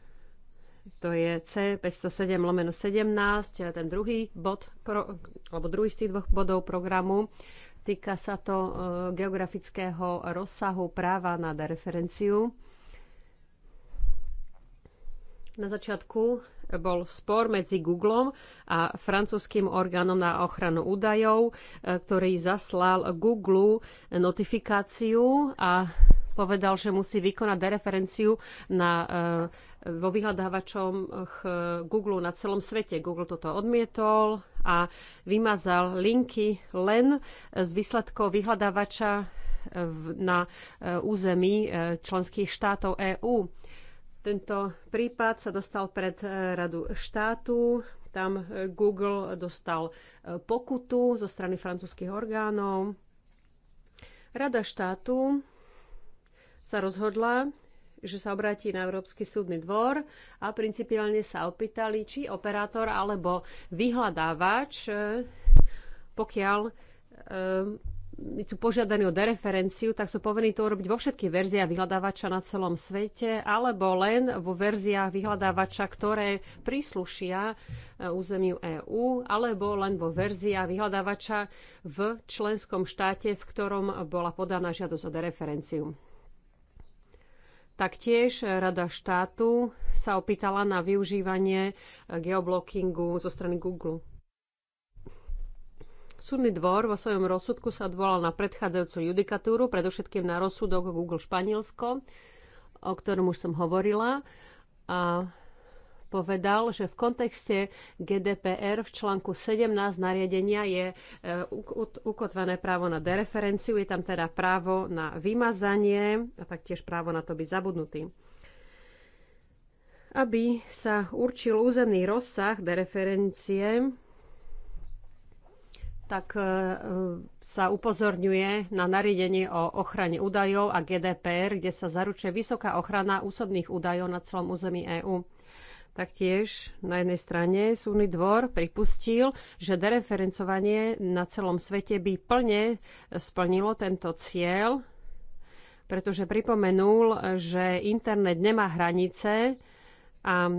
to je C507 lomeno 17, ten druhý bod, pro, alebo druhý z tých dvoch bodov programu. Týka sa to e, geografického rozsahu práva na dereferenciu. Na začiatku bol spor medzi Googlem a francúzským orgánom na ochranu údajov, e, ktorý zaslal Google notifikáciu a povedal, že musí vykonať dereferenciu na e, vo vyhľadávačoch Google na celom svete. Google toto odmietol a vymazal linky len z výsledkov vyhľadávača e, na e, území e, členských štátov EÚ. Tento prípad sa dostal pred Radu štátu. Tam Google dostal pokutu zo strany francúzských orgánov. Rada štátu sa rozhodla, že sa obráti na Európsky súdny dvor a principiálne sa opýtali, či operátor alebo vyhľadávač, e, pokiaľ e, sú požiadaní o dereferenciu, tak sú povinní to urobiť vo všetkých verziách vyhľadávača na celom svete, alebo len vo verziách vyhľadávača, ktoré príslušia e, územiu EÚ, alebo len vo verziách vyhľadávača v členskom štáte, v ktorom bola podaná žiadosť o dereferenciu. Taktiež Rada štátu sa opýtala na využívanie e, geoblockingu zo strany Google. Súdny dvor vo svojom rozsudku sa odvolal na predchádzajúcu judikatúru, predovšetkým na rozsudok Google Španielsko, o ktorom už som hovorila. A povedal, že v kontexte GDPR v článku 17 nariadenia je e, ukotvené právo na dereferenciu, je tam teda právo na vymazanie a taktiež právo na to byť zabudnutý. Aby sa určil územný rozsah dereferencie, tak e, sa upozorňuje na nariadenie o ochrane údajov a GDPR, kde sa zaručuje vysoká ochrana úsobných údajov na celom území EÚ. Taktiež na jednej strane súdny dvor pripustil, že dereferencovanie na celom svete by plne splnilo tento cieľ, pretože pripomenul, že internet nemá hranice a e,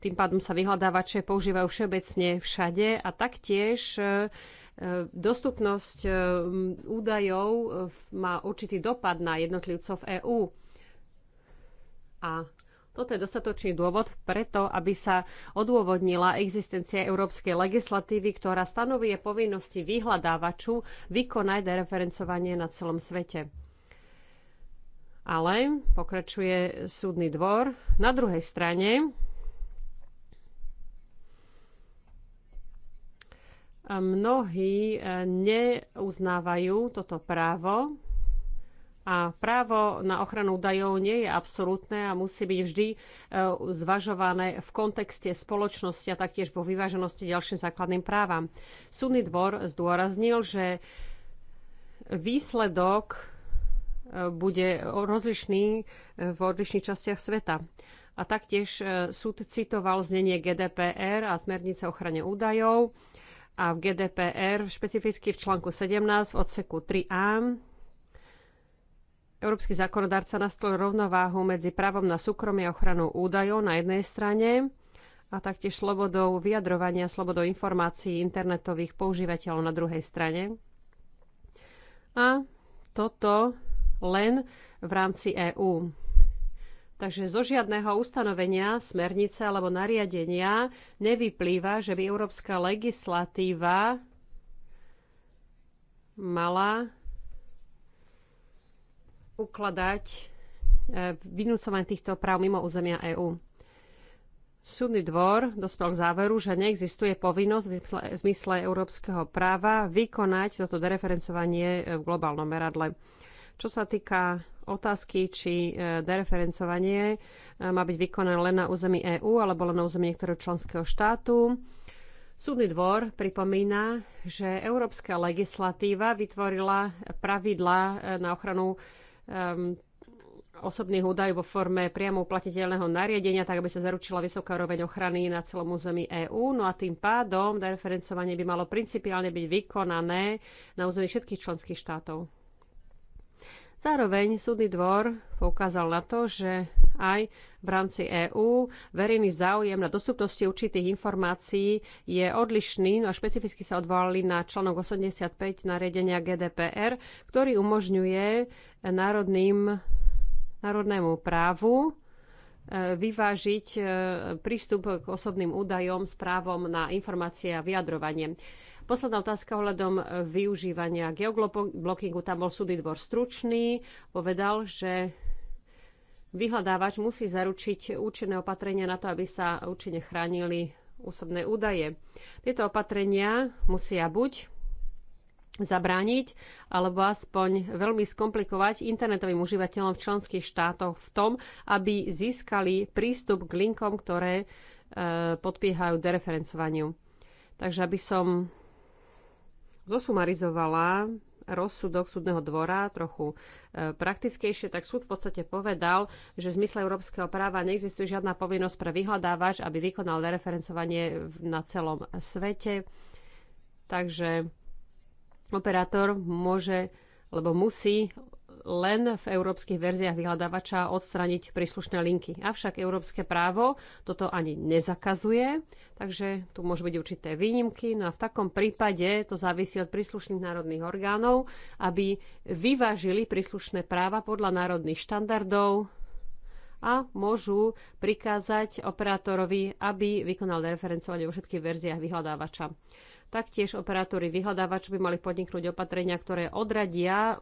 tým pádom sa vyhľadávače používajú všeobecne všade a taktiež e, e, dostupnosť údajov má určitý dopad na jednotlivcov EÚ. A toto je dostatočný dôvod preto, aby sa odôvodnila existencia európskej legislatívy, ktorá stanovuje povinnosti vyhľadávaču vykonať referencovanie na celom svete. Ale, pokračuje súdny dvor, na druhej strane mnohí eh, neuznávajú toto právo a právo na ochranu údajov nie je absolútne a musí byť vždy e, zvažované v kontexte spoločnosti a taktiež vo vyváženosti ďalším základným právam. Súdny dvor zdôraznil, že výsledok e, bude rozlišný e, v odlišných častiach sveta. A taktiež súd citoval znenie GDPR a smernice ochrane údajov a v GDPR, špecificky v článku 17 v odseku 3a Európsky zákonodárca nastol rovnováhu medzi právom na súkromie a ochranu údajov na jednej strane a taktiež slobodou vyjadrovania, slobodou informácií internetových používateľov na druhej strane. A toto len v rámci EÚ. Takže zo žiadneho ustanovenia, smernice alebo nariadenia nevyplýva, že by európska legislatíva mala ukladať e, vynúcovanie týchto práv mimo územia EÚ. Súdny dvor dospel k záveru, že neexistuje povinnosť v zmysle európskeho práva vykonať toto dereferencovanie e, v globálnom meradle. Čo sa týka otázky, či e, dereferencovanie má byť vykonané len na území EÚ alebo len na území niektorého členského štátu, Súdny dvor pripomína, že európska legislatíva vytvorila pravidlá na ochranu um, osobných údajov vo forme priamo uplatiteľného nariadenia, tak aby sa zaručila vysoká roveň ochrany na celom území EÚ. No a tým pádom dereferencovanie by malo principiálne byť vykonané na území všetkých členských štátov. Zároveň súdny dvor poukázal na to, že aj v rámci EÚ. Verejný záujem na dostupnosti určitých informácií je odlišný, no a špecificky sa odvolali na článok 85 nariadenia GDPR, ktorý umožňuje národným, národnému právu e, vyvážiť e, prístup k osobným údajom s právom na informácie a vyjadrovanie. Posledná otázka ohľadom využívania geoblockingu. Tam bol súdny dvor stručný, povedal, že vyhľadávač musí zaručiť účinné opatrenia na to, aby sa účinne chránili osobné údaje. Tieto opatrenia musia buď zabrániť alebo aspoň veľmi skomplikovať internetovým užívateľom v členských štátoch v tom, aby získali prístup k linkom, ktoré e, podpiehajú dereferencovaniu. Takže aby som zosumarizovala rozsudok súdneho dvora trochu e, praktickejšie, tak súd v podstate povedal, že v zmysle európskeho práva neexistuje žiadna povinnosť pre vyhľadávač, aby vykonal referencovanie na celom svete. Takže operátor môže, lebo musí len v európskych verziách vyhľadávača odstraniť príslušné linky. Avšak európske právo toto ani nezakazuje, takže tu môžu byť určité výnimky. No a v takom prípade to závisí od príslušných národných orgánov, aby vyvážili príslušné práva podľa národných štandardov a môžu prikázať operátorovi, aby vykonal referencovanie vo všetkých verziách vyhľadávača. Taktiež operátori vyhľadávača by mali podniknúť opatrenia, ktoré odradia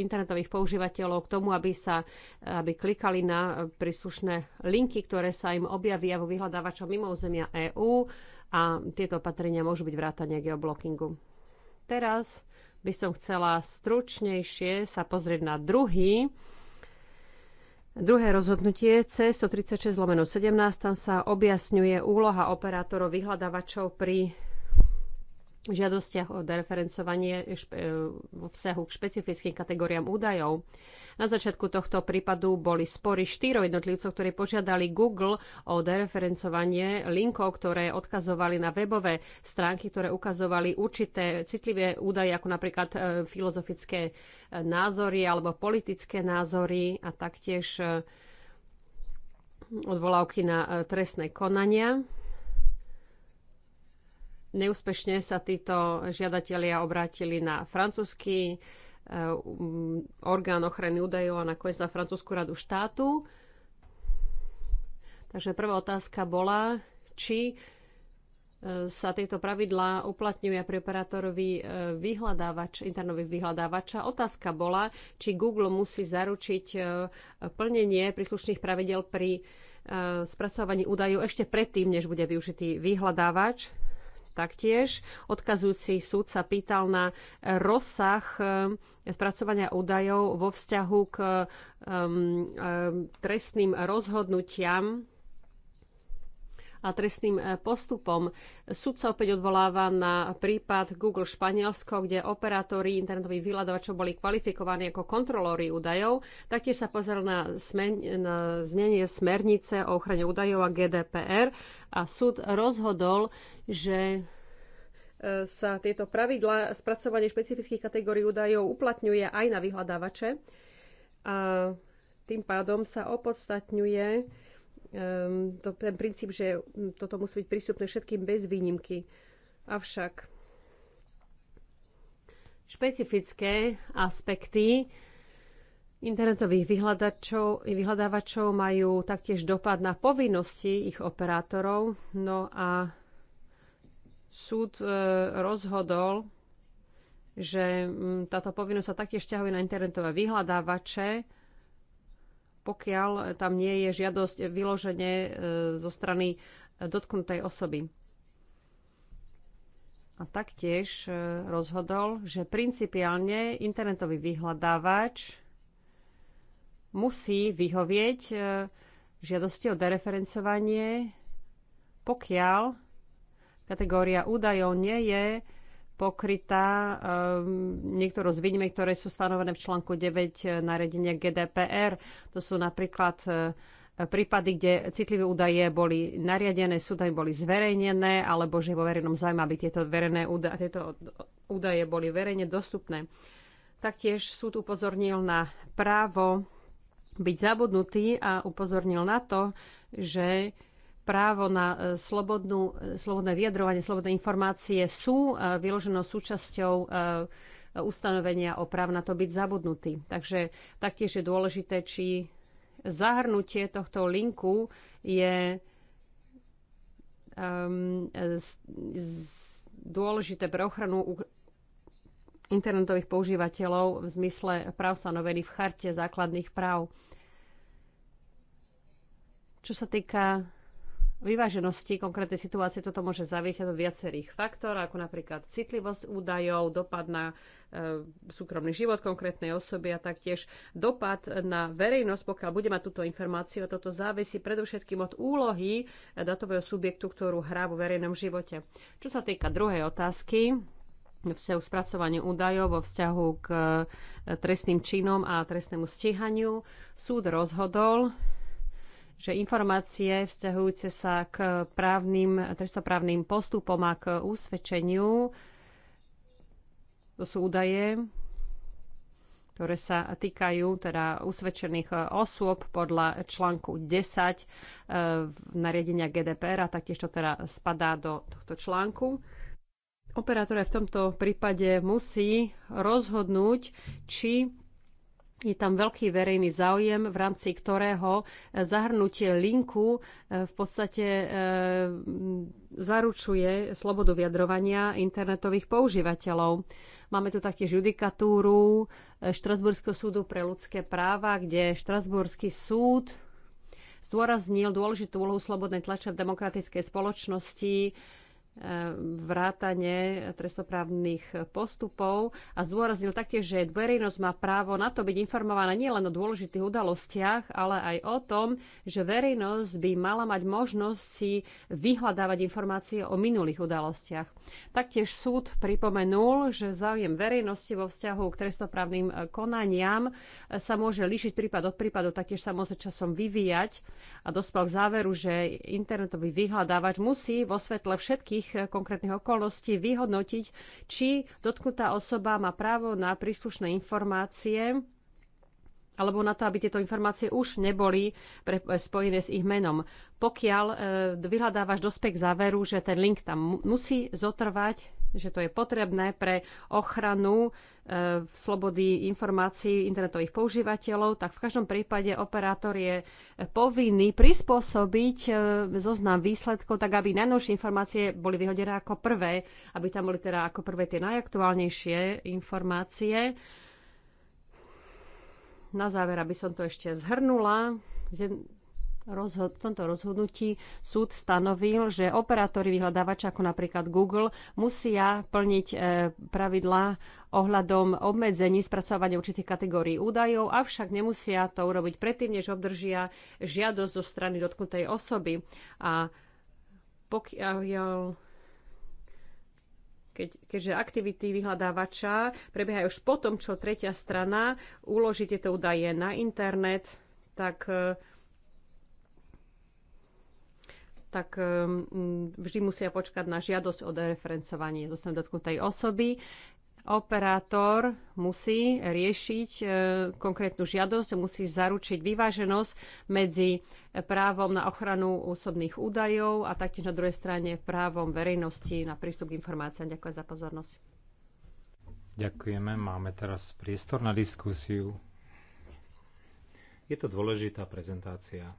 internetových používateľov k tomu, aby, sa, aby klikali na príslušné linky, ktoré sa im objavia vo vyhľadávačoch mimo územia EÚ a tieto opatrenia môžu byť vrátane geoblockingu. Teraz by som chcela stručnejšie sa pozrieť na druhý Druhé rozhodnutie C136 lomeno 17 tam sa objasňuje úloha operátorov vyhľadávačov pri žiadostiach o dereferencovanie e, vo vzťahu k špecifickým kategóriám údajov. Na začiatku tohto prípadu boli spory štyro jednotlivcov, ktorí požiadali Google o dereferencovanie linkov, ktoré odkazovali na webové stránky, ktoré ukazovali určité citlivé údaje, ako napríklad e, filozofické e, názory alebo politické názory a taktiež odvolávky na trestné konania. Neúspešne sa títo žiadatelia obrátili na francúzsky eh, um, orgán ochrany údajov a nakoniec na francúzsku radu štátu. Takže prvá otázka bola, či eh, sa tieto pravidlá uplatňujú pri operátorovi eh, vyhľadávač, internový vyhľadávača. Otázka bola, či Google musí zaručiť plnenie príslušných pravidel pri spracovaní údajov ešte predtým, než bude využitý vyhľadávač. Taktiež odkazujúci súd sa pýtal na rozsah eh, spracovania údajov vo vzťahu k eh, mm, eh, trestným rozhodnutiam a trestným e, postupom. Súd sa opäť odvoláva na prípad Google Španielsko, kde operátori internetových vyhľadávačov boli kvalifikovaní ako kontrolóri údajov. Taktiež sa pozeral na, smen- na znenie smernice o ochrane údajov a GDPR a súd rozhodol, že e, sa tieto pravidlá spracovanie špecifických kategórií údajov uplatňuje aj na vyhľadávače. A tým pádom sa opodstatňuje Ehm, to, ten princíp, že toto musí byť prístupné všetkým bez výnimky. Avšak špecifické aspekty internetových vyhľadačov, vyhľadávačov majú taktiež dopad na povinnosti ich operátorov. No a súd e, rozhodol, že m, mm, táto povinnosť sa taktiež ťahuje na internetové vyhľadávače, pokiaľ tam nie je žiadosť vyloženie e, zo strany e, dotknutej osoby. A taktiež e, rozhodol, že principiálne internetový vyhľadávač musí vyhovieť žiadosti o dereferencovanie, pokiaľ kategória údajov nie je pokrytá ehm, niektorou z výnimek, ktoré sú stanovené v článku 9 eh, nariadenia GDPR. To sú napríklad eh, prípady, kde citlivé údaje boli nariadené, sú tam boli zverejnené, alebo že vo verejnom zájme, aby tieto, verejné údaje, tieto údaje boli verejne dostupné. Taktiež súd upozornil na právo byť zabudnutý a upozornil na to, že právo na e, slobodnú, e, slobodné vyjadrovanie, slobodné informácie sú e, vyloženou súčasťou ustanovenia o práv na to byť zabudnutý. Takže taktiež je dôležité, či zahrnutie tohto linku je um, z, z, dôležité pre ochranu internetových používateľov v zmysle práv stanovených v charte základných práv. Čo sa týka vyváženosti konkrétnej situácie toto môže závisieť od viacerých faktorov, ako napríklad citlivosť údajov, dopad na e, súkromný život konkrétnej osoby a taktiež dopad na verejnosť, pokiaľ bude mať túto informáciu. Toto závisí predovšetkým od úlohy e, datového subjektu, ktorú hrá vo verejnom živote. Čo sa týka druhej otázky, vzťahu spracovania údajov vo vzťahu k e, trestným činom a trestnému stíhaniu. Súd rozhodol, že informácie vzťahujúce sa k právnym, trestoprávnym postupom a k úsvedčeniu, to sú údaje, ktoré sa týkajú teda usvedčených osôb podľa článku 10 e, nariadenia GDPR a taktiež to teda spadá do tohto článku. Operátor v tomto prípade musí rozhodnúť, či je tam veľký verejný záujem, v rámci ktorého e, zahrnutie linku e, v podstate e, zaručuje slobodu vyjadrovania internetových používateľov. Máme tu taktiež judikatúru Štrasburského súdu pre ľudské práva, kde Štrasburský súd zdôraznil dôležitú úlohu slobodnej tlače v demokratickej spoločnosti vrátane trestoprávnych postupov a zdôraznil taktiež, že verejnosť má právo na to byť informovaná nielen o dôležitých udalostiach, ale aj o tom, že verejnosť by mala mať možnosť si vyhľadávať informácie o minulých udalostiach. Taktiež súd pripomenul, že záujem verejnosti vo vzťahu k trestoprávnym konaniam sa môže líšiť prípad od prípadu, taktiež sa môže časom vyvíjať a dospel k záveru, že internetový vyhľadávač musí vo svetle všetkých všetkých eh, konkrétnych okolností vyhodnotiť, či dotknutá osoba má právo na príslušné informácie alebo na to, aby tieto informácie už neboli pre, eh, spojené s ich menom. Pokiaľ e, vyhľadávaš dospek záveru, že ten link tam musí zotrvať, že to je potrebné pre ochranu e, slobody informácií internetových používateľov, tak v každom prípade operátor je povinný prispôsobiť e, zoznam výsledkov, tak aby najnovšie informácie boli vyhodené ako prvé, aby tam boli teda ako prvé tie najaktuálnejšie informácie. Na záver, aby som to ešte zhrnula, rozhod- v tomto rozhodnutí súd stanovil, že operátori vyhľadávača ako napríklad Google musia plniť e, pravidlá ohľadom obmedzení spracovania určitých kategórií údajov, avšak nemusia to urobiť predtým, než obdržia žiadosť zo strany dotknutej osoby. A pokiaľ keď, keďže aktivity vyhľadávača prebiehajú už po tom, čo tretia strana uloží tieto údaje na internet, tak e, tak vždy musia počkať na žiadosť o dereferencovanie zo dotknutej osoby. Operátor musí riešiť eh, konkrétnu žiadosť, musí zaručiť vyváženosť medzi právom na ochranu osobných údajov a taktiež na druhej strane právom verejnosti na prístup k informáciám. Ďakujem za pozornosť. Ďakujeme. Máme teraz priestor na diskusiu. Je to dôležitá prezentácia.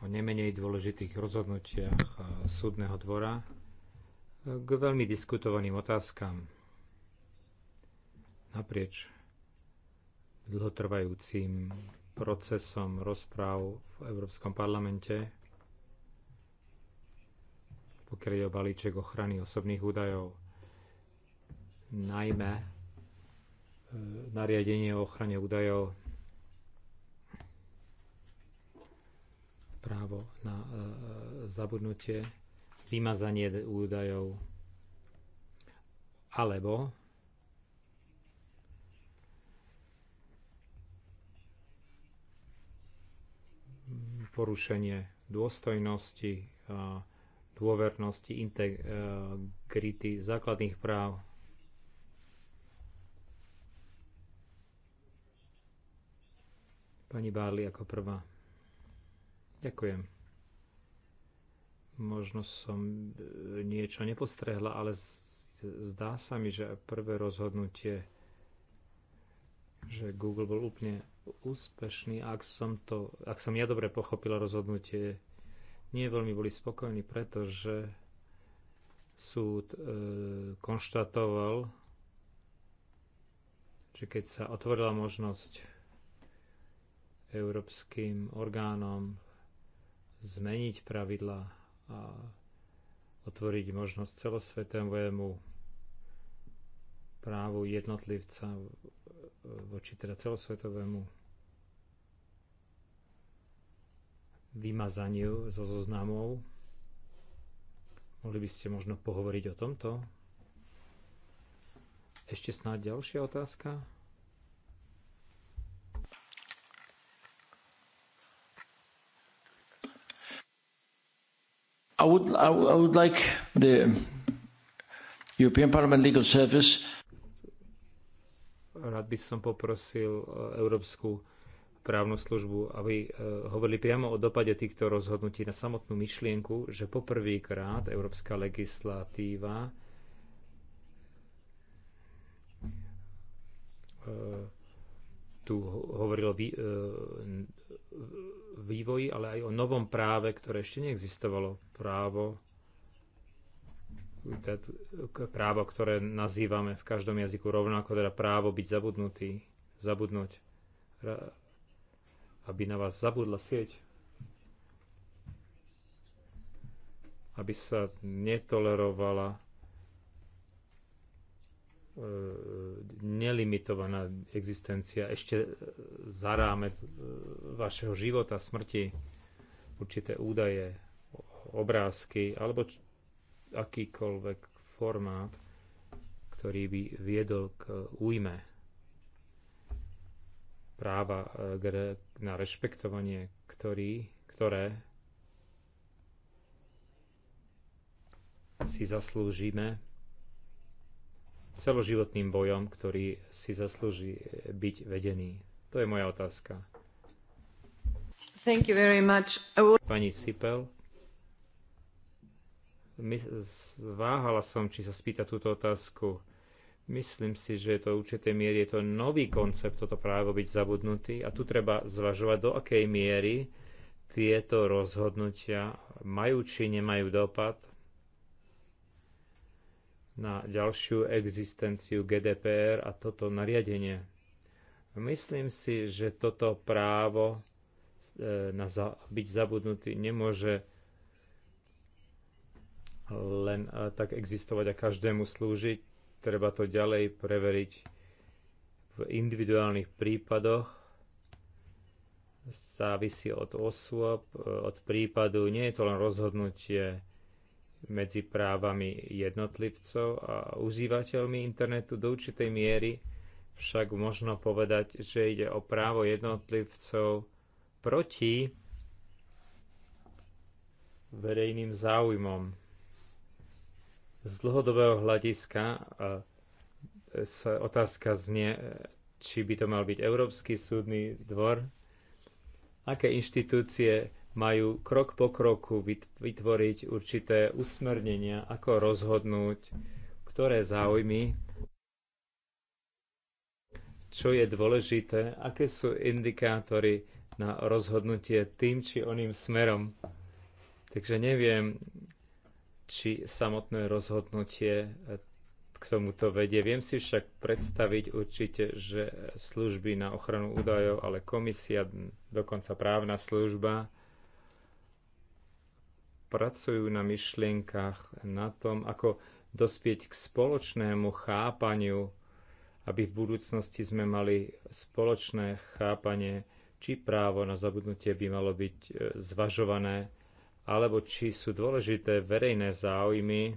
o nemenej dôležitých rozhodnutiach súdneho dvora k veľmi diskutovaným otázkam naprieč dlhotrvajúcim procesom rozpráv v Európskom parlamente, pokiaľ je o balíček ochrany osobných údajov, najmä e, nariadenie o ochrane údajov právo na e, zabudnutie, vymazanie údajov alebo porušenie dôstojnosti, dôvernosti, integrity e, základných práv. Pani barli ako prvá. Ďakujem. Možno som e, niečo nepostrehla, ale zdá sa mi, že prvé rozhodnutie, že Google bol úplne úspešný, ak som, to, ak som ja dobre pochopila rozhodnutie, nie veľmi boli spokojní, pretože súd e, konštatoval, že keď sa otvorila možnosť európskym orgánom zmeniť pravidla a otvoriť možnosť celosvetovému právu jednotlivca voči teda celosvetovému vymazaniu zo zoznamov. Mohli by ste možno pohovoriť o tomto? Ešte snáď ďalšia otázka? I would, I, I would like the European Parliament Legal Service Rád by som poprosil e, Európsku právnu službu, aby e, hovorili priamo o dopade týchto rozhodnutí na samotnú myšlienku, že poprvýkrát európska legislatíva e, tu hovorilo vývoji, ale aj o novom práve, ktoré ešte neexistovalo. Právo, právo, ktoré nazývame v každom jazyku rovnako, teda právo byť zabudnutý, zabudnúť, aby na vás zabudla sieť, aby sa netolerovala E, nelimitovaná existencia ešte za rámec e, vašeho života, smrti, určité údaje, obrázky alebo akýkoľvek formát, ktorý by viedol k újme práva e, na rešpektovanie, ktorý, ktoré si zaslúžime celoživotným bojom, ktorý si zaslúži byť vedený? To je moja otázka. Thank you very much. Pani Sipel, zváhala som, či sa spýta túto otázku. Myslím si, že to v určitej miery je to nový koncept, toto právo byť zabudnutý a tu treba zvažovať, do akej miery tieto rozhodnutia majú či nemajú dopad na ďalšiu existenciu GDPR a toto nariadenie. Myslím si, že toto právo e, na za, byť zabudnutý nemôže len e, tak existovať a každému slúžiť. Treba to ďalej preveriť v individuálnych prípadoch. Závisí od osôb, e, od prípadu. Nie je to len rozhodnutie medzi právami jednotlivcov a užívateľmi internetu do určitej miery však možno povedať, že ide o právo jednotlivcov proti verejným záujmom. Z dlhodobého hľadiska sa otázka znie, či by to mal byť Európsky súdny dvor, aké inštitúcie majú krok po kroku vytvoriť určité usmernenia, ako rozhodnúť, ktoré záujmy, čo je dôležité, aké sú indikátory na rozhodnutie tým či oným smerom. Takže neviem, či samotné rozhodnutie e, k tomuto vedie. Viem si však predstaviť určite, že služby na ochranu údajov, ale komisia, dokonca právna služba, pracujú na myšlienkach, na tom, ako dospieť k spoločnému chápaniu, aby v budúcnosti sme mali spoločné chápanie, či právo na zabudnutie by malo byť e, zvažované, alebo či sú dôležité verejné záujmy,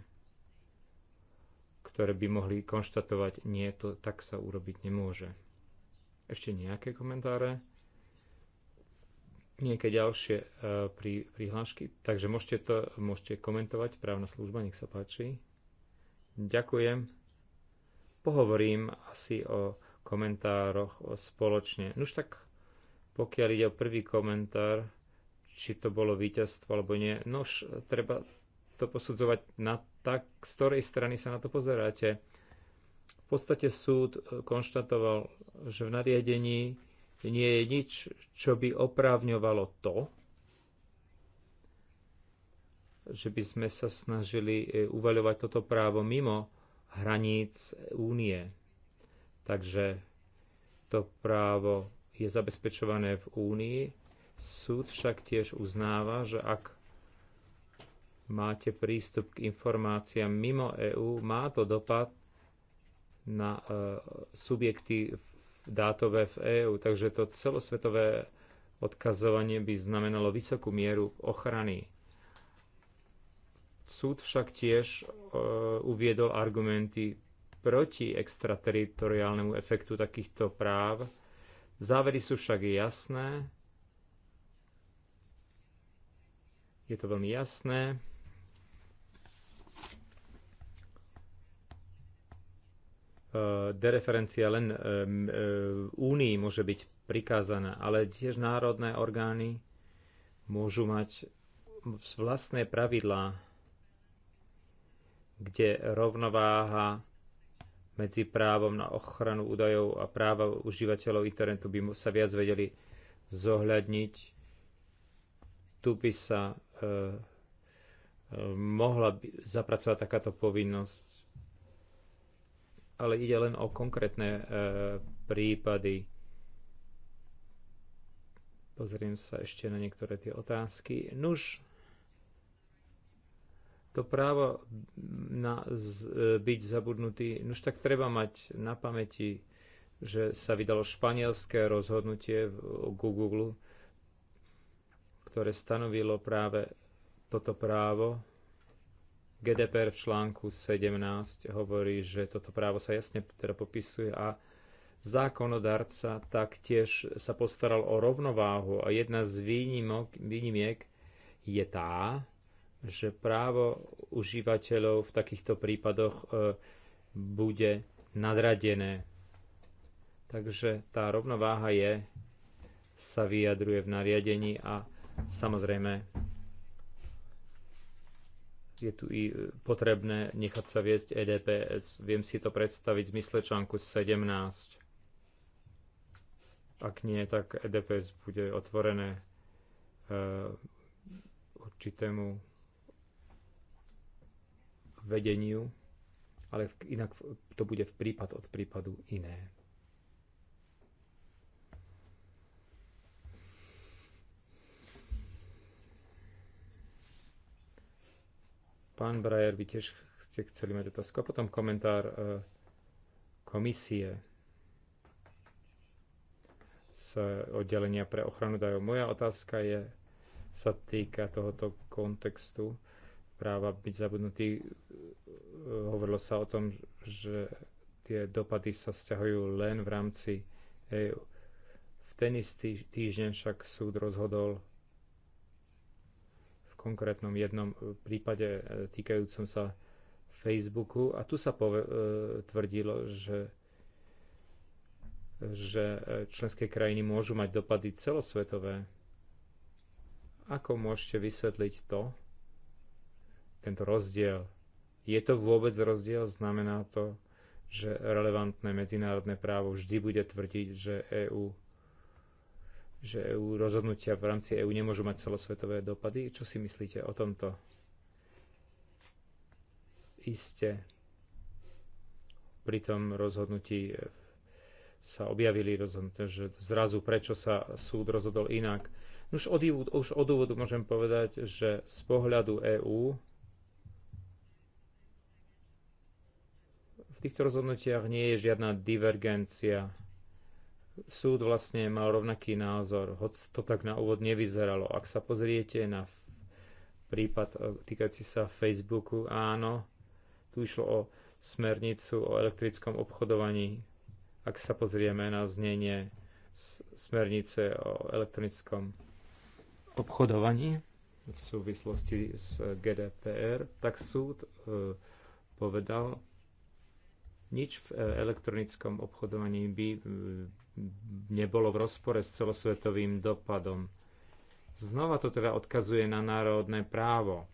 ktoré by mohli konštatovať, nie, to tak sa urobiť nemôže. Ešte nejaké komentáre? nejaké ďalšie e, prí, prihlášky. Takže môžete to môžete komentovať, právna služba, nech sa páči. Ďakujem. Pohovorím asi o komentároch spoločne. Nuž tak, pokiaľ ide o prvý komentár, či to bolo víťazstvo alebo nie, nož treba to posudzovať na tak, z ktorej strany sa na to pozeráte. V podstate súd e, konštatoval, že v nariadení nie je nič, čo by oprávňovalo to, že by sme sa snažili e, uvaľovať toto právo mimo hraníc únie. Takže to právo je zabezpečované v únii. Súd však tiež uznáva, že ak máte prístup k informáciám mimo EÚ, má to dopad na e, subjekty v dátové v EÚ. Takže to celosvetové odkazovanie by znamenalo vysokú mieru ochrany. Súd však tiež e, uviedol argumenty proti extrateritoriálnemu efektu takýchto práv. Závery sú však jasné. Je to veľmi jasné. Eh, dereferencia len eh, eh, únii môže byť prikázaná, ale tiež národné orgány môžu mať vlastné pravidlá, kde rovnováha medzi právom na ochranu údajov a práva užívateľov internetu by sa viac vedeli zohľadniť. Tu by sa e, e mohla by zapracovať takáto povinnosť ale ide len o konkrétne e, prípady. Pozriem sa ešte na niektoré tie otázky. Nuž, to právo na z, e, byť zabudnutý, nuž tak treba mať na pamäti, že sa vydalo španielské rozhodnutie v Google, ktoré stanovilo práve toto právo GDPR v článku 17 hovorí, že toto právo sa jasne teda popisuje a zákonodarca taktiež sa postaral o rovnováhu a jedna z výnimok, výnimiek je tá, že právo užívateľov v takýchto prípadoch e, bude nadradené. Takže tá rovnováha je, sa vyjadruje v nariadení a samozrejme je tu i e, potrebné nechať sa viesť EDPS. Viem si to predstaviť v zmysle článku 17. Ak nie, tak EDPS bude otvorené uh, určitému vedeniu, ale inak to bude v prípad od prípadu iné. Pán Brajer, vy tiež ste chceli mať otázku. A potom komentár e, komisie z oddelenia pre ochranu dajov. Moja otázka je, sa týka tohoto kontextu práva byť zabudnutý. E, hovorilo sa o tom, že tie dopady sa sťahujú len v rámci EU. V ten istý týždeň však súd rozhodol konkrétnom jednom e, prípade e, týkajúcom sa Facebooku. A tu sa pove, e, tvrdilo, že že členské krajiny môžu mať dopady celosvetové. Ako môžete vysvetliť to, tento rozdiel? Je to vôbec rozdiel? Znamená to, že relevantné medzinárodné právo vždy bude tvrdiť, že EÚ že EU rozhodnutia v rámci EU nemôžu mať celosvetové dopady. Čo si myslíte o tomto? Iste pri tom rozhodnutí sa objavili rozhodnutia, že zrazu prečo sa súd rozhodol inak. Už od, už od úvodu môžem povedať, že z pohľadu EÚ v týchto rozhodnutiach nie je žiadna divergencia súd vlastne mal rovnaký názor, hoď to tak na úvod nevyzeralo. Ak sa pozriete na prípad e, týkajúci sa Facebooku, áno, tu išlo o smernicu o elektrickom obchodovaní. Ak sa pozrieme na znenie smernice o elektronickom obchodovaní v súvislosti s GDPR, tak súd e, povedal, nič v e, elektronickom obchodovaní by nebolo v rozpore s celosvetovým dopadom. Znova to teda odkazuje na národné právo.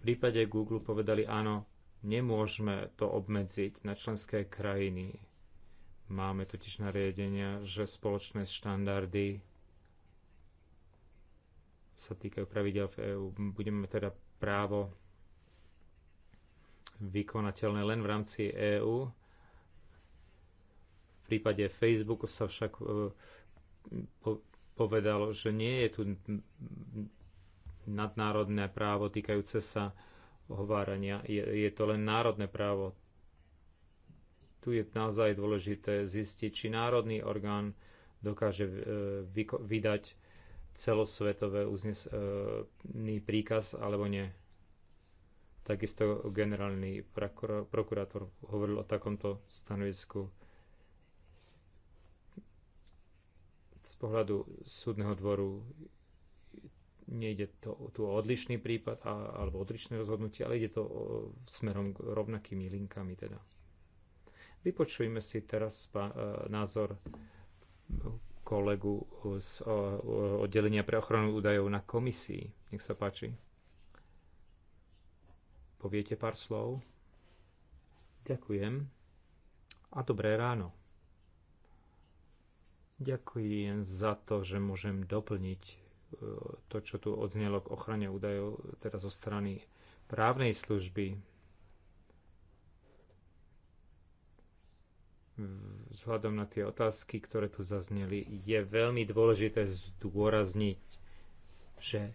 V prípade Google povedali áno, nemôžeme to obmedziť na členské krajiny. Máme totiž nariadenia, že spoločné štandardy sa týkajú pravidel v EÚ. Budeme teda právo vykonateľné len v rámci EÚ prípade Facebooku sa však e, povedalo, že nie je tu nadnárodné právo týkajúce sa hovárania, Je, je to len národné právo. Tu je naozaj dôležité zistiť, či národný orgán dokáže e, vydať celosvetové uznesený príkaz alebo nie. Takisto generálny prokurátor hovoril o takomto stanovisku. z pohľadu súdneho dvoru nejde to, tu o odlišný prípad a, alebo odlišné rozhodnutie, ale ide to o, smerom k rovnakými linkami teda. Vypočujme si teraz pa, e, názor kolegu z oddelenia pre ochranu údajov na komisii. Nech sa páči. Poviete pár slov? Ďakujem. A dobré ráno. Ďakujem za to, že môžem doplniť e, to, čo tu odznelo k ochrane údajov teraz zo strany právnej služby. Vzhľadom na tie otázky, ktoré tu zazneli, je veľmi dôležité zdôrazniť, že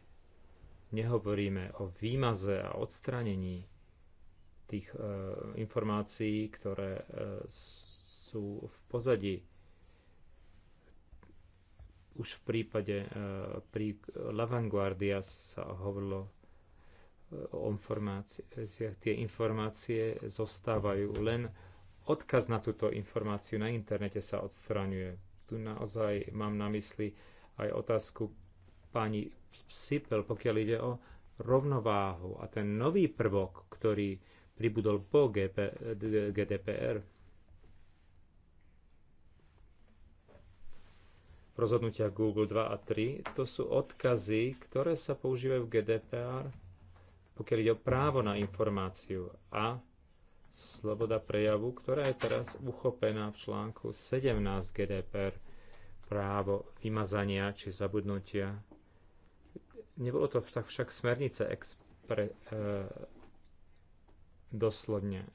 nehovoríme o výmaze a odstranení tých e, informácií, ktoré e, sú v pozadí už v prípade e, pri Lavanguardia sa hovorilo e, o informáciách. Tie informácie zostávajú len odkaz na túto informáciu na internete sa odstraňuje. Tu naozaj mám na mysli aj otázku pani Sipel, pokiaľ ide o rovnováhu a ten nový prvok, ktorý pribudol po GDPR, rozhodnutia Google 2 a 3. To sú odkazy, ktoré sa používajú v GDPR, pokiaľ ide o právo na informáciu a sloboda prejavu, ktorá je teraz uchopená v článku 17 GDPR právo vymazania či zabudnutia. Nebolo to však, však smernice expre, e, doslovne.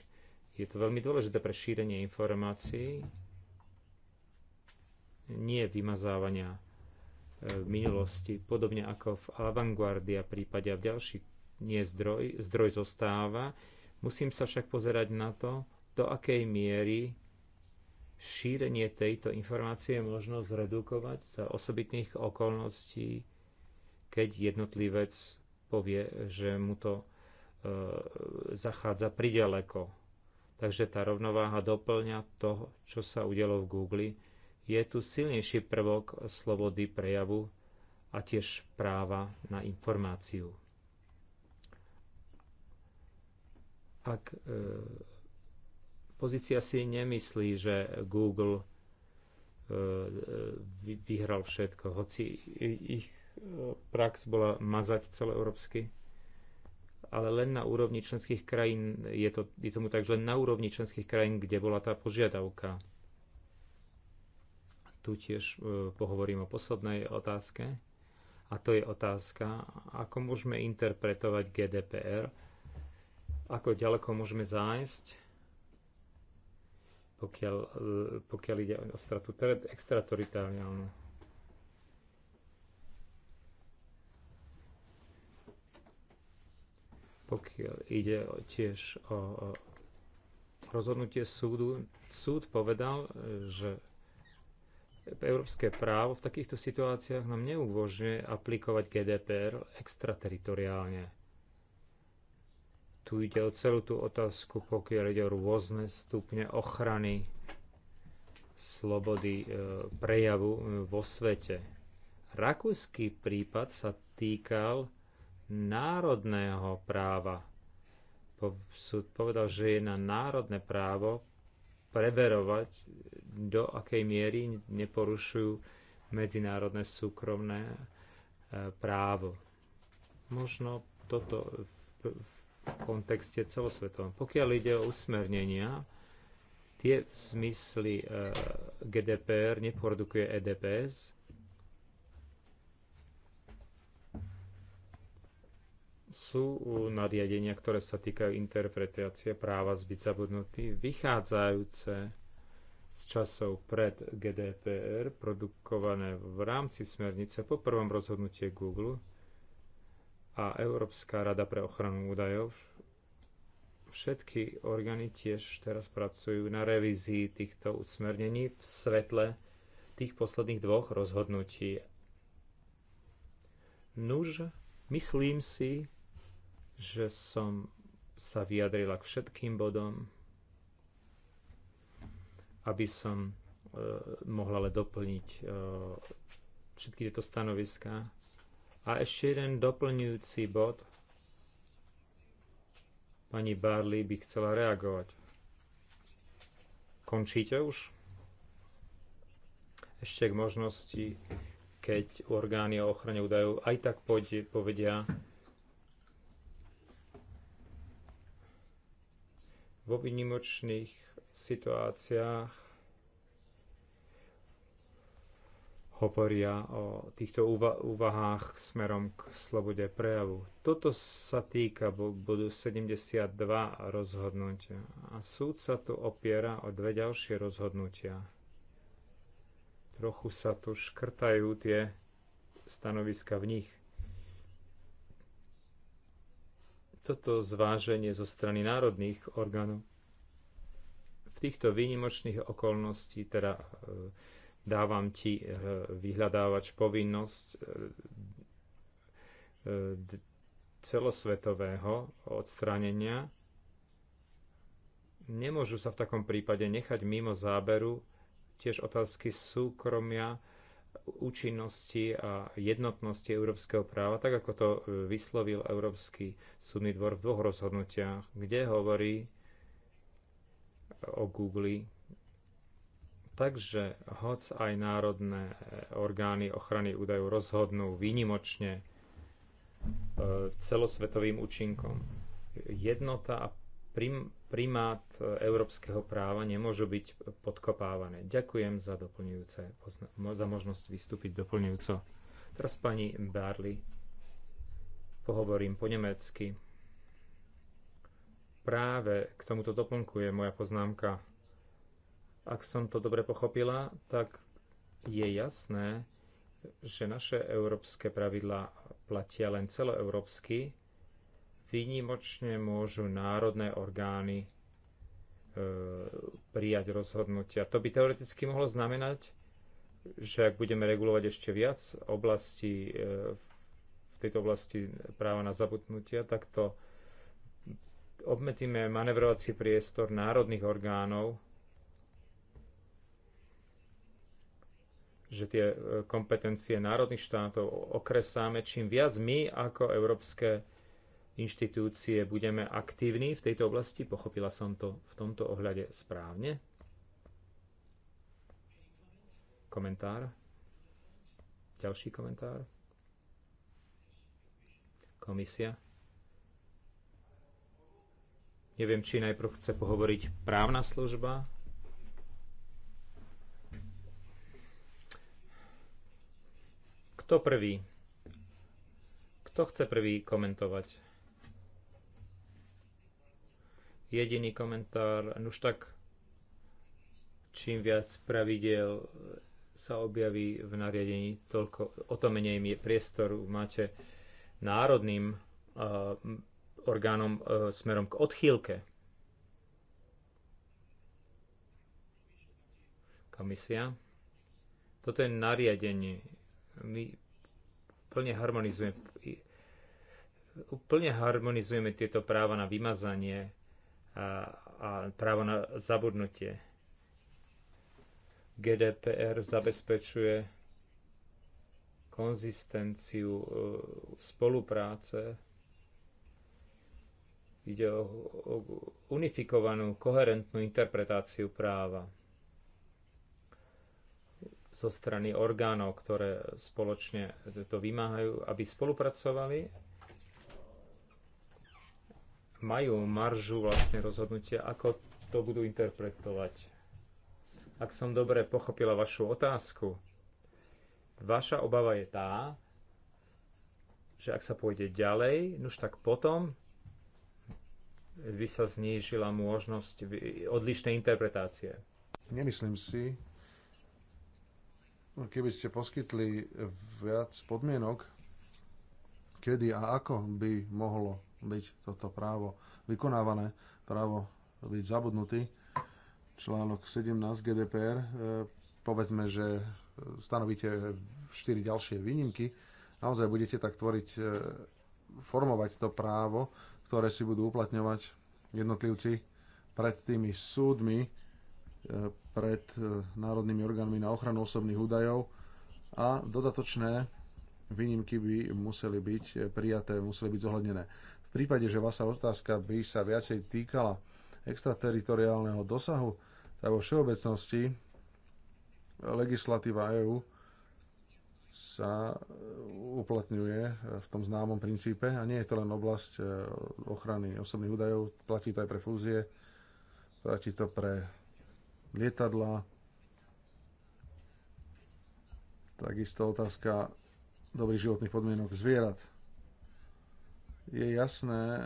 Je to veľmi dôležité pre šírenie informácií, nie vymazávania e, v minulosti, podobne ako v avantgardia prípade a v ďalší nie zdroj, zdroj zostáva. Musím sa však pozerať na to, do akej miery šírenie tejto informácie je možno zredukovať za osobitných okolností, keď jednotlivec povie, že mu to e, zachádza prideleko. Takže tá rovnováha doplňa to, čo sa udelo v Google, je tu silnejší prvok slobody prejavu a tiež práva na informáciu. Ak e, pozícia si nemyslí, že Google e, e, vyhral všetko, hoci ich prax bola mazať celoeurópsky, ale len na úrovni členských krajín, je, to, je tomu tak, že len na úrovni členských krajín, kde bola tá požiadavka tu tiež e, pohovorím o poslednej otázke. A to je otázka, ako môžeme interpretovať GDPR, ako ďaleko môžeme zájsť, pokiaľ, e, pokiaľ ide o stratu extrateritoriálnu. pokiaľ ide tiež o rozhodnutie súdu. Súd povedal, e, že európske právo v takýchto situáciách nám neumožňuje aplikovať GDPR extrateritoriálne. Tu ide o celú tú otázku, pokiaľ ide o rôzne stupne ochrany slobody e, prejavu e, vo svete. Rakúsky prípad sa týkal národného práva. Súd povedal, že je na národné právo preverovať, do akej miery neporušujú medzinárodné súkromné e, právo. Možno toto v, v kontexte celosvetovom. Pokiaľ ide o usmernenia, tie zmysly e, GDPR neprodukuje EDPS, sú nariadenia, ktoré sa týkajú interpretácie práva zbyť zabudnutý, vychádzajúce z časov pred GDPR, produkované v rámci smernice po prvom rozhodnutie Google a Európska rada pre ochranu údajov. Všetky orgány tiež teraz pracujú na revízii týchto usmernení v svetle tých posledných dvoch rozhodnutí. Nuž, myslím si, že som sa vyjadrila k všetkým bodom, aby som e, mohla ale doplniť e, všetky tieto stanoviská. A ešte jeden doplňujúci bod. Pani Barley by chcela reagovať. Končíte už? Ešte k možnosti, keď orgány o ochrane údajov aj tak povedia, vo výnimočných situáciách hovoria o týchto úvahách smerom k slobode prejavu. Toto sa týka bodu 72 rozhodnutia a súd sa tu opiera o dve ďalšie rozhodnutia. Trochu sa tu škrtajú tie stanoviska v nich. toto zváženie zo strany národných orgánov v týchto výnimočných okolností teda e, dávam ti e, vyhľadávač povinnosť e, celosvetového odstránenia. Nemôžu sa v takom prípade nechať mimo záberu tiež otázky súkromia účinnosti a jednotnosti európskeho práva, tak ako to e, vyslovil Európsky súdny dvor v dvoch rozhodnutiach, kde hovorí o Google. Takže hoc aj národné e, orgány ochrany údajov rozhodnú výnimočne e, celosvetovým účinkom. Jednota a prim, primát e, európskeho práva nemôžu byť podkopávané. Ďakujem za, doplňujúce, za možnosť vystúpiť doplňujúco. Teraz pani Barley, pohovorím po nemecky. Práve k tomuto doplnku je moja poznámka. Ak som to dobre pochopila, tak je jasné, že naše európske pravidlá platia len celoeurópsky výnimočne môžu národné orgány e, prijať rozhodnutia. To by teoreticky mohlo znamenať, že ak budeme regulovať ešte viac oblasti, e, v tejto oblasti práva na zabudnutia, tak to obmedzíme manevrovací priestor národných orgánov, že tie e, kompetencie národných štátov okresáme, čím viac my ako európske inštitúcie budeme aktívni v tejto oblasti. Pochopila som to v tomto ohľade správne. Komentár. Ďalší komentár. Komisia. Neviem, či najprv chce pohovoriť právna služba. Kto prvý? Kto chce prvý komentovať? Jediný komentár, už tak čím viac pravidel sa objaví v nariadení, toľko, o to menej je priestoru máte národným uh, orgánom uh, smerom k odchýlke. Komisia. Toto je nariadenie. My plne harmonizujeme, plne harmonizujeme tieto práva na vymazanie a, a právo na zabudnutie. GDPR zabezpečuje konzistenciu e, spolupráce. Ide o, o unifikovanú, koherentnú interpretáciu práva zo strany orgánov, ktoré spoločne to vymáhajú, aby spolupracovali majú maržu vlastne rozhodnutia, ako to budú interpretovať. Ak som dobre pochopila vašu otázku, vaša obava je tá, že ak sa pôjde ďalej, už tak potom by sa znížila možnosť odlišnej interpretácie. Nemyslím si, keby ste poskytli viac podmienok, kedy a ako by mohlo byť toto právo vykonávané, právo byť zabudnutý. Článok 17 GDPR, e, povedzme, že stanovíte 4 ďalšie výnimky, naozaj budete tak tvoriť, e, formovať to právo, ktoré si budú uplatňovať jednotlivci pred tými súdmi, e, pred národnými orgánmi na ochranu osobných údajov a dodatočné výnimky by museli byť prijaté, museli byť zohľadnené prípade, že vaša otázka by sa viacej týkala extrateritoriálneho dosahu, tak vo všeobecnosti legislatíva EÚ sa uplatňuje v tom známom princípe a nie je to len oblasť e, ochrany osobných údajov, platí to aj pre fúzie, platí to pre lietadla, takisto otázka dobrých životných podmienok zvierat je jasné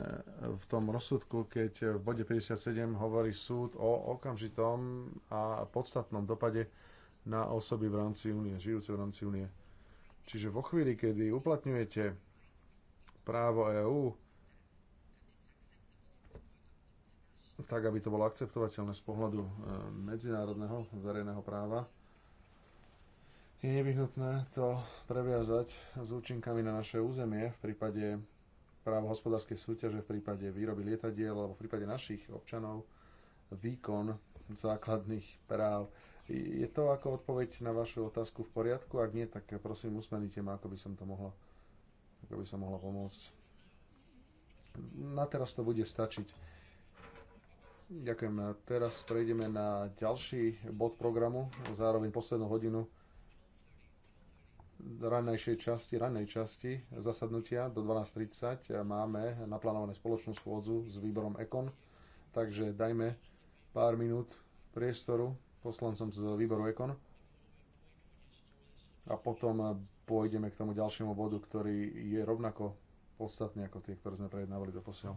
v tom rozsudku, keď v bode 57 hovorí súd o okamžitom a podstatnom dopade na osoby v rámci únie, žijúce v rámci únie. Čiže vo chvíli, kedy uplatňujete právo EÚ, tak aby to bolo akceptovateľné z pohľadu e, medzinárodného verejného práva, je nevyhnutné to previazať s účinkami na naše územie v prípade právo hospodárskej súťaže v prípade výroby lietadiel alebo v prípade našich občanov výkon základných práv. Je to ako odpoveď na vašu otázku v poriadku? Ak nie, tak prosím, usmenite ma, ako by som to mohla, ako by som mohla pomôcť. Na teraz to bude stačiť. Ďakujem. Teraz prejdeme na ďalší bod programu, zároveň poslednú hodinu ranejšej časti, ranej časti zasadnutia do 12.30 máme naplánované spoločnú schôdzu s výborom EKON, takže dajme pár minút priestoru poslancom z výboru EKON a potom pôjdeme k tomu ďalšiemu bodu, ktorý je rovnako podstatný ako tie, ktoré sme prejednávali do posiaľ.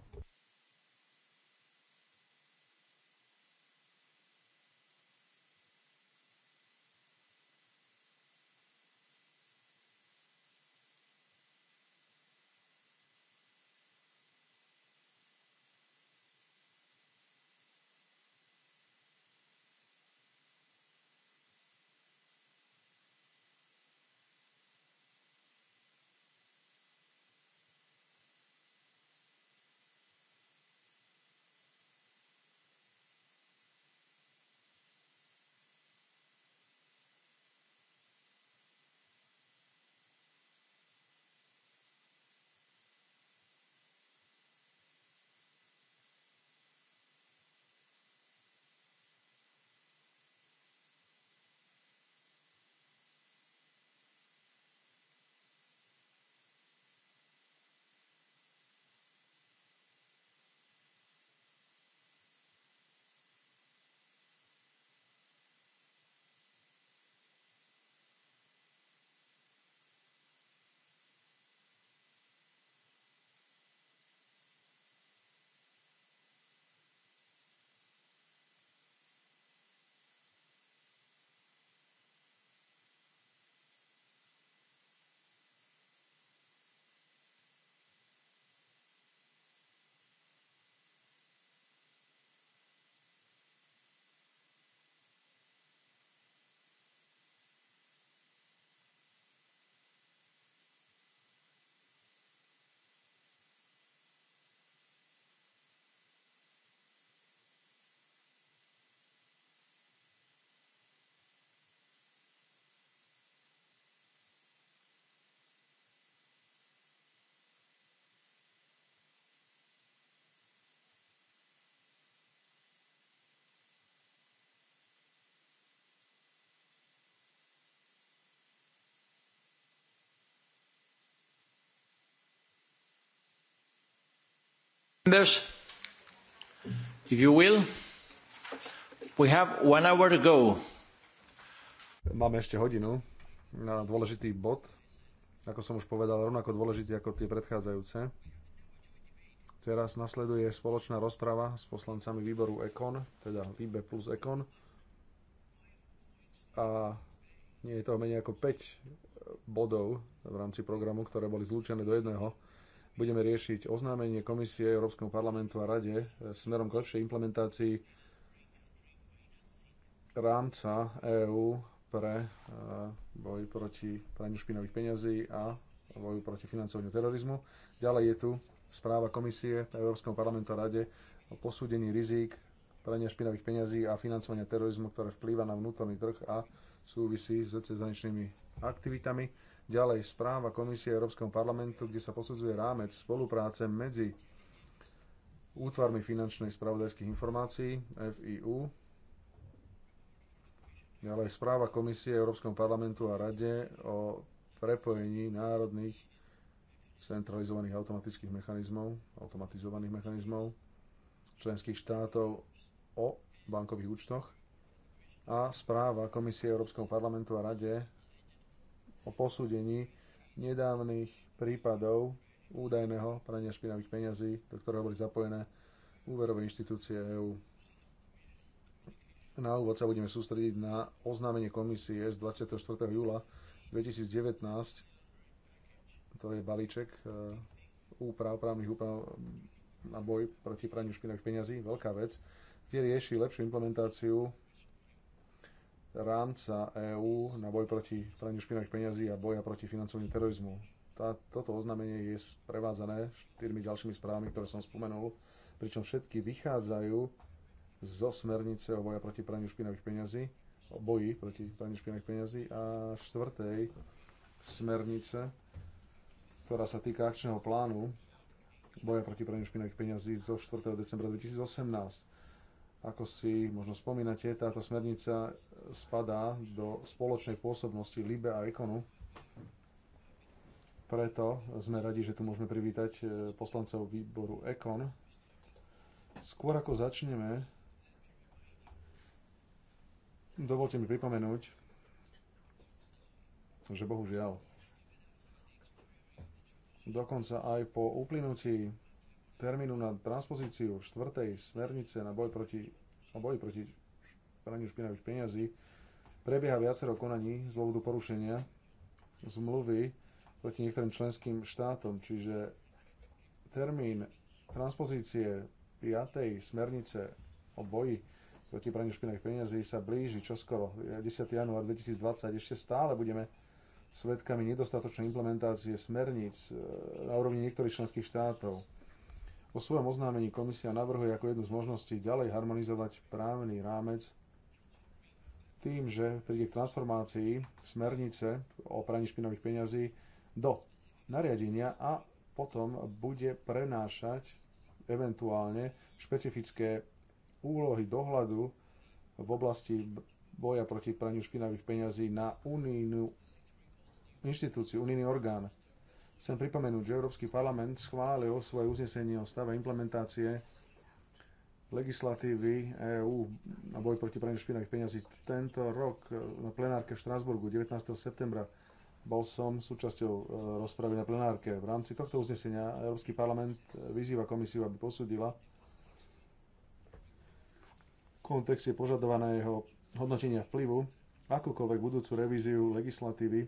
Members, if you will, we have one hour to go. Máme ešte hodinu na dôležitý bod. Ako som už povedal, rovnako dôležitý ako tie predchádzajúce. Teraz nasleduje spoločná rozprava s poslancami výboru EKON, teda VB plus EKON. A nie je to menej ako 5 bodov v rámci programu, ktoré boli zlúčené do jedného budeme riešiť oznámenie Komisie Európskeho parlamentu a Rade e, smerom k lepšej implementácii rámca EÚ pre e, boj proti praniu špinavých peňazí a boju proti financovaniu terorizmu. Ďalej je tu správa Komisie Európskeho parlamentu a Rade o posúdení rizík prania špinavých peňazí a financovania terorizmu, ktoré vplýva na vnútorný trh a súvisí s cezhraničnými aktivitami Ďalej správa Komisie Európskeho parlamentu, kde sa posudzuje rámec spolupráce medzi útvarmi finančnej spravodajských informácií FIU. Ďalej správa Komisie Európskeho parlamentu a Rade o prepojení národných centralizovaných automatických mechanizmov, automatizovaných mechanizmov členských štátov o bankových účtoch a správa Komisie Európskeho parlamentu a Rade o posúdení nedávnych prípadov údajného prania špinavých peňazí, do ktorého boli zapojené úverové inštitúcie EÚ. Na úvod sa budeme sústrediť na oznámenie komisie z 24. júla 2019, to je balíček e, úprav, právnych úprav na boj proti praniu špinavých peňazí, veľká vec, kde rieši lepšiu implementáciu rámca EÚ na boj proti praniu špinavých peňazí a boja proti financovaniu terorizmu. Tá, toto oznámenie je sprevádzané štyrmi ďalšími správami, ktoré som spomenul, pričom všetky vychádzajú zo smernice o boja proti praniu špinavých peňazí, o boji proti praniu špinavých peňazí a štvrtej smernice, ktorá sa týka akčného plánu boja proti praniu špinavých peňazí zo 4. decembra 2018 ako si možno spomínate, táto smernica spadá do spoločnej pôsobnosti LIBE a EKONu. Preto sme radi, že tu môžeme privítať e, poslancov výboru EKON. Skôr ako začneme, dovolte mi pripomenúť, že bohužiaľ, dokonca aj po uplynutí termínu na transpozíciu štvrtej smernice na boj proti, na boji proti praniu špinavých peňazí prebieha viacero konaní z dôvodu porušenia zmluvy proti niektorým členským štátom, čiže termín transpozície 5. smernice o boji proti praniu špinavých peniazí sa blíži čoskoro. 10. január 2020 ešte stále budeme svedkami nedostatočnej implementácie smerníc e, na úrovni niektorých členských štátov. Vo svojom oznámení komisia navrhuje ako jednu z možností ďalej harmonizovať právny rámec tým, že príde k transformácii smernice o praní špinavých peňazí do nariadenia a potom bude prenášať eventuálne špecifické úlohy dohľadu v oblasti boja proti praniu špinavých peňazí na unijnú inštitúciu, unijný orgán. Chcem pripomenúť, že Európsky parlament schválil svoje uznesenie o stave implementácie legislatívy EÚ na boj proti praniu špinavých peňazí. Tento rok na plenárke v Štrásburgu 19. septembra bol som súčasťou e, rozpravy na plenárke. V rámci tohto uznesenia Európsky parlament e, vyzýva komisiu, aby posúdila v kontexte požadovaného hodnotenia vplyvu akúkoľvek budúcu revíziu legislatívy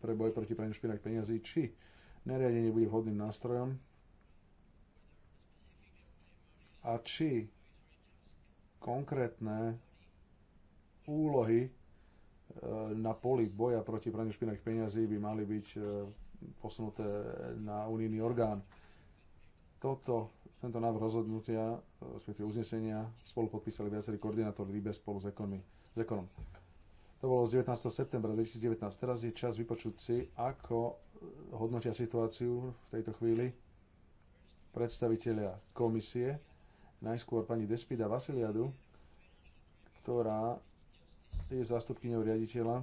pre boj proti praniu špinavých peňazí, či nariadenie bude vhodným nástrojom a či konkrétne úlohy e, na poli boja proti praniu špinavých peňazí by mali byť e, posunuté na unijný orgán. Toto, tento návrh rozhodnutia, e, respektíve uznesenia, spolu podpísali viacerí koordinátori LIBE spolu s, s ekonom. To bolo z 19. septembra 2019. Teraz je čas vypočuť si, ako eh, hodnotia situáciu v tejto chvíli predstaviteľia komisie, najskôr pani Despida Vasiliadu, ktorá je zástupkyňou riaditeľa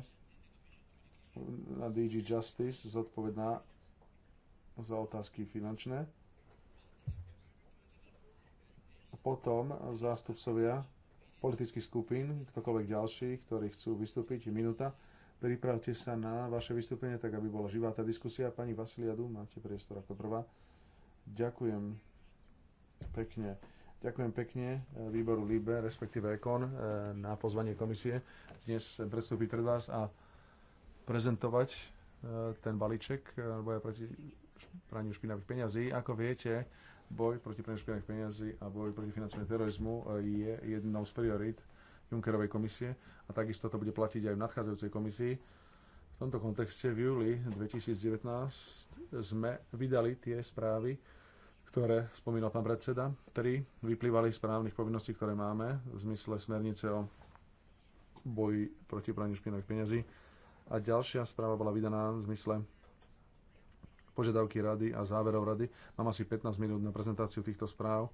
na DG Justice, zodpovedná za otázky finančné. Potom zástupcovia politických skupín, ktokoľvek ďalší, ktorí chcú vystúpiť, minúta. Pripravte sa na vaše vystúpenie, tak aby bola živá tá diskusia. Pani Vasiliadu, máte priestor ako prvá. Ďakujem pekne. Ďakujem pekne e, výboru LIBE, respektíve EKON, e, na pozvanie komisie dnes predstúpiť pred vás a prezentovať e, ten balíček boja proti praniu špinavých peňazí. Ako viete, Boj proti prešpianých peniazy a boj proti financovaniu terorizmu e, je jednou z priorít Junckerovej komisie a takisto to bude platiť aj v nadchádzajúcej komisii. V tomto kontexte v júli 2019 sme vydali tie správy, ktoré spomínal pán predseda. Tri vyplývali z právnych povinností, ktoré máme v zmysle smernice o boji proti praniu špinových peniazí. A ďalšia správa bola vydaná v zmysle požiadavky rady a záverov rady. Mám asi 15 minút na prezentáciu týchto správ,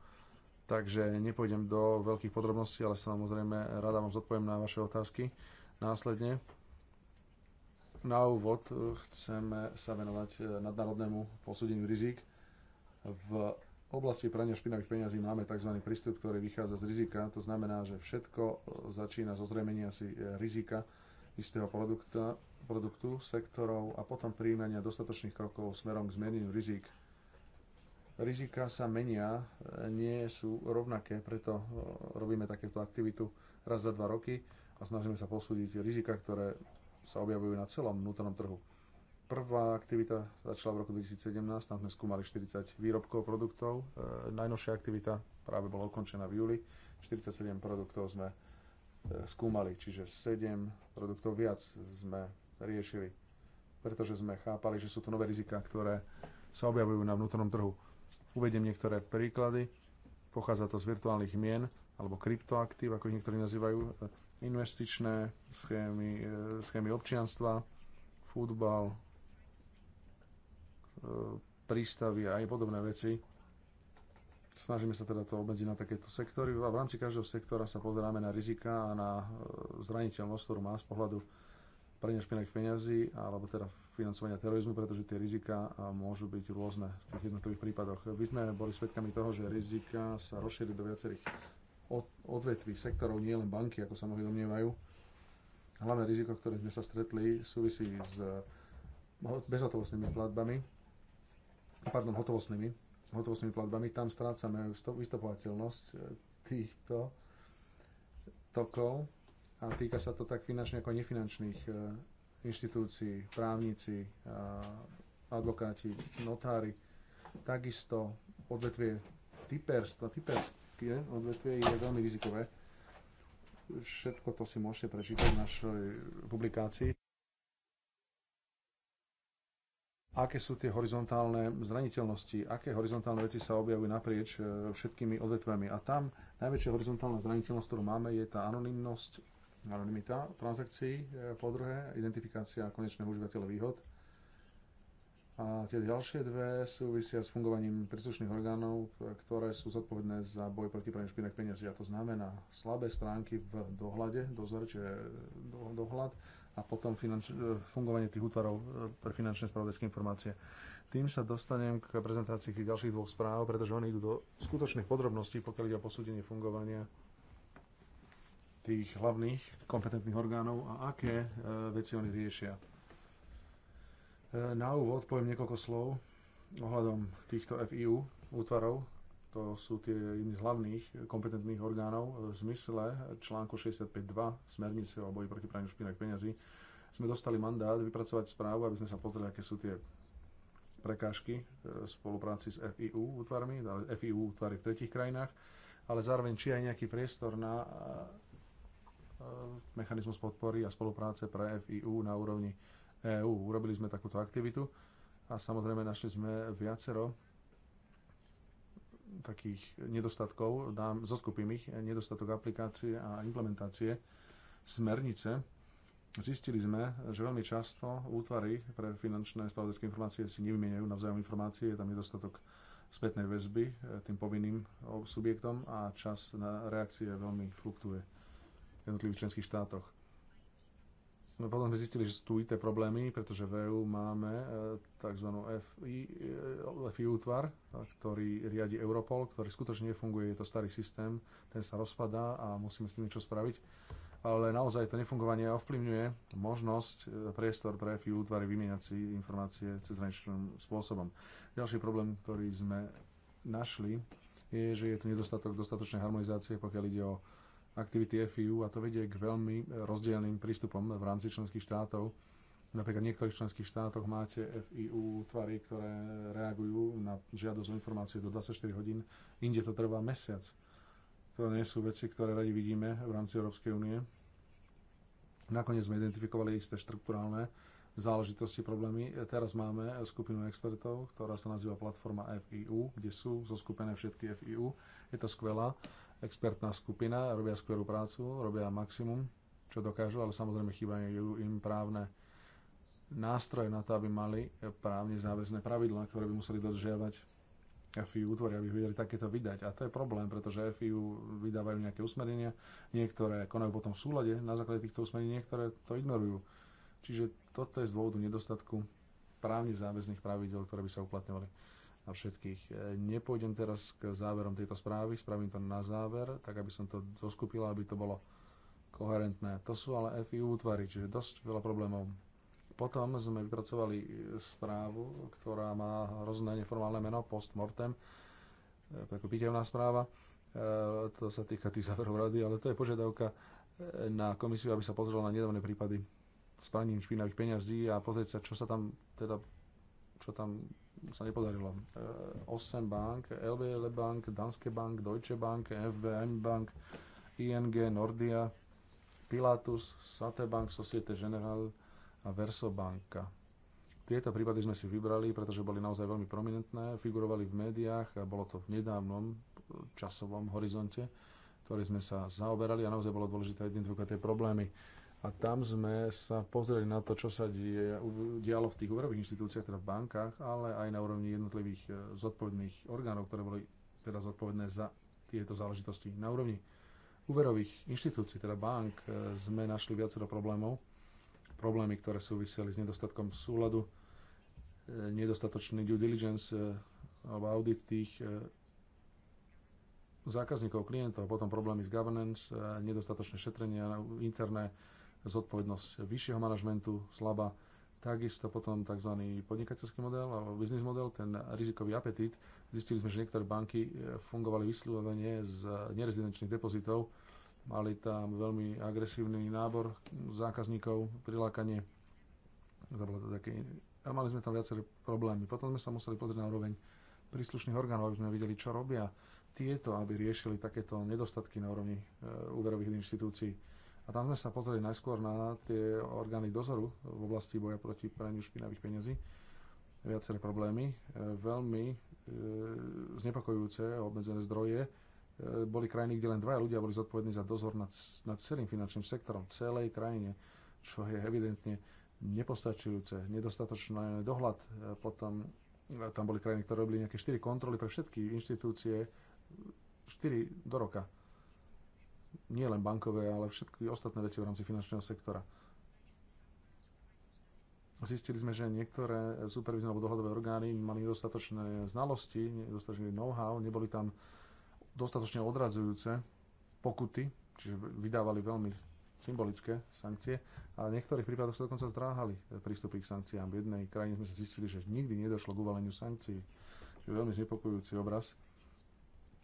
takže nepôjdem do veľkých podrobností, ale samozrejme rada vám zodpoviem na vaše otázky následne. Na úvod e, chceme sa venovať e, nadnárodnému posúdeniu rizik. V oblasti prania špinavých peňazí máme tzv. prístup, ktorý vychádza z rizika. To znamená, že všetko e, začína zo zrejmenia si rizika istého produktu produktu, sektorov a potom príjmania dostatočných krokov smerom k zmeneniu rizik. Rizika sa menia, e, nie sú rovnaké, preto e, robíme takéto aktivitu raz za dva roky a snažíme sa posúdiť rizika, ktoré sa objavujú na celom vnútornom trhu. Prvá aktivita začala v roku 2017, tam sme skúmali 40 výrobkov produktov. E, najnovšia aktivita práve bola ukončená v júli. 47 produktov sme e, skúmali, čiže 7 produktov viac sme riešili. Pretože sme chápali, že sú to nové rizika, ktoré sa objavujú na vnútornom trhu. Uvediem niektoré príklady. Pochádza to z virtuálnych mien alebo kryptoaktív, ako ich niektorí nazývajú, investičné schémy, e, schémy občianstva, futbal, e, prístavy a aj podobné veci. Snažíme sa teda to obmedziť na takéto sektory a v rámci každého sektora sa pozeráme na rizika a na e, zraniteľnosť, ktorú má z pohľadu prania špinavých peňazí alebo teda financovania terorizmu, pretože tie rizika môžu byť rôzne v tých jednotlivých prípadoch. My sme boli svedkami toho, že rizika sa rozšírili do viacerých odvetví, sektorov, nie len banky, ako sa mnohí domnievajú. Hlavné riziko, ktoré sme sa stretli, súvisí s no, bezhotovostnými platbami, pardon, hotovostnými, hotovostnými platbami. Tam strácame vystupovateľnosť e, týchto tokov a týka sa to tak finančných ako nefinančných e, inštitúcií, právnici, e, advokáti, notári. Takisto odvetvie typerstva, typerské odvetvie je veľmi rizikové. Všetko to si môžete prečítať v našej publikácii. Aké sú tie horizontálne zraniteľnosti, aké horizontálne veci sa objavujú naprieč e, všetkými odvetvami. A tam najväčšia horizontálna zraniteľnosť, ktorú máme, je tá anonymnosť anonimita transakcií, e, po druhé identifikácia konečného užívateľa výhod. A tie ďalšie dve súvisia s fungovaním príslušných orgánov, ktoré sú zodpovedné za boj proti praniu špinách peniazí. A to znamená slabé stránky v dohľade, dozor, čiže dohľad a potom finanč, e, fungovanie tých útvarov e, pre finančné spravodajské informácie. Tým sa dostanem k prezentácii tých ďalších dvoch správ, pretože oni idú do skutočných podrobností, pokiaľ ide o posúdenie fungovania tých hlavných kompetentných orgánov a aké e, veci oni riešia. E, na úvod poviem niekoľko slov ohľadom týchto FIU útvarov. To sú tie jedny z hlavných kompetentných orgánov e, v zmysle článku 65.2 smernice o boji proti praniu špinách peňazí. Sme dostali mandát vypracovať správu, aby sme sa pozreli, aké sú tie prekážky v spolupráci s FIU útvarmi, FIU útvary v tretich krajinách, ale zároveň či aj nejaký priestor na E, mechanizmus podpory a spolupráce pre FIU na úrovni EÚ. Urobili sme takúto aktivitu a samozrejme našli sme viacero takých nedostatkov, dám, skupím ich, nedostatok aplikácie a implementácie smernice. Zistili sme, že veľmi často útvary pre finančné spravodajské informácie si nevymieňajú navzájom informácie, je tam nedostatok spätnej väzby e, tým povinným subjektom a čas na reakcie veľmi fluktuje jednotlivých členských štátoch. No potom sme zistili, že sú tu IT problémy, pretože v EU máme e, tzv. FI, e, FI útvar, e, ktorý riadi Europol, ktorý skutočne nefunguje, je to starý systém, ten sa rozpadá a musíme s tým niečo spraviť. Ale naozaj to nefungovanie ovplyvňuje možnosť, priestor pre FI útvary vymieňať si informácie cezhraničným spôsobom. Ďalší problém, ktorý sme našli, je, že je tu nedostatok dostatočnej harmonizácie, pokiaľ ide o aktivity FIU a to vedie k veľmi e, rozdielným prístupom v rámci členských štátov. Napríklad v niektorých členských štátoch máte FIU tvary, ktoré e, reagujú na žiadosť o informácie do 24 hodín, inde to trvá mesiac. To nie sú veci, ktoré radi vidíme v rámci Európskej únie. Nakoniec sme identifikovali isté štruktúrálne záležitosti, problémy. E, teraz máme skupinu expertov, ktorá sa nazýva Platforma FIU, kde sú zoskupené všetky FIU. Je to skvelá expertná skupina, robia skvelú prácu, robia maximum, čo dokážu, ale samozrejme chýbajú im právne nástroje na to, aby mali právne záväzné pravidlá, ktoré by museli dodržiavať FIU útvory, aby vedeli takéto vydať. A to je problém, pretože FIU vydávajú nejaké usmernenia, niektoré konajú potom v súlade na základe týchto usmernení, niektoré to ignorujú. Čiže toto je z dôvodu nedostatku právne záväzných pravidel, ktoré by sa uplatňovali na všetkých. E, nepôjdem teraz k záverom tejto správy, spravím to na záver, tak aby som to zoskupila, aby to bolo koherentné. To sú ale FIU útvary, čiže dosť veľa problémov. Potom sme vypracovali e, správu, ktorá má hrozné neformálne meno, postmortem, e, takú pitevná správa. To sa týka tých záverov rady, ale to je požiadavka na komisiu, aby sa pozrela na nedávne prípady s praním špinavých peňazí a pozrieť sa, čo sa tam teda čo tam sa nepodarilo. 8 eh, bank, LBL Bank, Danske Bank, Deutsche Bank, FBM Bank, ING, Nordia, Pilatus, Sate Bank, Societe Generale a Verso Banka. Tieto prípady sme si vybrali, pretože boli naozaj veľmi prominentné, figurovali v médiách a bolo to v nedávnom časovom horizonte, ktorý sme sa zaoberali a naozaj bolo dôležité identifikovať tie problémy a tam sme sa pozreli na to, čo sa die, dialo v tých úverových inštitúciách, teda v bankách, ale aj na úrovni jednotlivých e, zodpovedných orgánov, ktoré boli teda zodpovedné za tieto záležitosti. Na úrovni úverových inštitúcií, teda bank, e, sme našli viacero problémov. Problémy, ktoré súviseli s nedostatkom súladu, e, nedostatočný due diligence alebo audit tých zákazníkov, klientov, potom problémy s governance, nedostatočné šetrenia interné, zodpovednosť vyššieho manažmentu slabá. Takisto potom tzv. podnikateľský model alebo biznis model, ten rizikový apetít. Zistili sme, že niektoré banky e, fungovali vyslovene z nerezidenčných depozitov. Mali tam veľmi agresívny nábor zákazníkov, prilákanie. To bolo to také... A mali sme tam viaceré problémy. Potom sme sa museli pozrieť na úroveň príslušných orgánov, aby sme videli, čo robia tieto, aby riešili takéto nedostatky na úrovni e, úverových inštitúcií a tam sme sa pozreli najskôr na tie orgány dozoru v oblasti boja proti praniu špinavých peniazí. Viaceré problémy, e, veľmi e, znepokojujúce obmedzené zdroje. E, boli krajiny, kde len dvaja ľudia boli zodpovední za dozor nad, nad celým finančným sektorom, celej krajine, čo je evidentne nepostačujúce, nedostatočný dohľad. Potom tam boli krajiny, ktoré robili nejaké 4 kontroly pre všetky inštitúcie, 4 do roka nie len bankové, ale všetky ostatné veci v rámci finančného sektora. Zistili sme, že niektoré supervizné alebo dohľadové orgány mali nedostatočné znalosti, nedostatočný know-how, neboli tam dostatočne odradzujúce pokuty, čiže vydávali veľmi symbolické sankcie, ale v niektorých prípadoch sa dokonca zdráhali prístupy k sankciám. V jednej krajine sme sa zistili, že nikdy nedošlo k uvaleniu sankcií. Čiže veľmi znepokojujúci obraz.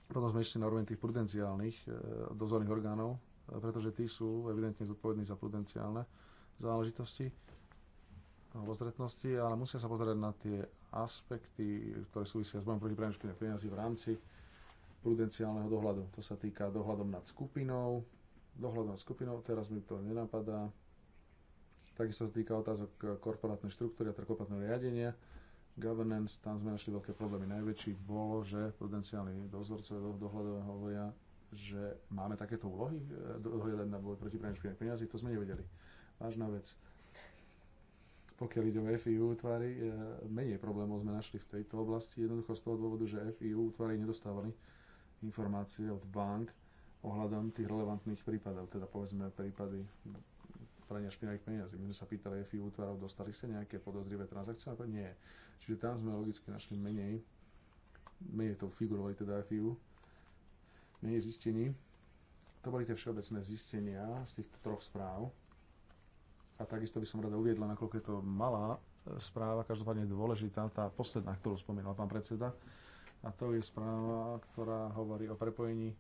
Potom sme išli na úroveň tých prudenciálnych e, dozorných orgánov, e, pretože tí sú evidentne zodpovední za prudenciálne záležitosti alebo zretnosti, ale musia sa pozerať na tie aspekty, ktoré súvisia s bojom proti praniu špinavých peniazí v rámci prudenciálneho dohľadu. To sa týka dohľadom nad skupinou, dohľadom nad skupinou, teraz mi to nenapadá. Takisto sa týka otázok korporátnej štruktúry a teda korporátneho riadenia governance, tam sme našli veľké problémy. Najväčší bolo, že prudenciálni dozorcovia dohľadového hovoria, že máme takéto úlohy e, dohľadať na boj proti praniu peniazy, peniazí, to sme nevedeli. Vážna vec. Pokiaľ ide o FIU útvary, e, menej problémov sme našli v tejto oblasti, jednoducho z toho dôvodu, že FIU útvary nedostávali informácie od bank ohľadom tých relevantných prípadov, teda povedzme prípady prania špinavých peniazí. My sme sa pýtali FIU útvarov, dostali ste nejaké podozrivé transakcie? Ako nie. Čiže tam sme logicky našli menej, menej to figurovali teda FIU, menej zistení. To boli tie všeobecné zistenia z týchto troch správ. A takisto by som rada uviedla, nakoľko je to malá e, správa, každopádne dôležitá, tá posledná, ktorú spomínal pán predseda. A to je správa, ktorá hovorí o prepojení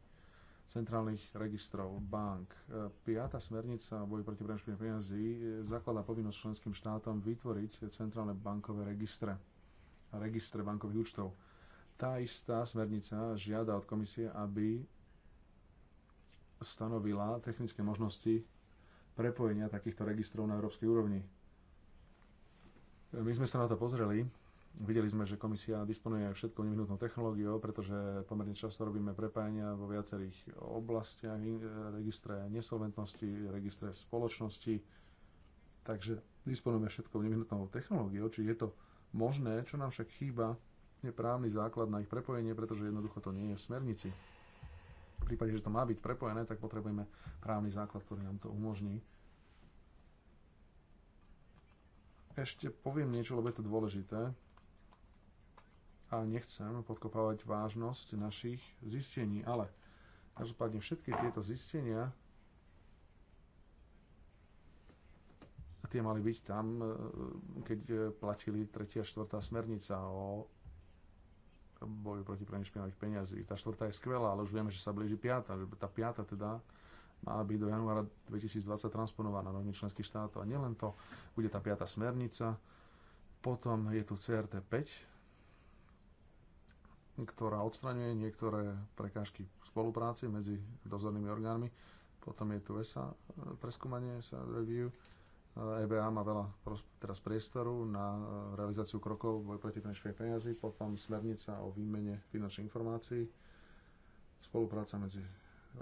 centrálnych registrov bank. E, Piatá smernica o boji proti prenošeniu peniazy e, zakladá povinnosť členským štátom vytvoriť centrálne bankové registre a registre bankových účtov. Tá istá smernica žiada od komisie, aby stanovila technické možnosti prepojenia takýchto registrov na európskej úrovni. E, my sme sa na to pozreli Videli sme, že komisia disponuje aj všetkou nevyhnutnou technológiou, pretože pomerne často robíme prepájania vo viacerých oblastiach, registre nesolventnosti, registre spoločnosti, takže disponujeme všetkou nevyhnutnou technológiou, či je to možné, čo nám však chýba, je právny základ na ich prepojenie, pretože jednoducho to nie je v smernici. V prípade, že to má byť prepojené, tak potrebujeme právny základ, ktorý nám to umožní. Ešte poviem niečo, lebo je to dôležité a nechcem podkopávať vážnosť našich zistení, ale každopádne všetky tieto zistenia tie mali byť tam, e, keď e, platili 3. a 4. smernica o boju proti praní špinavých peňazí. Tá 4 je skvelá, ale už vieme, že sa blíži 5. Že tá 5. teda má byť do januára 2020 transponovaná do členských štátov. A nielen to, bude tá 5. smernica, potom je tu CRT 5, ktorá odstraňuje niektoré prekážky spolupráci medzi dozornými orgánmi. Potom je tu ESA, preskúmanie ESA review. EBA má veľa teraz priestoru na e, realizáciu krokov boji proti praničnej peniazy, potom smernica o výmene finančných informácií, spolupráca medzi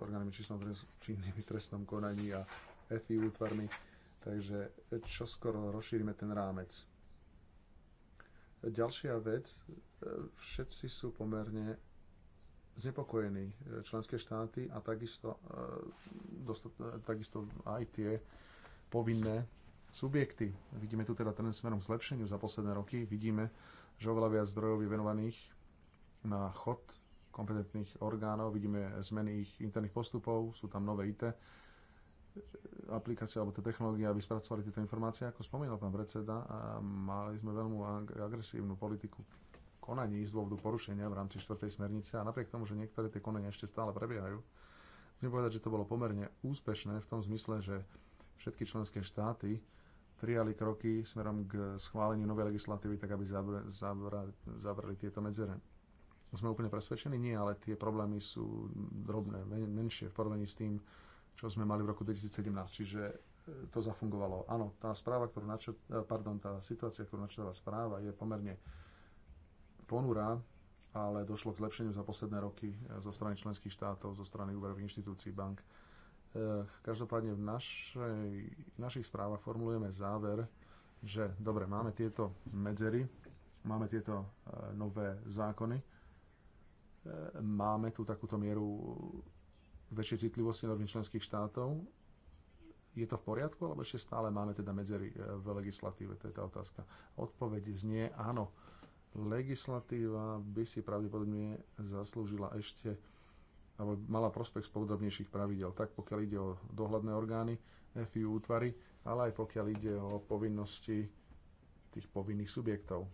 orgánmi činnými trestnom konaní a FI útvarmi. Takže e, čo skoro rozšírime ten rámec Ďalšia vec, e, všetci sú pomerne znepokojení e, členské štáty a takisto, e, dostat, takisto aj tie povinné subjekty. Vidíme tu teda ten smerom zlepšeniu za posledné roky. Vidíme, že oveľa viac zdrojov je venovaných na chod kompetentných orgánov. Vidíme zmeny ich interných postupov, sú tam nové IT aplikácia alebo tie technológia, aby spracovali tieto informácie, ako spomínal pán predseda, a mali sme veľmi agresívnu politiku konaní z dôvodu porušenia v rámci 4. smernice a napriek tomu, že niektoré tie konania ešte stále prebiehajú, musím povedať, že to bolo pomerne úspešné v tom zmysle, že všetky členské štáty prijali kroky smerom k schváleniu novej legislatívy, tak aby zabr- zabr- zabrali tieto medzere. Sme úplne presvedčení? Nie, ale tie problémy sú drobné, menšie v porovnaní s tým, čo sme mali v roku 2017. Čiže e, to zafungovalo. Áno, tá správa, ktorú načet, e, pardon, tá situácia, ktorú načetala správa, je pomerne ponurá, ale došlo k zlepšeniu za posledné roky e, zo strany členských štátov, zo strany úverových inštitúcií, bank. Každopádne v našej, v našich správach formulujeme záver, že dobre, máme tieto medzery, máme tieto nové zákony, máme tu takúto mieru väčšej citlivosti na členských štátov. Je to v poriadku, alebo ešte stále máme teda medzery e, v legislatíve? To je tá otázka. Odpoveď znie áno. Legislatíva by si pravdepodobne zaslúžila ešte alebo mala prospekt spodrobnejších pravidel, tak pokiaľ ide o dohľadné orgány, FIU útvary, ale aj pokiaľ ide o povinnosti tých povinných subjektov.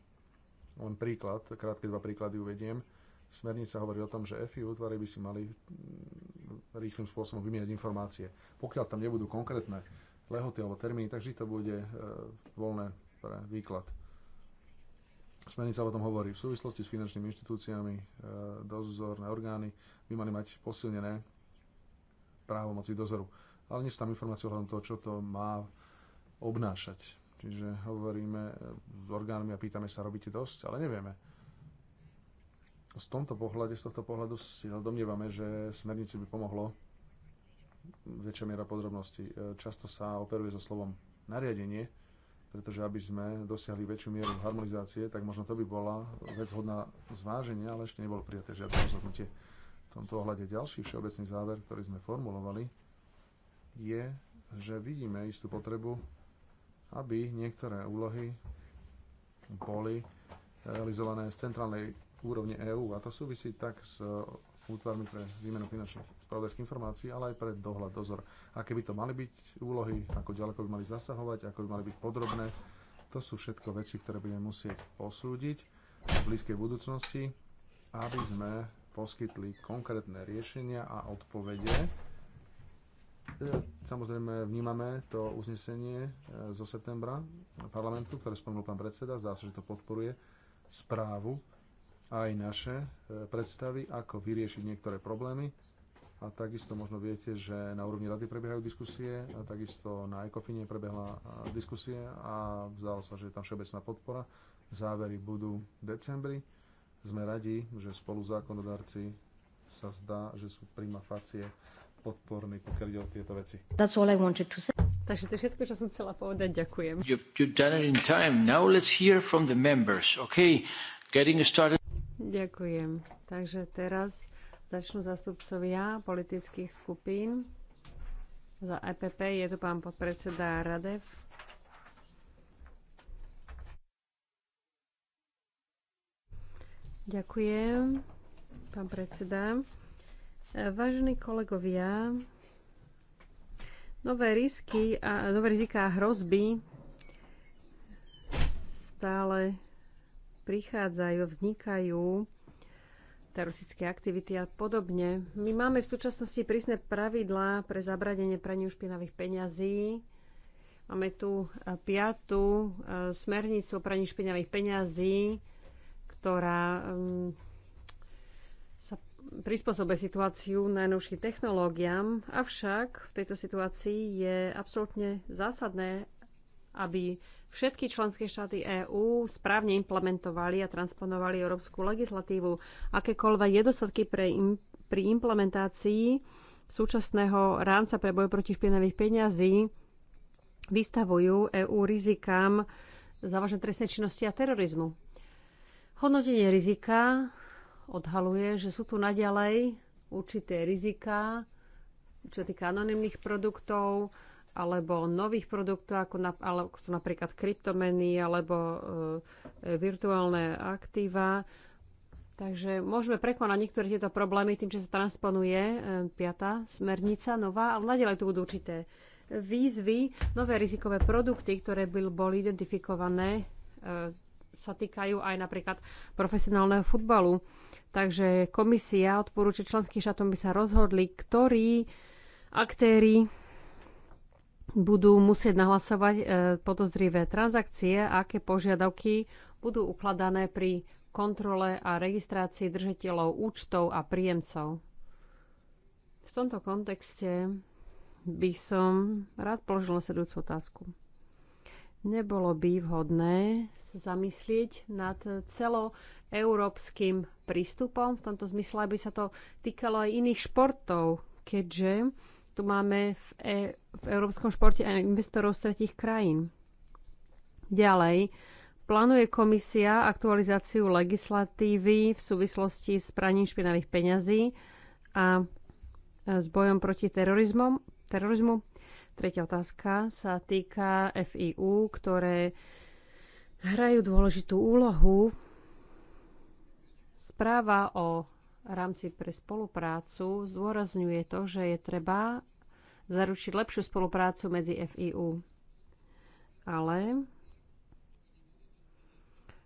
Len príklad, krátke dva príklady uvediem Smernica hovorí o tom, že FI útvary by si mali mm, rýchlym spôsobom vymieňať informácie. Pokiaľ tam nebudú konkrétne lehoty alebo termíny, tak vždy to bude e, voľné pre výklad. Smernica o tom hovorí. V súvislosti s finančnými inštitúciami e, dozorné orgány by mali mať posilnené právomoci dozoru. Ale nie sú tam informácie ohľadom toho, čo to má obnášať. Čiže hovoríme e, s orgánmi a pýtame sa, robíte dosť, ale nevieme z tomto pohľade, z tohto pohľadu si domnievame, že smernici by pomohlo väčšia miera podrobností. E, často sa operuje so slovom nariadenie, pretože aby sme dosiahli väčšiu mieru harmonizácie, tak možno to by bola vec hodná zváženia, ale ešte nebolo prijaté žiadne rozhodnutie. V tomto ohľade ďalší všeobecný záver, ktorý sme formulovali, je, že vidíme istú potrebu, aby niektoré úlohy boli realizované z centrálnej úrovne EÚ. A to súvisí tak s e, útvarmi pre výmenu finančných spravodajských informácií, ale aj pre dohľad, dozor. Aké by to mali byť úlohy, ako ďaleko by mali zasahovať, ako by mali byť podrobné, to sú všetko veci, ktoré budeme musieť posúdiť v blízkej budúcnosti, aby sme poskytli konkrétne riešenia a odpovede. E, samozrejme vnímame to uznesenie e, zo septembra parlamentu, ktoré spomenul pán predseda, zdá sa, že to podporuje správu aj naše e, predstavy, ako vyriešiť niektoré problémy. A takisto možno viete, že na úrovni rady prebiehajú diskusie, a takisto na ECOFINE prebehla e, diskusie a zdalo sa, že je tam všeobecná podpora. Závery budú v decembri. Sme radi, že spolu zákonodárci sa zdá, že sú prima facie podporní, pokiaľ ide o tieto veci. That's all I wanted to say. Takže to všetko, čo som chcela povedať, ďakujem. You've, you've done it in time. Now let's hear from the members, okay? Getting started. Ďakujem. Takže teraz začnú zastupcovia politických skupín. Za EPP je tu pán podpredseda Radev. Ďakujem, pán predseda. Vážení kolegovia, nové, risky a, nové rizika a hrozby stále prichádzajú, vznikajú teroristické aktivity a podobne. My máme v súčasnosti prísne pravidlá pre zabradenie praniu špinavých peňazí. Máme tu e, piatu e, smernicu o praní špinavých peňazí, ktorá sa prispôsobuje situáciu najnovším technológiám. Avšak v tejto situácii je absolútne zásadné, aby všetky členské štáty EÚ správne implementovali a transponovali európsku legislatívu. Akékoľvek nedostatky pre im, pri implementácii súčasného rámca pre boj proti špinavých peňazí vystavujú EÚ rizikám závažnej trestnej činnosti a terorizmu. Hodnotenie rizika odhaluje, že sú tu naďalej určité rizika, čo týka anonimných produktov, alebo nových produktov, ako, na, ako sú napríklad kryptomeny alebo e, virtuálne aktíva. Takže môžeme prekonať niektoré tieto problémy tým, že sa transponuje e, piata smernica nová, ale nadalej tu budú určité výzvy. Nové rizikové produkty, ktoré by boli identifikované, e, sa týkajú aj napríklad profesionálneho futbalu. Takže komisia odporúča členským štátom, by sa rozhodli, ktorí aktéry budú musieť nahlasovať e, podozrivé transakcie a aké požiadavky budú ukladané pri kontrole a registrácii držiteľov účtov a príjemcov. V tomto kontexte by som rád položil nasledujúcu otázku. Nebolo by vhodné sa zamyslieť nad celoeurópskym prístupom, v tomto zmysle by sa to týkalo aj iných športov, keďže tu máme v, e, v európskom športe aj investorov z tretich krajín. Ďalej, plánuje komisia aktualizáciu legislatívy v súvislosti s praním špinavých peňazí a e, s bojom proti terorizmom, terorizmu. Tretia otázka sa týka FIU, ktoré hrajú dôležitú úlohu. Správa o rámci pre spoluprácu zdôrazňuje to, že je treba zaručiť lepšiu spoluprácu medzi FIU. Ale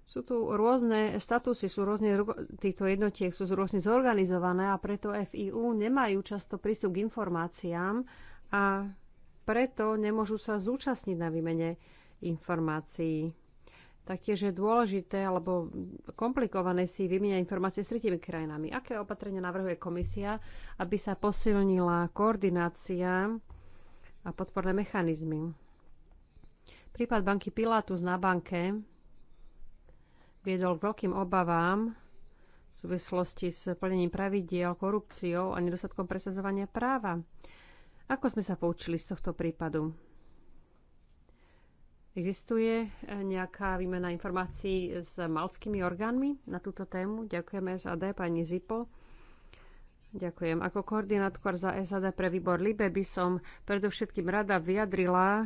sú tu rôzne statusy, sú rôzne, týchto jednotiek sú rôzne zorganizované a preto FIU nemajú často prístup k informáciám a preto nemôžu sa zúčastniť na výmene informácií. Taktiež je dôležité alebo komplikované si vymieňať informácie s tretimi krajinami. Aké opatrenia navrhuje komisia, aby sa posilnila koordinácia a podporné mechanizmy? Prípad banky Pilatus na banke viedol k veľkým obavám v súvislosti s plnením pravidiel, korupciou a nedostatkom presazovania práva. Ako sme sa poučili z tohto prípadu? Existuje eh, nejaká výmena informácií s malckými orgánmi na túto tému? Ďakujeme SAD, pani Zipo. Ďakujem. Ako koordinátor za SAD pre výbor LIBE by som predovšetkým rada vyjadrila eh,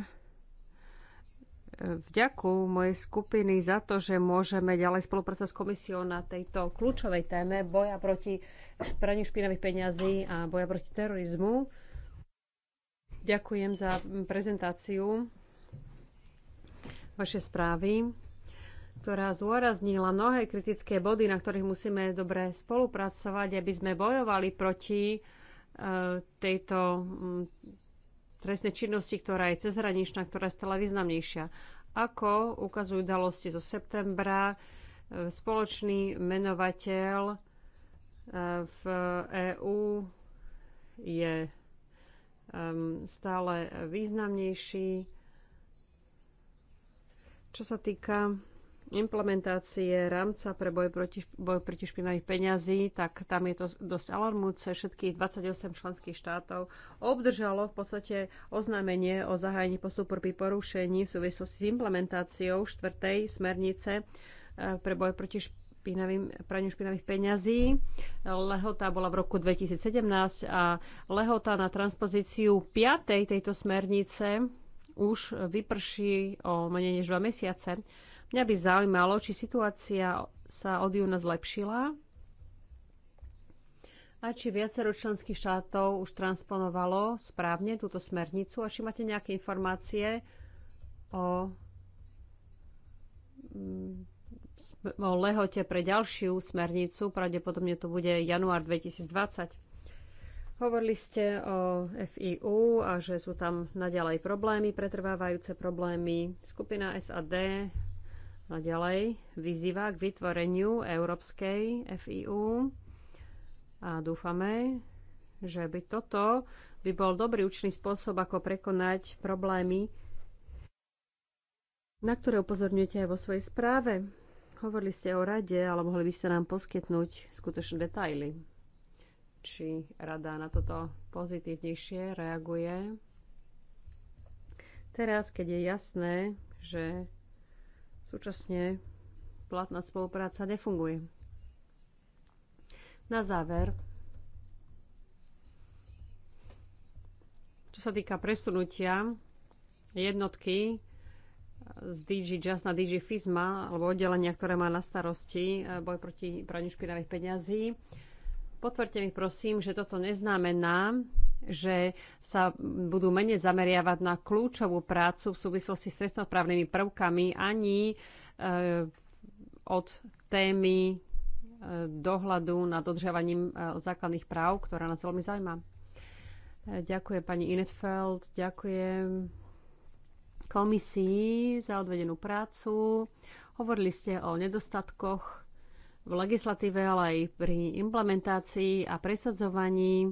vďaku mojej skupiny za to, že môžeme ďalej spolupracovať s komisiou na tejto kľúčovej téme boja proti praniu špinavých peňazí a boja proti terorizmu. Ďakujem za prezentáciu vaše správy, ktorá zdôraznila mnohé kritické body, na ktorých musíme dobre spolupracovať, aby sme bojovali proti e, tejto trestnej činnosti, ktorá je cezhraničná, ktorá je stále významnejšia. Ako ukazujú udalosti zo septembra, e, spoločný menovateľ e, v EÚ je stále významnejší čo sa týka implementácie rámca pre boj proti, boj proti špinavých peňazí, tak tam je to dosť alarmujúce. Všetkých 28 členských štátov obdržalo v podstate oznámenie o zahájení postupu pri porušení v súvislosti s implementáciou štvrtej smernice eh, pre boj proti špinavým, praniu špinavých peňazí. Lehota bola v roku 2017 a lehota na transpozíciu 5. tejto smernice už vyprší o menej než dva mesiace. Mňa by zaujímalo, či situácia sa od júna zlepšila a či viacero členských štátov už transponovalo správne túto smernicu a či máte nejaké informácie o, mm, o lehote pre ďalšiu smernicu. Pravdepodobne to bude január 2020. Hovorili ste o FIU a že sú tam naďalej problémy, pretrvávajúce problémy. Skupina SAD naďalej vyzýva k vytvoreniu európskej FIU a dúfame, že by toto by bol dobrý účný spôsob, ako prekonať problémy, na ktoré upozorňujete aj vo svojej správe. Hovorili ste o rade, ale mohli by ste nám poskytnúť skutočné detaily či rada na toto pozitívnejšie reaguje. Teraz, keď je jasné, že súčasne platná spolupráca nefunguje. Na záver, čo sa týka presunutia jednotky z DG Just na DG FISMA, alebo oddelenia, ktoré má na starosti eh, boj proti praniu špinavých peňazí, Potvrďte mi prosím, že toto neznamená, že sa budú menej zameriavať na kľúčovú prácu v súvislosti s trestnoprávnymi prvkami ani e, od témy e, dohľadu nad dodržiavaním e, základných práv, ktorá nás veľmi zaujíma. E, ďakujem pani Inetfeld, ďakujem komisii za odvedenú prácu. Hovorili ste o nedostatkoch v legislatíve, ale aj pri implementácii a presadzovaní.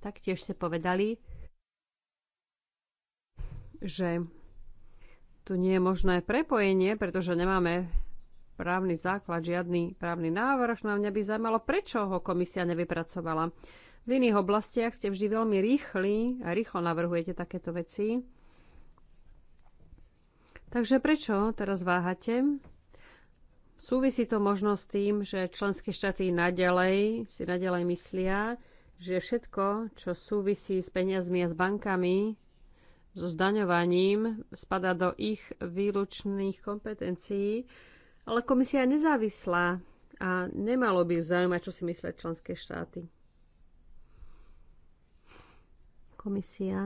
Taktiež ste povedali, že tu nie je možné prepojenie, pretože nemáme právny základ, žiadny právny návrh. Na mňa by zaujímalo, prečo ho komisia nevypracovala. V iných oblastiach ste vždy veľmi rýchli a rýchlo navrhujete takéto veci. Takže prečo teraz váhate? Súvisí to možno s tým, že členské štáty nadalej si nadalej myslia, že všetko, čo súvisí s peniazmi a s bankami, so zdaňovaním, spada do ich výlučných kompetencií, ale komisia je nezávislá a nemalo by ju zaujímať, čo si myslia členské štáty. Komisia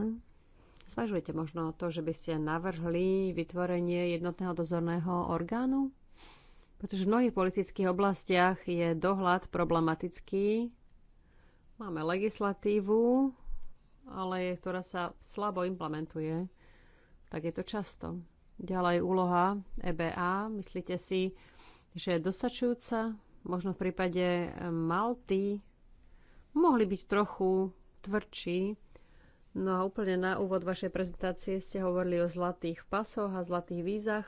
Zvažujete možno to, že by ste navrhli vytvorenie jednotného dozorného orgánu? Pretože v mnohých politických oblastiach je dohľad problematický. Máme legislatívu, ale je, ktorá sa slabo implementuje. Tak je to často. Ďalej úloha EBA. Myslíte si, že je dostačujúca? Možno v prípade eh, Malty mohli byť trochu tvrdší, No a úplne na úvod vašej prezentácie ste hovorili o zlatých pasoch a zlatých vízach.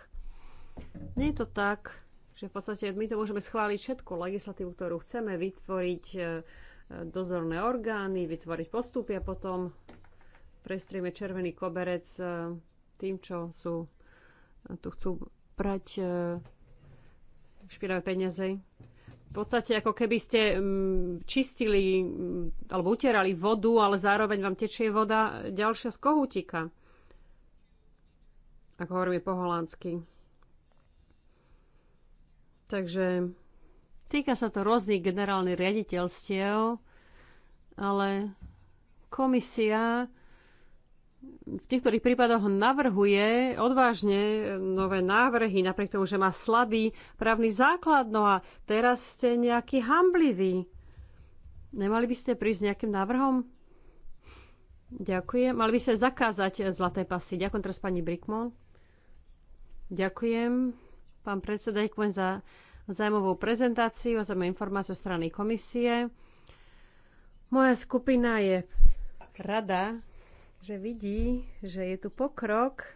Nie je to tak, že v podstate my to môžeme schváliť všetku legislatívu, ktorú chceme, vytvoriť e, dozorné orgány, vytvoriť postupy a potom prestrieme červený koberec e, tým, čo sú, e, tu chcú prať špinavé peniaze. V podstate ako keby ste čistili alebo utierali vodu, ale zároveň vám tečie voda ďalšia z kohútika. Ako hovoríme po holandsky. Takže týka sa to rôznych generálnych riaditeľstiev, ale komisia v niektorých prípadoch navrhuje odvážne nové návrhy, napriek tomu, že má slabý právny základ. No a teraz ste nejaký hamblivý. Nemali by ste prísť nejakým návrhom? Ďakujem. Mali by ste zakázať zlaté pasy. Ďakujem teraz pani Brickmon. Ďakujem pán predseda, ďakujem za zaujímavú prezentáciu, za informáciu strany komisie. Moja skupina je rada, že vidí, že je tu pokrok,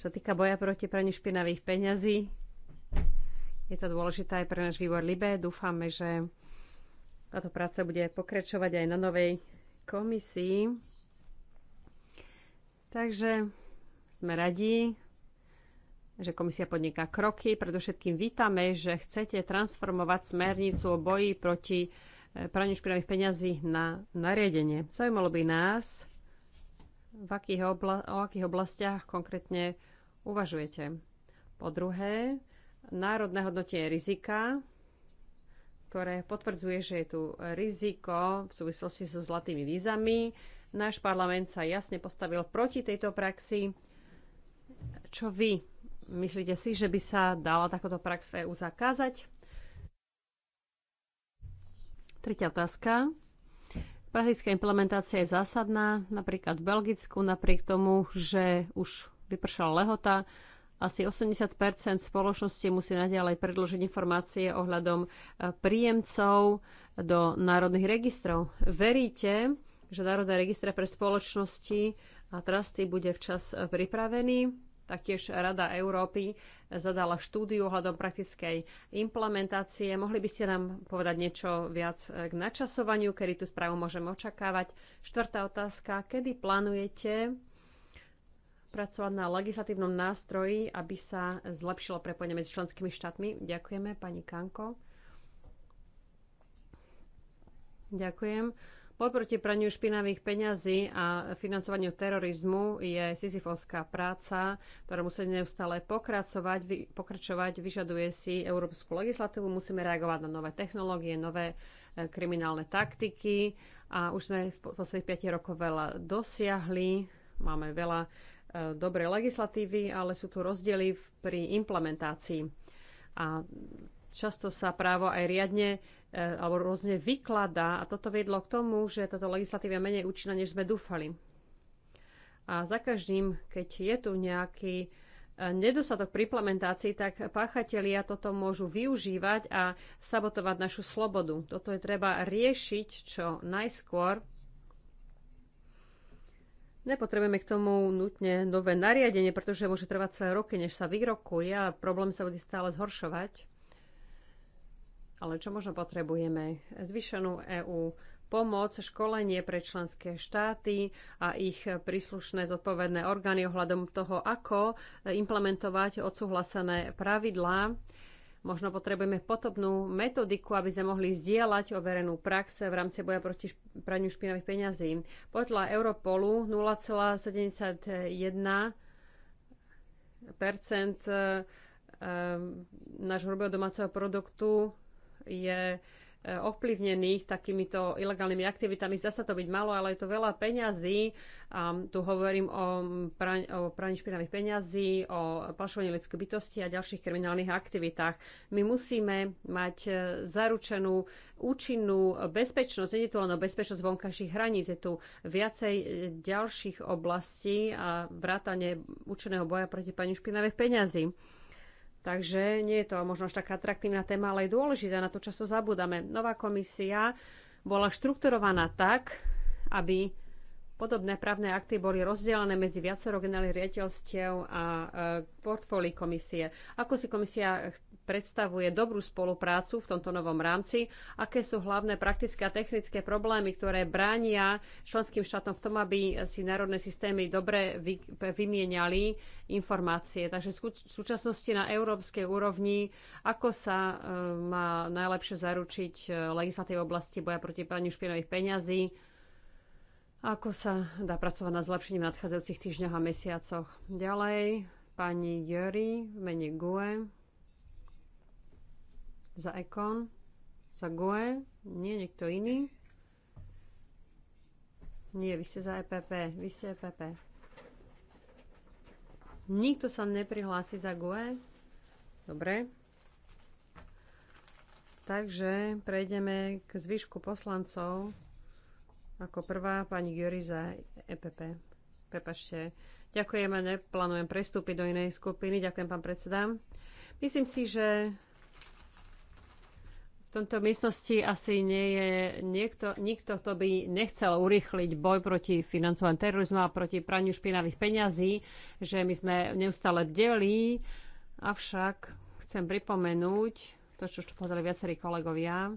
čo týka boja proti praniu špinavých peňazí. Je to dôležité aj pre náš výbor LIBE. Dúfame, že táto práca bude pokračovať aj na novej komisii. Takže sme radi, že komisia podniká kroky. Predovšetkým vítame, že chcete transformovať smernicu o boji proti eh, praniu špinavých peňazí na nariadenie. Zaujímalo by nás, v akých obla- o akých oblastiach konkrétne uvažujete. Po druhé, národné hodnotenie rizika, ktoré potvrdzuje, že je tu riziko v súvislosti so zlatými vízami. Náš parlament sa jasne postavil proti tejto praxi. Čo vy Myslíte si, že by sa dala takoto prax v EU zakázať? Tretia otázka. Praktická implementácia je zásadná, napríklad v Belgicku, napriek tomu, že už vypršala lehota, asi 80 spoločnosti musí naďalej predložiť informácie ohľadom e, príjemcov do národných registrov. Veríte, že Národné registre pre spoločnosti a trusty bude včas e, pripravený? Taktiež Rada Európy zadala štúdiu ohľadom praktickej implementácie. Mohli by ste nám povedať niečo viac k načasovaniu, kedy tú správu môžeme očakávať? Štvrtá otázka. Kedy plánujete pracovať na legislatívnom nástroji, aby sa zlepšilo prepojenie medzi členskými štátmi? Ďakujeme, pani Kanko. Ďakujem. Boj proti praniu špinavých peňazí a financovaniu terorizmu je sisyfovská práca, ktorá musí neustále pokračovať, vy, pokračovať, vyžaduje si európsku legislatívu, musíme reagovať na nové technológie, nové e, kriminálne taktiky a už sme v posledných 5 rokov veľa dosiahli, máme veľa e, dobrej legislatívy, ale sú tu rozdiely pri implementácii. A Často sa právo aj riadne e, alebo rôzne vykladá a toto viedlo k tomu, že táto legislatíva je menej účinná, než sme dúfali. A za každým, keď je tu nejaký e, nedostatok pri implementácii, tak páchatelia toto môžu využívať a sabotovať našu slobodu. Toto je treba riešiť čo najskôr. Nepotrebujeme k tomu nutne nové nariadenie, pretože môže trvať celé roky, než sa vyrokuje a problém sa bude stále zhoršovať. Ale čo možno potrebujeme? Zvyšenú EÚ pomoc, školenie pre členské štáty a ich príslušné zodpovedné orgány ohľadom toho, ako implementovať odsúhlasené pravidlá. Možno potrebujeme potobnú metodiku, aby sme mohli zdieľať overenú prax v rámci boja proti praniu špinavých peňazí. Podľa Europolu 0,71 eh, eh, nášho hrubého domáceho produktu je e, ovplyvnených takýmito ilegálnymi aktivitami. Zdá sa to byť malo, ale je to veľa peňazí. Um, tu hovorím o, praň, o praní špinavých peňazí, o plašovaní ľudskej bytosti a ďalších kriminálnych aktivitách. My musíme mať e, zaručenú účinnú bezpečnosť. Nie je tu len o bezpečnosť vonkajších hraníc, je tu viacej e, ďalších oblastí a vrátanie účinného boja proti praní špinavých peňazí. Takže nie je to možno až taká atraktívna téma, ale je dôležitá, na to často zabúdame. Nová komisia bola štrukturovaná tak, aby podobné právne akty boli rozdelené medzi viacero generálnych riaditeľstiev a e, portfólií komisie. Ako si komisia predstavuje dobrú spoluprácu v tomto novom rámci, aké sú hlavné praktické a technické problémy, ktoré bránia členským štátom v tom, aby si národné systémy dobre vy, vymieniali informácie. Takže v súčasnosti na európskej úrovni, ako sa e, má najlepšie zaručiť e, legislatív oblasti boja proti praniu špinových peňazí, ako sa dá pracovať na zlepšení v nadchádzajúcich týždňoch a mesiacoch. Ďalej, pani Jury v mene GUE za Ekon, za GOE, nie niekto iný. Nie, vy ste za EPP, vy ste EPP. Nikto sa neprihlási za GOE. Dobre. Takže prejdeme k zvyšku poslancov. Ako prvá pani Giori za EPP. Prepačte. Ďakujem a neplánujem prestúpiť do inej skupiny. Ďakujem, pán predseda. Myslím si, že tomto miestnosti asi nie je niekto, nikto, kto by nechcel urýchliť boj proti financovaniu terorizmu a proti praniu špinavých peňazí, že my sme neustále bdeli. Avšak chcem pripomenúť to, čo už povedali viacerí kolegovia,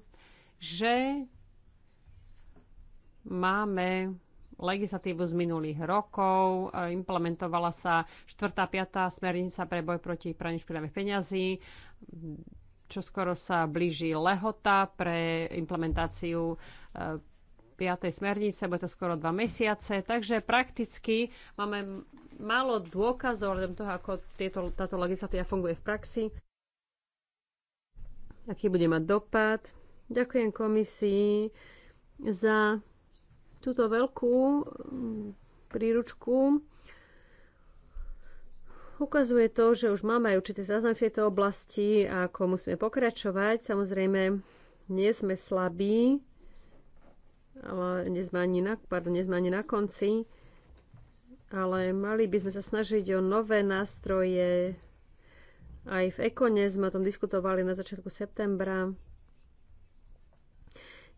že máme legislatívu z minulých rokov, implementovala sa 4. 5. smernica pre boj proti praniu špinavých peňazí, čo skoro sa blíži lehota pre implementáciu 5. E, smernice, bude to skoro dva mesiace, takže prakticky máme málo dôkazov o toho, ako tieto, táto legislatíva funguje v praxi, aký bude mať dopad. Ďakujem komisii za túto veľkú príručku Ukazuje to, že už máme aj určité záznam v tejto oblasti a ako musíme pokračovať. Samozrejme, nie sme slabí, ale nie sme ani na, pardon, nie sme ani na konci, ale mali by sme sa snažiť o nové nástroje. Aj v Ekone sme o tom diskutovali na začiatku septembra.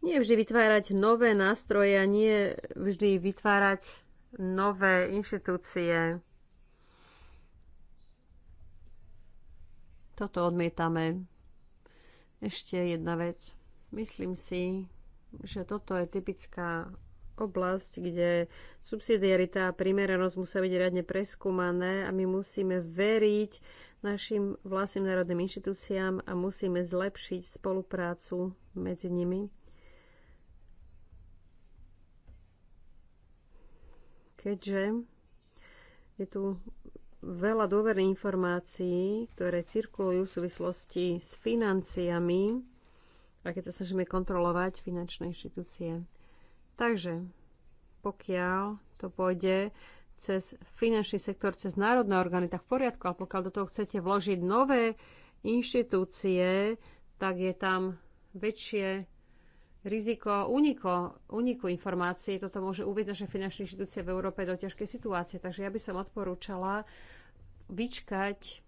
Nie vždy vytvárať nové nástroje a nie vždy vytvárať nové inštitúcie. Toto odmietame. Ešte jedna vec. Myslím si, že toto je typická oblasť, kde subsidiarita a primeranosť musia byť riadne preskúmané a my musíme veriť našim vlastným národným inštitúciám a musíme zlepšiť spoluprácu medzi nimi. Keďže je tu veľa dôverných informácií, ktoré cirkulujú v súvislosti s financiami a keď sa snažíme kontrolovať finančné inštitúcie. Takže pokiaľ to pôjde cez finančný sektor, cez národné orgány, tak v poriadku, ale pokiaľ do toho chcete vložiť nové inštitúcie, tak je tam väčšie riziko uniku, uniku informácií. Toto môže uvieť naše finančné inštitúcie v Európe do ťažkej situácie. Takže ja by som odporúčala vyčkať,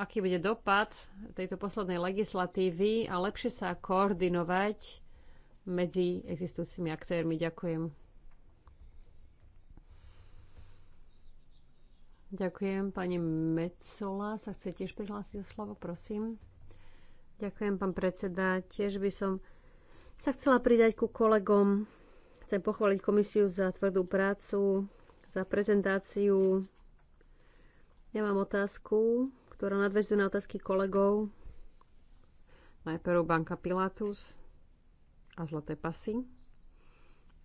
aký bude dopad tejto poslednej legislatívy a lepšie sa koordinovať medzi existujúcimi aktérmi. Ďakujem. Ďakujem. Pani Mecola sa chce tiež prihlásiť o slovo, prosím. Ďakujem, pán predseda. Tiež by som sa chcela pridať ku kolegom. Chcem pochváliť komisiu za tvrdú prácu, za prezentáciu. Ja mám otázku, ktorá nadväzuje na otázky kolegov. Najprv banka Pilatus a zlaté pasy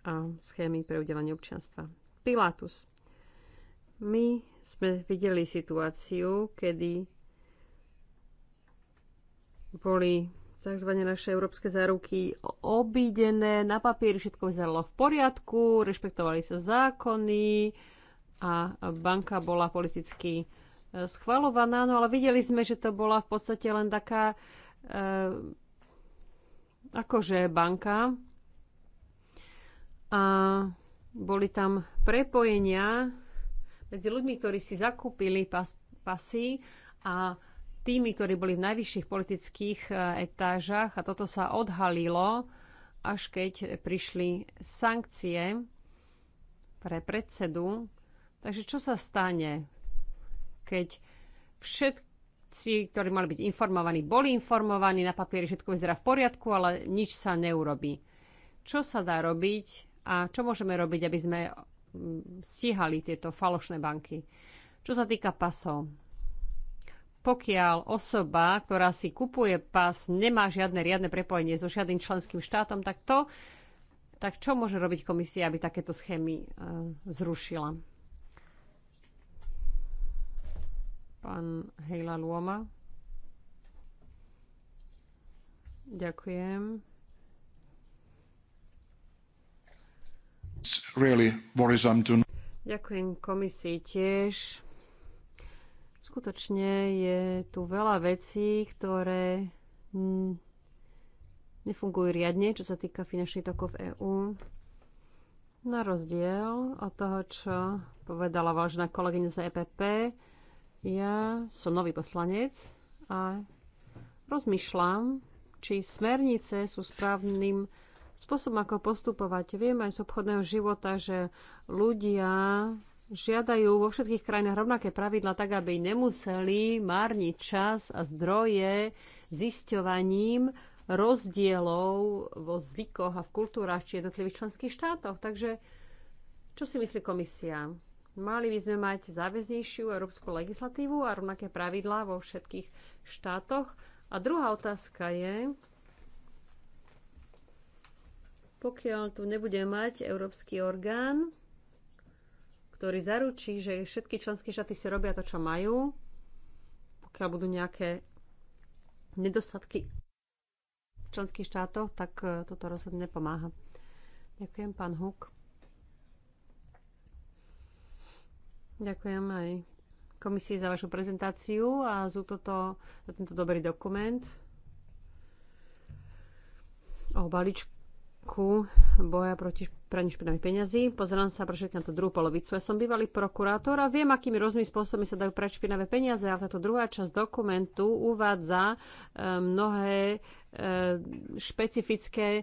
a schémy pre udelanie občanstva. Pilatus. My sme videli situáciu, kedy boli tzv. naše európske záruky obídené, na papieri všetko vyzeralo v poriadku, rešpektovali sa zákony a banka bola politicky e, schvalovaná, no ale videli sme, že to bola v podstate len taká e, akože banka a boli tam prepojenia medzi ľuďmi, ktorí si zakúpili pas, pasy a tými, ktorí boli v najvyšších politických e, etážach a toto sa odhalilo, až keď prišli sankcie pre predsedu. Takže čo sa stane, keď všetci, ktorí mali byť informovaní, boli informovaní, na papieri všetko vyzerá v poriadku, ale nič sa neurobi. Čo sa dá robiť a čo môžeme robiť, aby sme stíhali tieto falošné banky? Čo sa týka pasov, pokiaľ osoba, ktorá si kupuje pás, nemá žiadne riadne prepojenie so žiadnym členským štátom, tak to, tak čo môže robiť komisia, aby takéto schémy uh, zrušila? Pán Hejla Luoma. Ďakujem. Really Ďakujem komisii tiež Skutočne je tu veľa vecí, ktoré nefungujú riadne, čo sa týka finančných tokov EÚ. Na rozdiel od toho, čo povedala vážna kolegyňa z EPP, ja som nový poslanec a rozmýšľam, či smernice sú správnym spôsobom, ako postupovať. Viem aj z obchodného života, že ľudia žiadajú vo všetkých krajinách rovnaké pravidla, tak aby nemuseli márniť čas a zdroje zisťovaním rozdielov vo zvykoch a v kultúrach či jednotlivých členských štátoch. Takže čo si myslí komisia? Mali by sme mať záväznejšiu európsku legislatívu a rovnaké pravidlá vo všetkých štátoch. A druhá otázka je, pokiaľ tu nebude mať európsky orgán, ktorý zaručí, že všetky členské štáty si robia to, čo majú, pokiaľ budú nejaké nedostatky v členských štátoch, tak e, toto rozhodne pomáha. Ďakujem, pán Huk. Ďakujem aj komisii za vašu prezentáciu a za, toto, za tento dobrý dokument o balíčku boja proti praní špinavých peňazí. Pozerám sa pre na tú druhú polovicu. Ja som bývalý prokurátor a viem, akými rôznymi spôsobmi sa dajú prať špinavé peniaze. A táto druhá časť dokumentu uvádza e, mnohé e, špecifické e,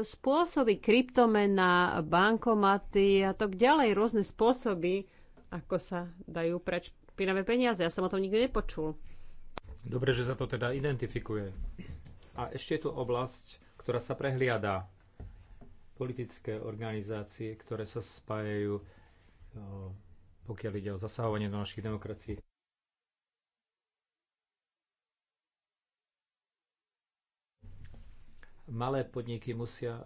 spôsoby, kryptomena, bankomaty a tak ďalej, rôzne spôsoby, ako sa dajú prať špinavé peniaze. Ja som o tom nikdy nepočul. Dobre, že sa to teda identifikuje. A ešte je tu oblasť, ktorá sa prehliada politické organizácie, ktoré sa spájajú, pokiaľ ide o zasahovanie do našich demokracií. Malé podniky musia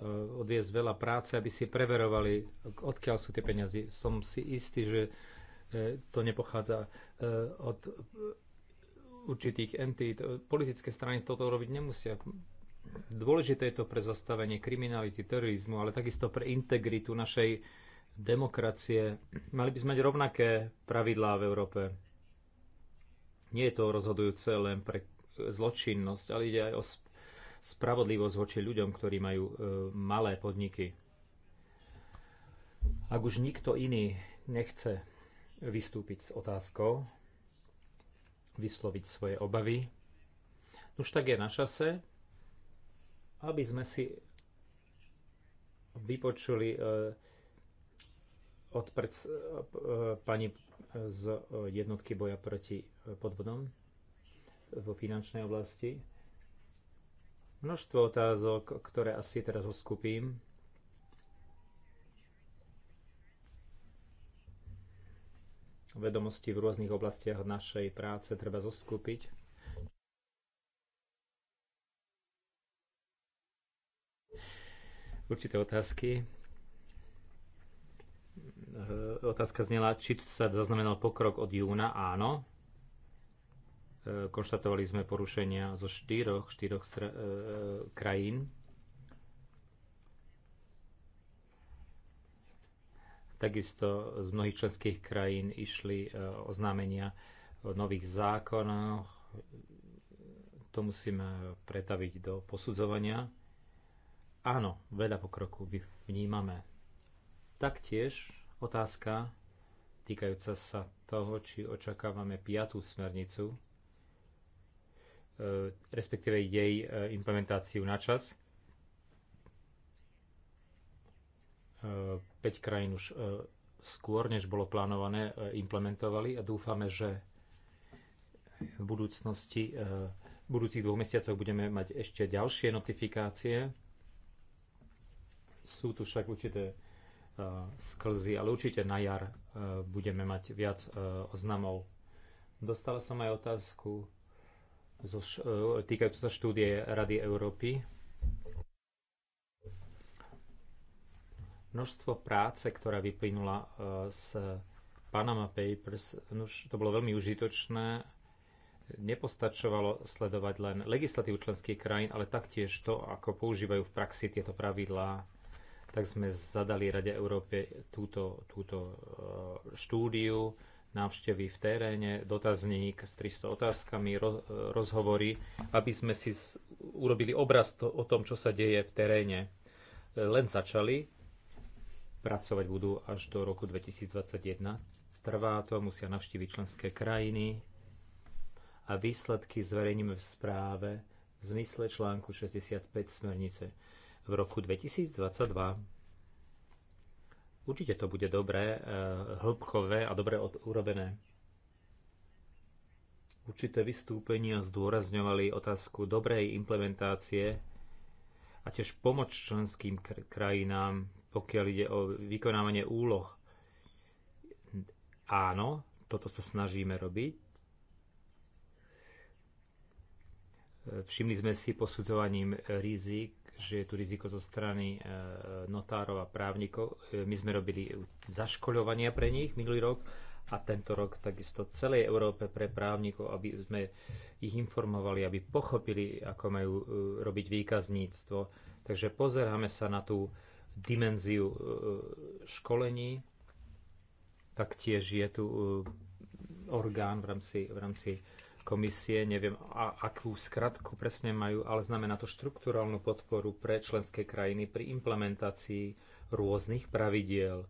odviesť veľa práce, aby si preverovali, odkiaľ sú tie peniaze. Som si istý, že e, to nepochádza e, od e, určitých entít. Politické strany toto robiť nemusia. Dôležité je to pre zastavenie kriminality, terorizmu, ale takisto pre integritu našej demokracie. Mali by sme mať rovnaké pravidlá v Európe. Nie je to rozhodujúce len pre zločinnosť, ale ide aj o spravodlivosť voči ľuďom, ktorí majú e, malé podniky. Ak už nikto iný nechce vystúpiť s otázkou, vysloviť svoje obavy, už tak je na čase, aby sme si vypočuli e, od preds, e, pani z jednotky boja proti podvodom vo finančnej oblasti. Množstvo otázok, ktoré asi teraz zoskupím. Vedomosti v rôznych oblastiach našej práce treba zoskupiť. určité otázky. Eh, otázka znela, či sa zaznamenal pokrok od júna. Áno. Eh, konštatovali sme porušenia zo štyroch, štyroch stra- eh, krajín. Takisto z mnohých členských krajín išli oznámenia o nových zákonoch. To musíme pretaviť do posudzovania Áno, veľa pokroku vnímame. Taktiež otázka týkajúca sa toho, či očakávame piatú smernicu, e, respektíve jej e, implementáciu na čas. 5 e, krajín už skôr, než bolo plánované, implementovali a dúfame, že v budúcnosti, v budúcich dvoch mesiacoch budeme mať ešte ďalšie notifikácie. Sú tu však určité e, sklzy, ale určite na jar e, budeme mať viac e, oznamov. Dostala som aj otázku zo, týkajúcu sa štúdie Rady Európy. Množstvo práce, ktorá vyplynula z Panama Papers, no to bolo veľmi užitočné. Nepostačovalo sledovať len legislatívu členských krajín, ale taktiež to, ako používajú v praxi tieto pravidlá tak sme zadali Rade Európe túto, túto e, štúdiu, návštevy v teréne, dotazník s 300 otázkami, e, rozhovory, aby sme si urobili obraz to, o tom, čo sa deje v teréne. E, len začali, pracovať budú až do roku 2021. Trvá to, musia navštíviť členské krajiny a výsledky zverejníme v správe v zmysle článku 65 smernice v roku 2022. Určite to bude dobré, eh, hĺbkové a dobre urobené. Určité vystúpenia zdôrazňovali otázku dobrej implementácie a tiež pomoc členským krajinám, pokiaľ ide o vykonávanie úloh. Áno, toto sa snažíme robiť. Eh, všimli sme si posudzovaním rizik že je tu riziko zo strany e, notárov a právnikov. E, my sme robili zaškoľovania pre nich minulý rok a tento rok takisto celej Európe pre právnikov, aby sme ich informovali, aby pochopili, ako majú e, robiť výkazníctvo. Takže pozeráme sa na tú dimenziu školení. Taktiež je tu orgán v rámci, v rámci komisie, neviem a, akú skratku presne majú, ale znamená to štruktúralnú podporu pre členské krajiny pri implementácii rôznych pravidiel.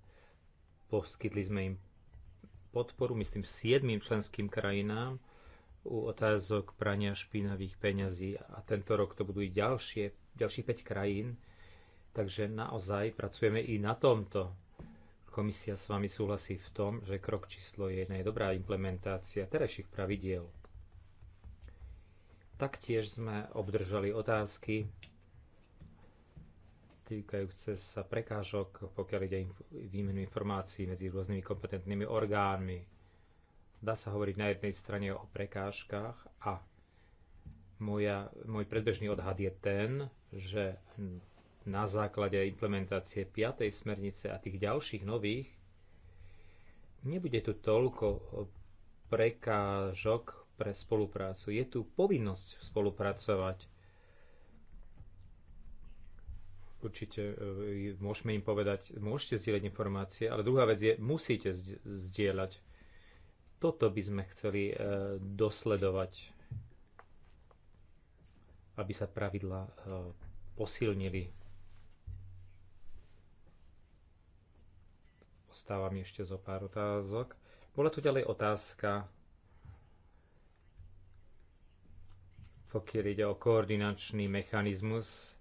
Poskytli sme im podporu, myslím, siedmým členským krajinám u otázok prania špinavých peňazí a tento rok to budú i ďalšie, ďalších 5 krajín. Takže naozaj pracujeme i na tomto. Komisia s vami súhlasí v tom, že krok číslo 1 je dobrá implementácia terajších pravidiel Taktiež sme obdržali otázky týkajúce sa prekážok, pokiaľ ide výmenu informácií medzi rôznymi kompetentnými orgánmi. Dá sa hovoriť na jednej strane o prekážkach a moja, môj predbežný odhad je ten, že na základe implementácie 5. smernice a tých ďalších nových nebude tu toľko prekážok pre spoluprácu. Je tu povinnosť spolupracovať. Určite e, môžeme im povedať, môžete zdieľať informácie, ale druhá vec je, musíte zdieľať. Toto by sme chceli e, dosledovať, aby sa pravidla e, posilnili. Ostáva mi ešte zo pár otázok. Bola tu ďalej otázka pokiaľ ide o koordinačný mechanizmus.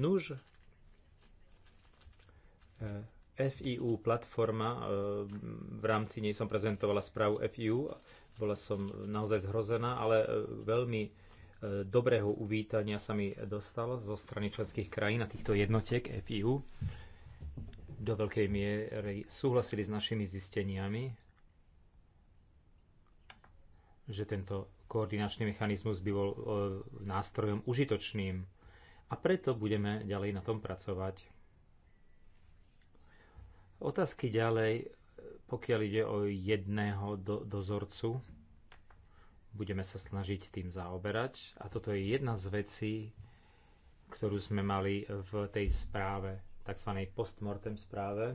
Nuž, e, FIU platforma, e, v rámci nej som prezentovala správu FIU, bola som naozaj zhrozená, ale e, veľmi dobrého uvítania sa mi dostalo zo strany členských krajín a týchto jednotiek FIU. Do veľkej miery súhlasili s našimi zisteniami, že tento koordinačný mechanizmus by bol e, nástrojom užitočným a preto budeme ďalej na tom pracovať. Otázky ďalej, e, pokiaľ ide o jedného do, dozorcu, budeme sa snažiť tým zaoberať a toto je jedna z vecí, ktorú sme mali v tej správe, tzv. postmortem správe.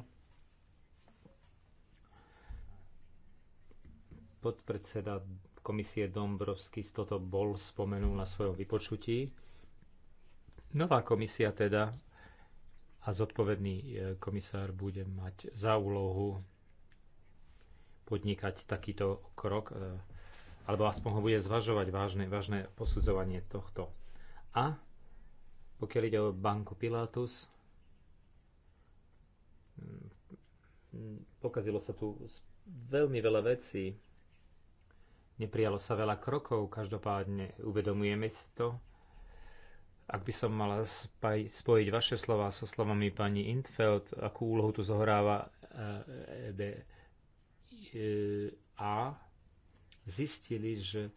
Podpredseda komisie Dombrovskis toto bol spomenul na svojom vypočutí. Nová komisia teda a zodpovedný e, komisár bude mať za úlohu podnikať takýto krok, e, alebo aspoň ho bude zvažovať vážne, vážne posudzovanie tohto. A pokiaľ ide o banku Pilatus, mm, mm, pokazilo sa tu veľmi veľa vecí. Neprijalo sa veľa krokov, každopádne uvedomujeme si to. Ak by som mala spojiť vaše slova so slovami pani Intfeld, akú úlohu tu zohráva EDA, eh, e eh, zistili, že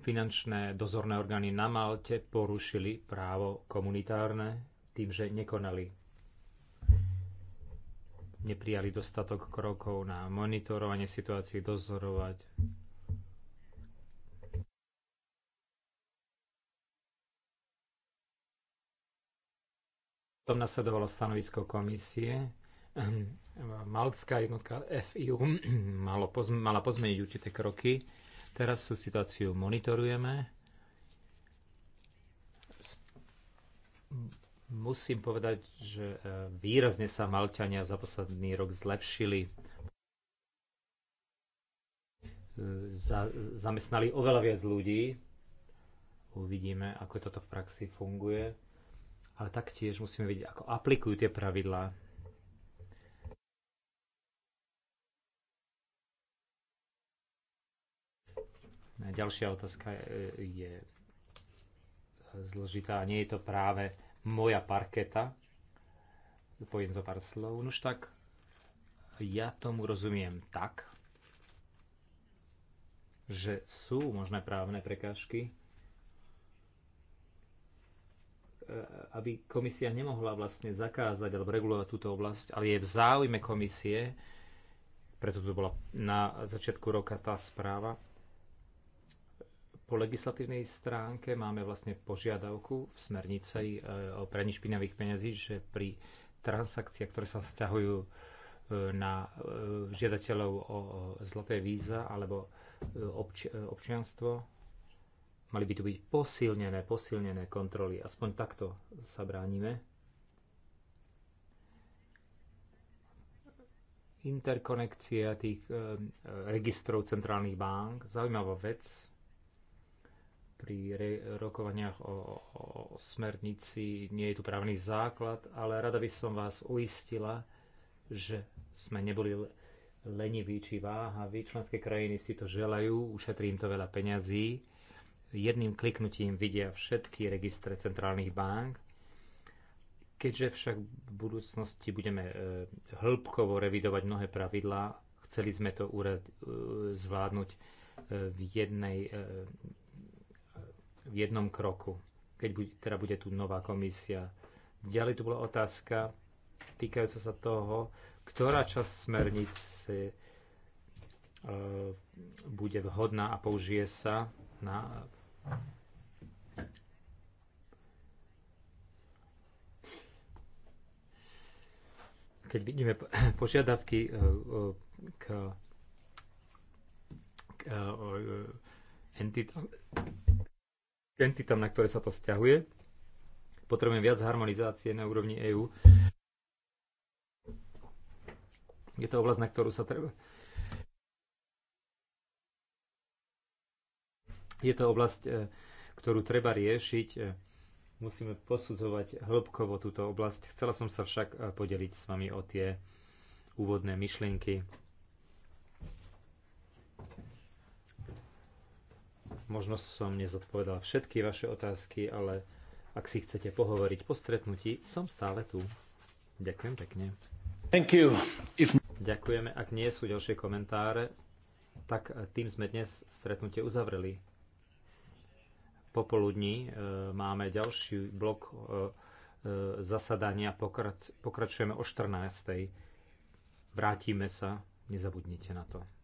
finančné dozorné orgány na Malte porušili právo komunitárne tým, že nekonali. Neprijali dostatok krokov na monitorovanie situácií, dozorovať Potom nasledovalo stanovisko komisie. Malcká jednotka FIU malo pozme, mala pozmeniť určité kroky. Teraz sú situáciu monitorujeme. Musím povedať, že e, výrazne sa Malťania za posledný rok zlepšili. Za, zamestnali oveľa viac ľudí. Uvidíme, ako toto v praxi funguje ale taktiež musíme vidieť, ako aplikujú tie pravidlá. Ďalšia otázka e, je e, zložitá. Nie je to práve moja parketa. Poviem zo pár slov. Nuž tak, ja tomu rozumiem tak, že sú možné právne prekážky, Eh, aby komisia nemohla vlastne zakázať alebo regulovať túto oblasť, ale je v záujme komisie, preto to bola na začiatku roka tá správa, po legislatívnej stránke máme vlastne požiadavku v smernici eh, o praní špinavých peňazí, že pri transakciách, ktoré sa vzťahujú eh, na žiadateľov o zlaté víza alebo obč- občianstvo, Mali by tu byť posilnené, posilnené kontroly. Aspoň takto sa bránime. Interkonekcia tých eh, registrov centrálnych bank. Zaujímavá vec pri rokovaniach o, o, o smernici nie je tu právny základ, ale rada by som vás uistila, že sme neboli leniví či váhaví. Členské krajiny si to želajú, im to veľa peňazí jedným kliknutím vidia všetky registre centrálnych bank. Keďže však v budúcnosti budeme e, hĺbkovo revidovať mnohé pravidlá, chceli sme to e, zvládnuť e, v, jednej, v jednom kroku, keď bude, teda bude tu nová komisia. Ďalej tu bola otázka týkajúca sa toho, ktorá časť smernice bude vhodná a použije sa na keď vidíme požiadavky eh, eh, k, eh, k entitám, na ktoré sa to stiahuje, potrebujeme viac harmonizácie na úrovni EÚ. Je to oblasť, na ktorú sa treba Je to oblasť, e, ktorú treba riešiť. E, musíme posudzovať hĺbkovo túto oblasť. Chcela som sa však e, podeliť s vami o tie úvodné myšlienky. Možno som nezodpovedal všetky vaše otázky, ale ak si chcete pohovoriť po stretnutí, som stále tu. Ďakujem pekne. Thank you. If... Ďakujeme. Ak nie sú ďalšie komentáre, tak tým sme dnes stretnutie uzavreli popoludní e, máme ďalší blok e, e, zasadania. Pokračujeme o 14. Vrátime sa. Nezabudnite na to.